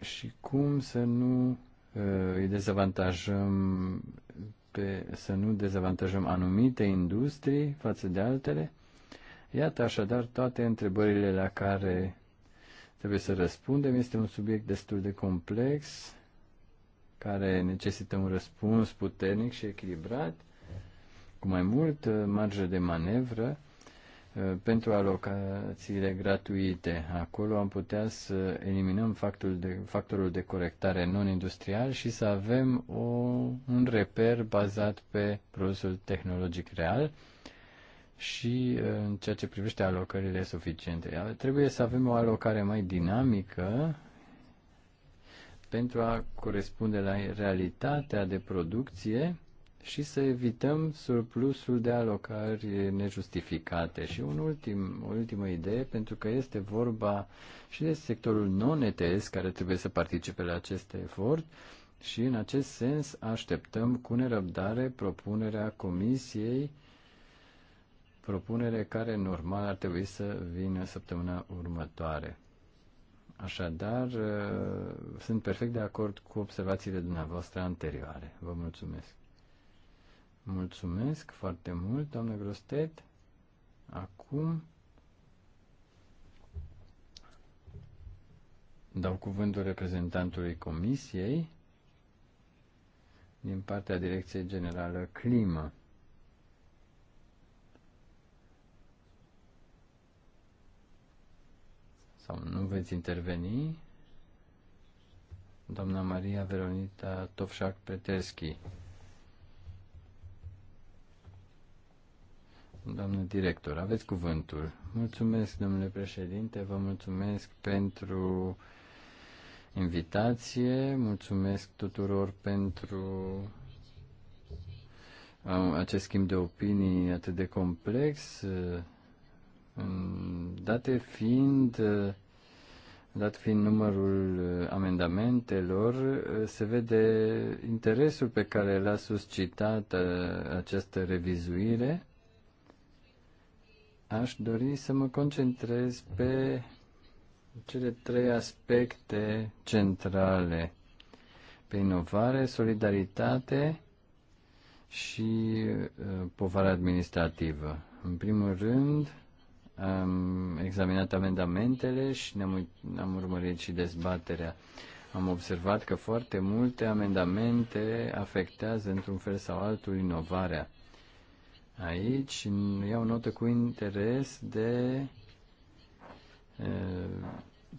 și cum să nu uh, îi dezavantajăm pe, să nu dezavantajăm anumite industrii față de altele. Iată așadar toate întrebările la care trebuie să răspundem. Este un subiect destul de complex care necesită un răspuns puternic și echilibrat, cu mai mult uh, marjă de manevră uh, pentru alocațiile gratuite. Acolo am putea să eliminăm factorul de, factorul de corectare non-industrial și să avem o, un reper bazat pe produsul tehnologic real și uh, în ceea ce privește alocările suficiente. Trebuie să avem o alocare mai dinamică pentru a corespunde la realitatea de producție și să evităm surplusul de alocări nejustificate. Și un ultim, o ultimă idee, pentru că este vorba și de sectorul non-ETS care trebuie să participe la acest efort și în acest sens așteptăm cu nerăbdare propunerea Comisiei propunere care normal ar trebui să vină săptămâna următoare. Așadar, uh, sunt perfect de acord cu observațiile dumneavoastră anterioare. Vă mulțumesc. Mulțumesc foarte mult, doamnă Grostet. Acum dau cuvântul reprezentantului Comisiei din partea Direcției Generală Climă. sau nu veți interveni, doamna Maria Veronita tovșac Peterski. Doamnă director, aveți cuvântul. Mulțumesc, domnule președinte, vă mulțumesc pentru invitație, mulțumesc tuturor pentru uh, acest schimb de opinii atât de complex. Date fiind, dat fiind numărul eh, amendamentelor, eh, se vede interesul pe care l-a suscitat eh, această revizuire. Aș dori să mă concentrez pe cele trei aspecte centrale pe inovare, solidaritate și povara administrativă. În primul rând, am examinat amendamentele și ne-am am urmărit și dezbaterea. Am observat că foarte multe amendamente afectează într-un fel sau altul inovarea. Aici iau notă cu interes de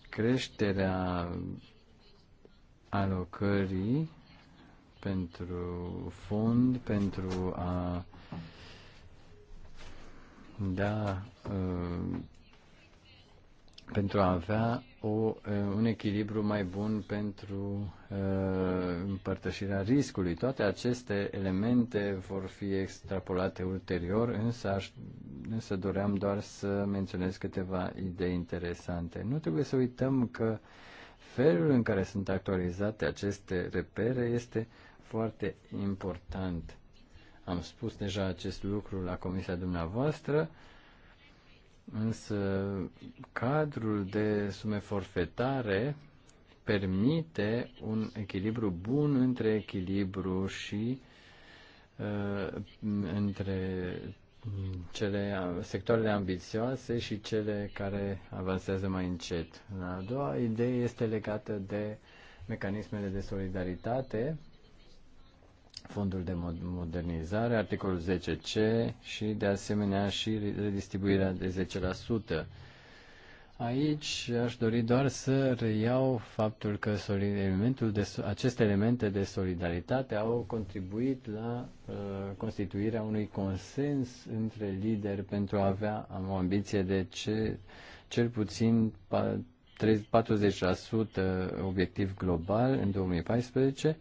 creșterea alocării pentru fond, pentru a da, uh, pentru a avea o, uh, un echilibru mai bun pentru uh, împărtășirea riscului. Toate aceste elemente vor fi extrapolate ulterior, însă, aș, însă doream doar să menționez câteva idei interesante. Nu trebuie să uităm că felul în care sunt actualizate aceste repere este foarte important am spus deja acest lucru la comisia dumneavoastră, însă cadrul de sume forfetare permite un echilibru bun între echilibru și uh, între cele sectoarele ambițioase și cele care avansează mai încet. A doua idee este legată de mecanismele de solidaritate fondul de modernizare, articolul 10C și de asemenea și redistribuirea de 10%. Aici aș dori doar să reiau faptul că elementul de, aceste elemente de solidaritate au contribuit la uh, constituirea unui consens între lideri pentru a avea o ambiție de ce, cel puțin 40% obiectiv global în 2014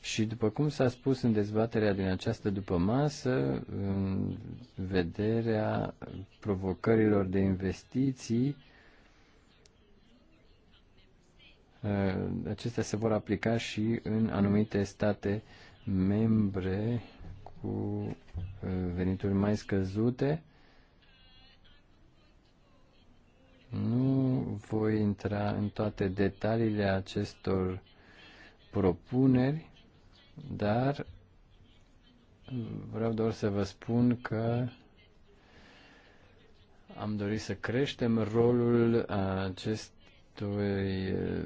și după cum s-a spus în dezbaterea din această masă, în vederea provocărilor de investiții, ă, acestea se vor aplica și în anumite state membre cu ă, venituri mai scăzute. Nu voi intra în toate detaliile acestor propuneri, dar vreau doar să vă spun că am dorit să creștem rolul acestui uh,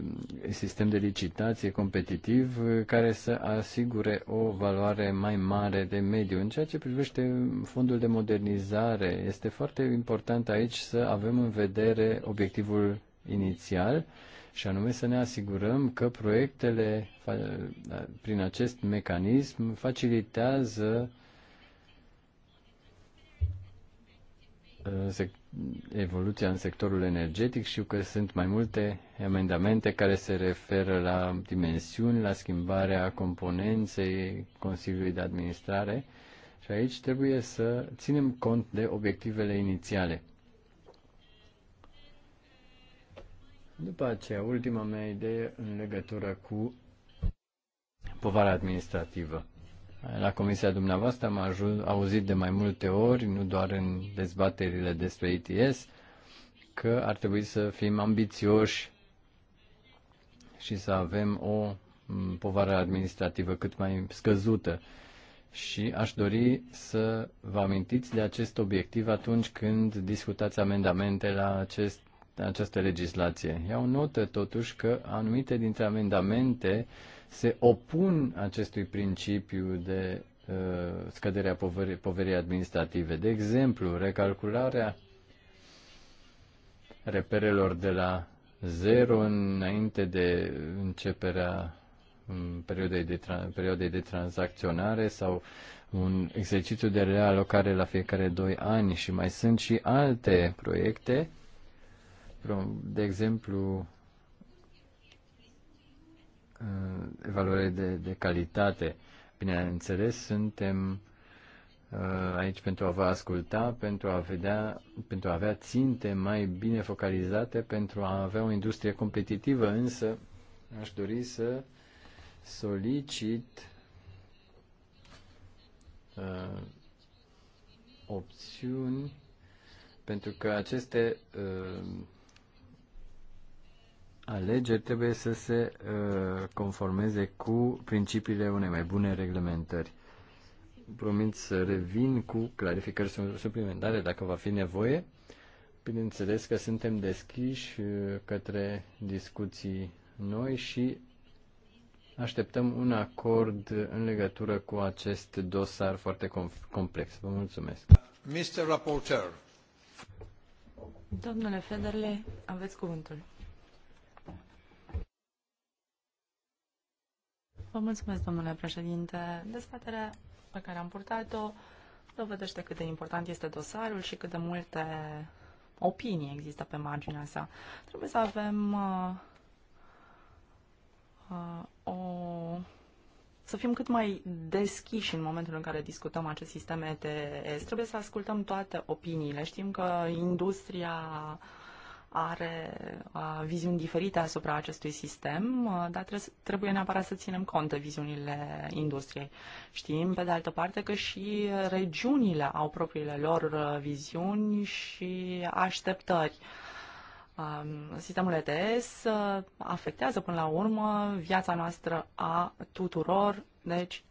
sistem de licitație competitiv uh, care să asigure o valoare mai mare de mediu. În ceea ce privește fondul de modernizare, este foarte important aici să avem în vedere obiectivul inițial și anume să ne asigurăm că proiectele da, prin acest mecanism facilitează uh, evoluția în sectorul energetic. și că sunt mai multe amendamente care se referă la dimensiuni, la schimbarea componenței Consiliului de Administrare și aici trebuie să ținem cont de obiectivele inițiale. După aceea, ultima mea idee în legătură cu povara administrativă. La comisia dumneavoastră am auzit de mai multe ori, nu doar în dezbaterile despre ITS, că ar trebui să fim ambițioși și să avem o povară administrativă cât mai scăzută. Și aș dori să vă amintiți de acest obiectiv atunci când discutați amendamente la acest această legislație. Iau notă totuși că anumite dintre amendamente se opun acestui principiu de uh, scăderea poverii, poverii administrative. De exemplu, recalcularea reperelor de la zero înainte de începerea um, perioadei de, tra- perioadei de tranzacționare sau un exercițiu de realocare la fiecare doi ani și mai sunt și alte proiecte de exemplu, uh, evaluare de, de calitate. Bineînțeles, suntem uh, aici pentru a vă asculta, pentru a, vedea, pentru a avea ținte mai bine focalizate, pentru a avea o industrie competitivă, însă aș dori să solicit uh, opțiuni pentru că aceste uh, alegeri trebuie să se uh, conformeze cu principiile unei mai bune reglementări. Promit să revin cu clarificări suplimentare dacă va fi nevoie. Bineînțeles că suntem deschiși uh, către discuții noi și așteptăm un acord în legătură cu acest dosar foarte complex. Vă mulțumesc. Mr. Rapporteur. Domnule Federle, aveți cuvântul. Vă mulțumesc, domnule președinte. Dezbaterea pe care am purtat-o dovedește cât de important este dosarul și cât de multe opinii există pe marginea sa. Trebuie să avem uh, uh, o să fim cât mai deschiși în momentul în care discutăm acest sistem ETS. Trebuie să ascultăm toate opiniile. Știm că industria uh, are viziuni diferite asupra acestui sistem, uh, dar trebuie neapărat să ținem cont de viziunile industriei. Știm, pe de altă parte, că și regiunile au propriile lor uh, viziuni și așteptări. Um, sistemul ETS uh, afectează până la urmă viața noastră a tuturor, deci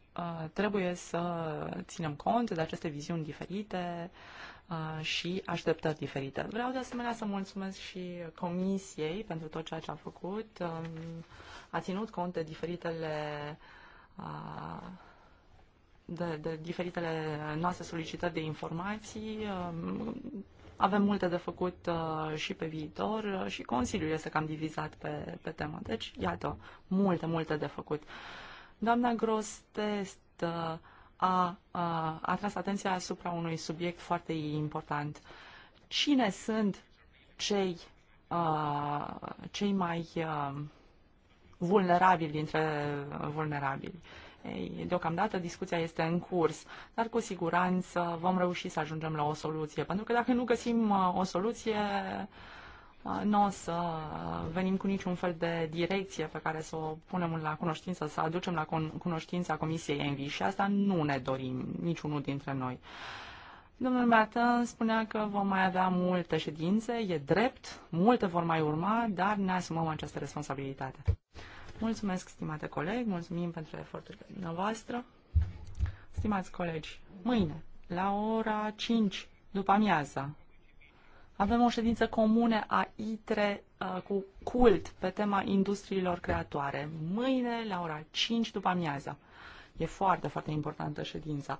trebuie să ținem cont de aceste viziuni diferite și așteptări diferite. Vreau de asemenea să mulțumesc și Comisiei pentru tot ceea ce a făcut. A ținut cont de diferitele de, de diferitele noastre solicitări de informații. Avem multe de făcut și pe viitor și Consiliul este cam divizat pe, pe temă. Deci, iată, multe, multe de făcut. Doamna Grostest, a, a atras atenția asupra unui subiect foarte important. Cine sunt cei, a, cei mai a, vulnerabili dintre vulnerabili? Ei, deocamdată discuția este în curs, dar cu siguranță vom reuși să ajungem la o soluție, pentru că dacă nu găsim o soluție, uh, Uh, nu o să uh, venim cu niciun fel de direcție pe care să o punem la cunoștință, să aducem la cunoștința Comisiei Envi și asta nu ne dorim niciunul dintre noi. Domnul Martin spunea că vom mai avea multe ședințe, e drept, multe vor mai urma, dar ne asumăm această responsabilitate. Mulțumesc, stimate coleg, mulțumim pentru eforturile noastre. Stimați colegi, mâine, la ora 5 după amiaza, avem o ședință comune a ITRE uh, cu cult pe tema industriilor creatoare. Mâine, la ora 5 după amiază. E foarte, foarte importantă ședința.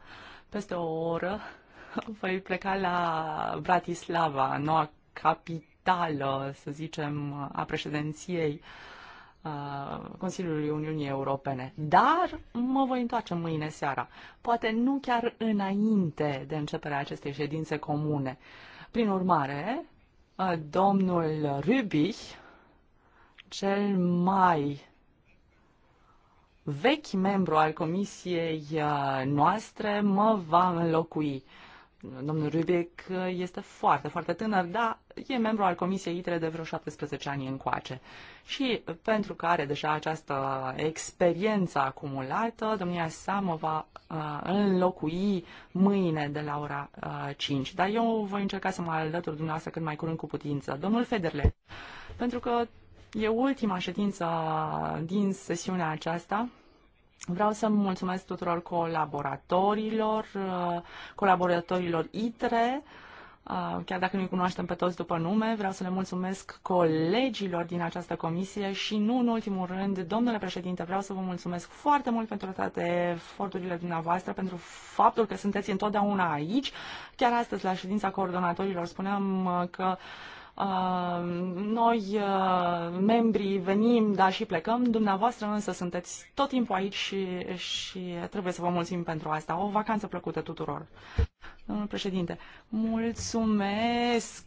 Peste o oră <laughs> voi pleca la Bratislava, noua capitală, să zicem, a președinției uh, Consiliului Uniunii Europene. Dar mă voi întoarce mâine seara. Poate nu chiar înainte de începerea acestei ședințe comune. Prin urmare, uh, domnul Rubi, cel mai vechi membru al comisiei uh, noastre, mă va înlocui. Domnul Rubic este foarte, foarte tânăr, dar e membru al Comisiei ITRE de vreo 17 ani încoace. Și pentru că are deja această experiență acumulată, domnia sa mă va uh, înlocui mâine de la ora 5. Uh, dar eu voi încerca să mă alătur dumneavoastră cât mai curând cu putință. Domnul Federle, pentru că e ultima ședință din sesiunea aceasta, Vreau să mulțumesc tuturor colaboratorilor, colaboratorilor ITRE, uh, chiar dacă nu-i cunoaștem pe toți după nume, vreau să le mulțumesc colegilor din această comisie și nu în ultimul rând, domnule președinte, vreau să vă mulțumesc foarte mult pentru toate eforturile dumneavoastră, pentru faptul că sunteți întotdeauna aici. Chiar astăzi la ședința coordonatorilor spuneam uh, că Uh, noi, uh, membrii, venim, dar și plecăm. Dumneavoastră însă sunteți tot timpul aici și, și trebuie să vă mulțumim pentru asta. O vacanță plăcută tuturor! Domnul președinte, mulțumesc.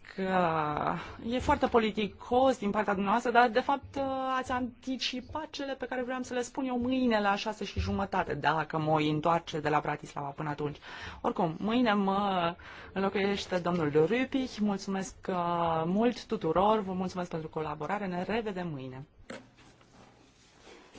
E foarte politicos din partea dumneavoastră, dar de fapt ați anticipat cele pe care vreau să le spun eu mâine la șase și jumătate, dacă mă întoarce de la Bratislava până atunci. Oricum, mâine mă înlocuiește domnul Rupich. Mulțumesc uh, mult tuturor, vă mulțumesc pentru colaborare, ne revedem mâine.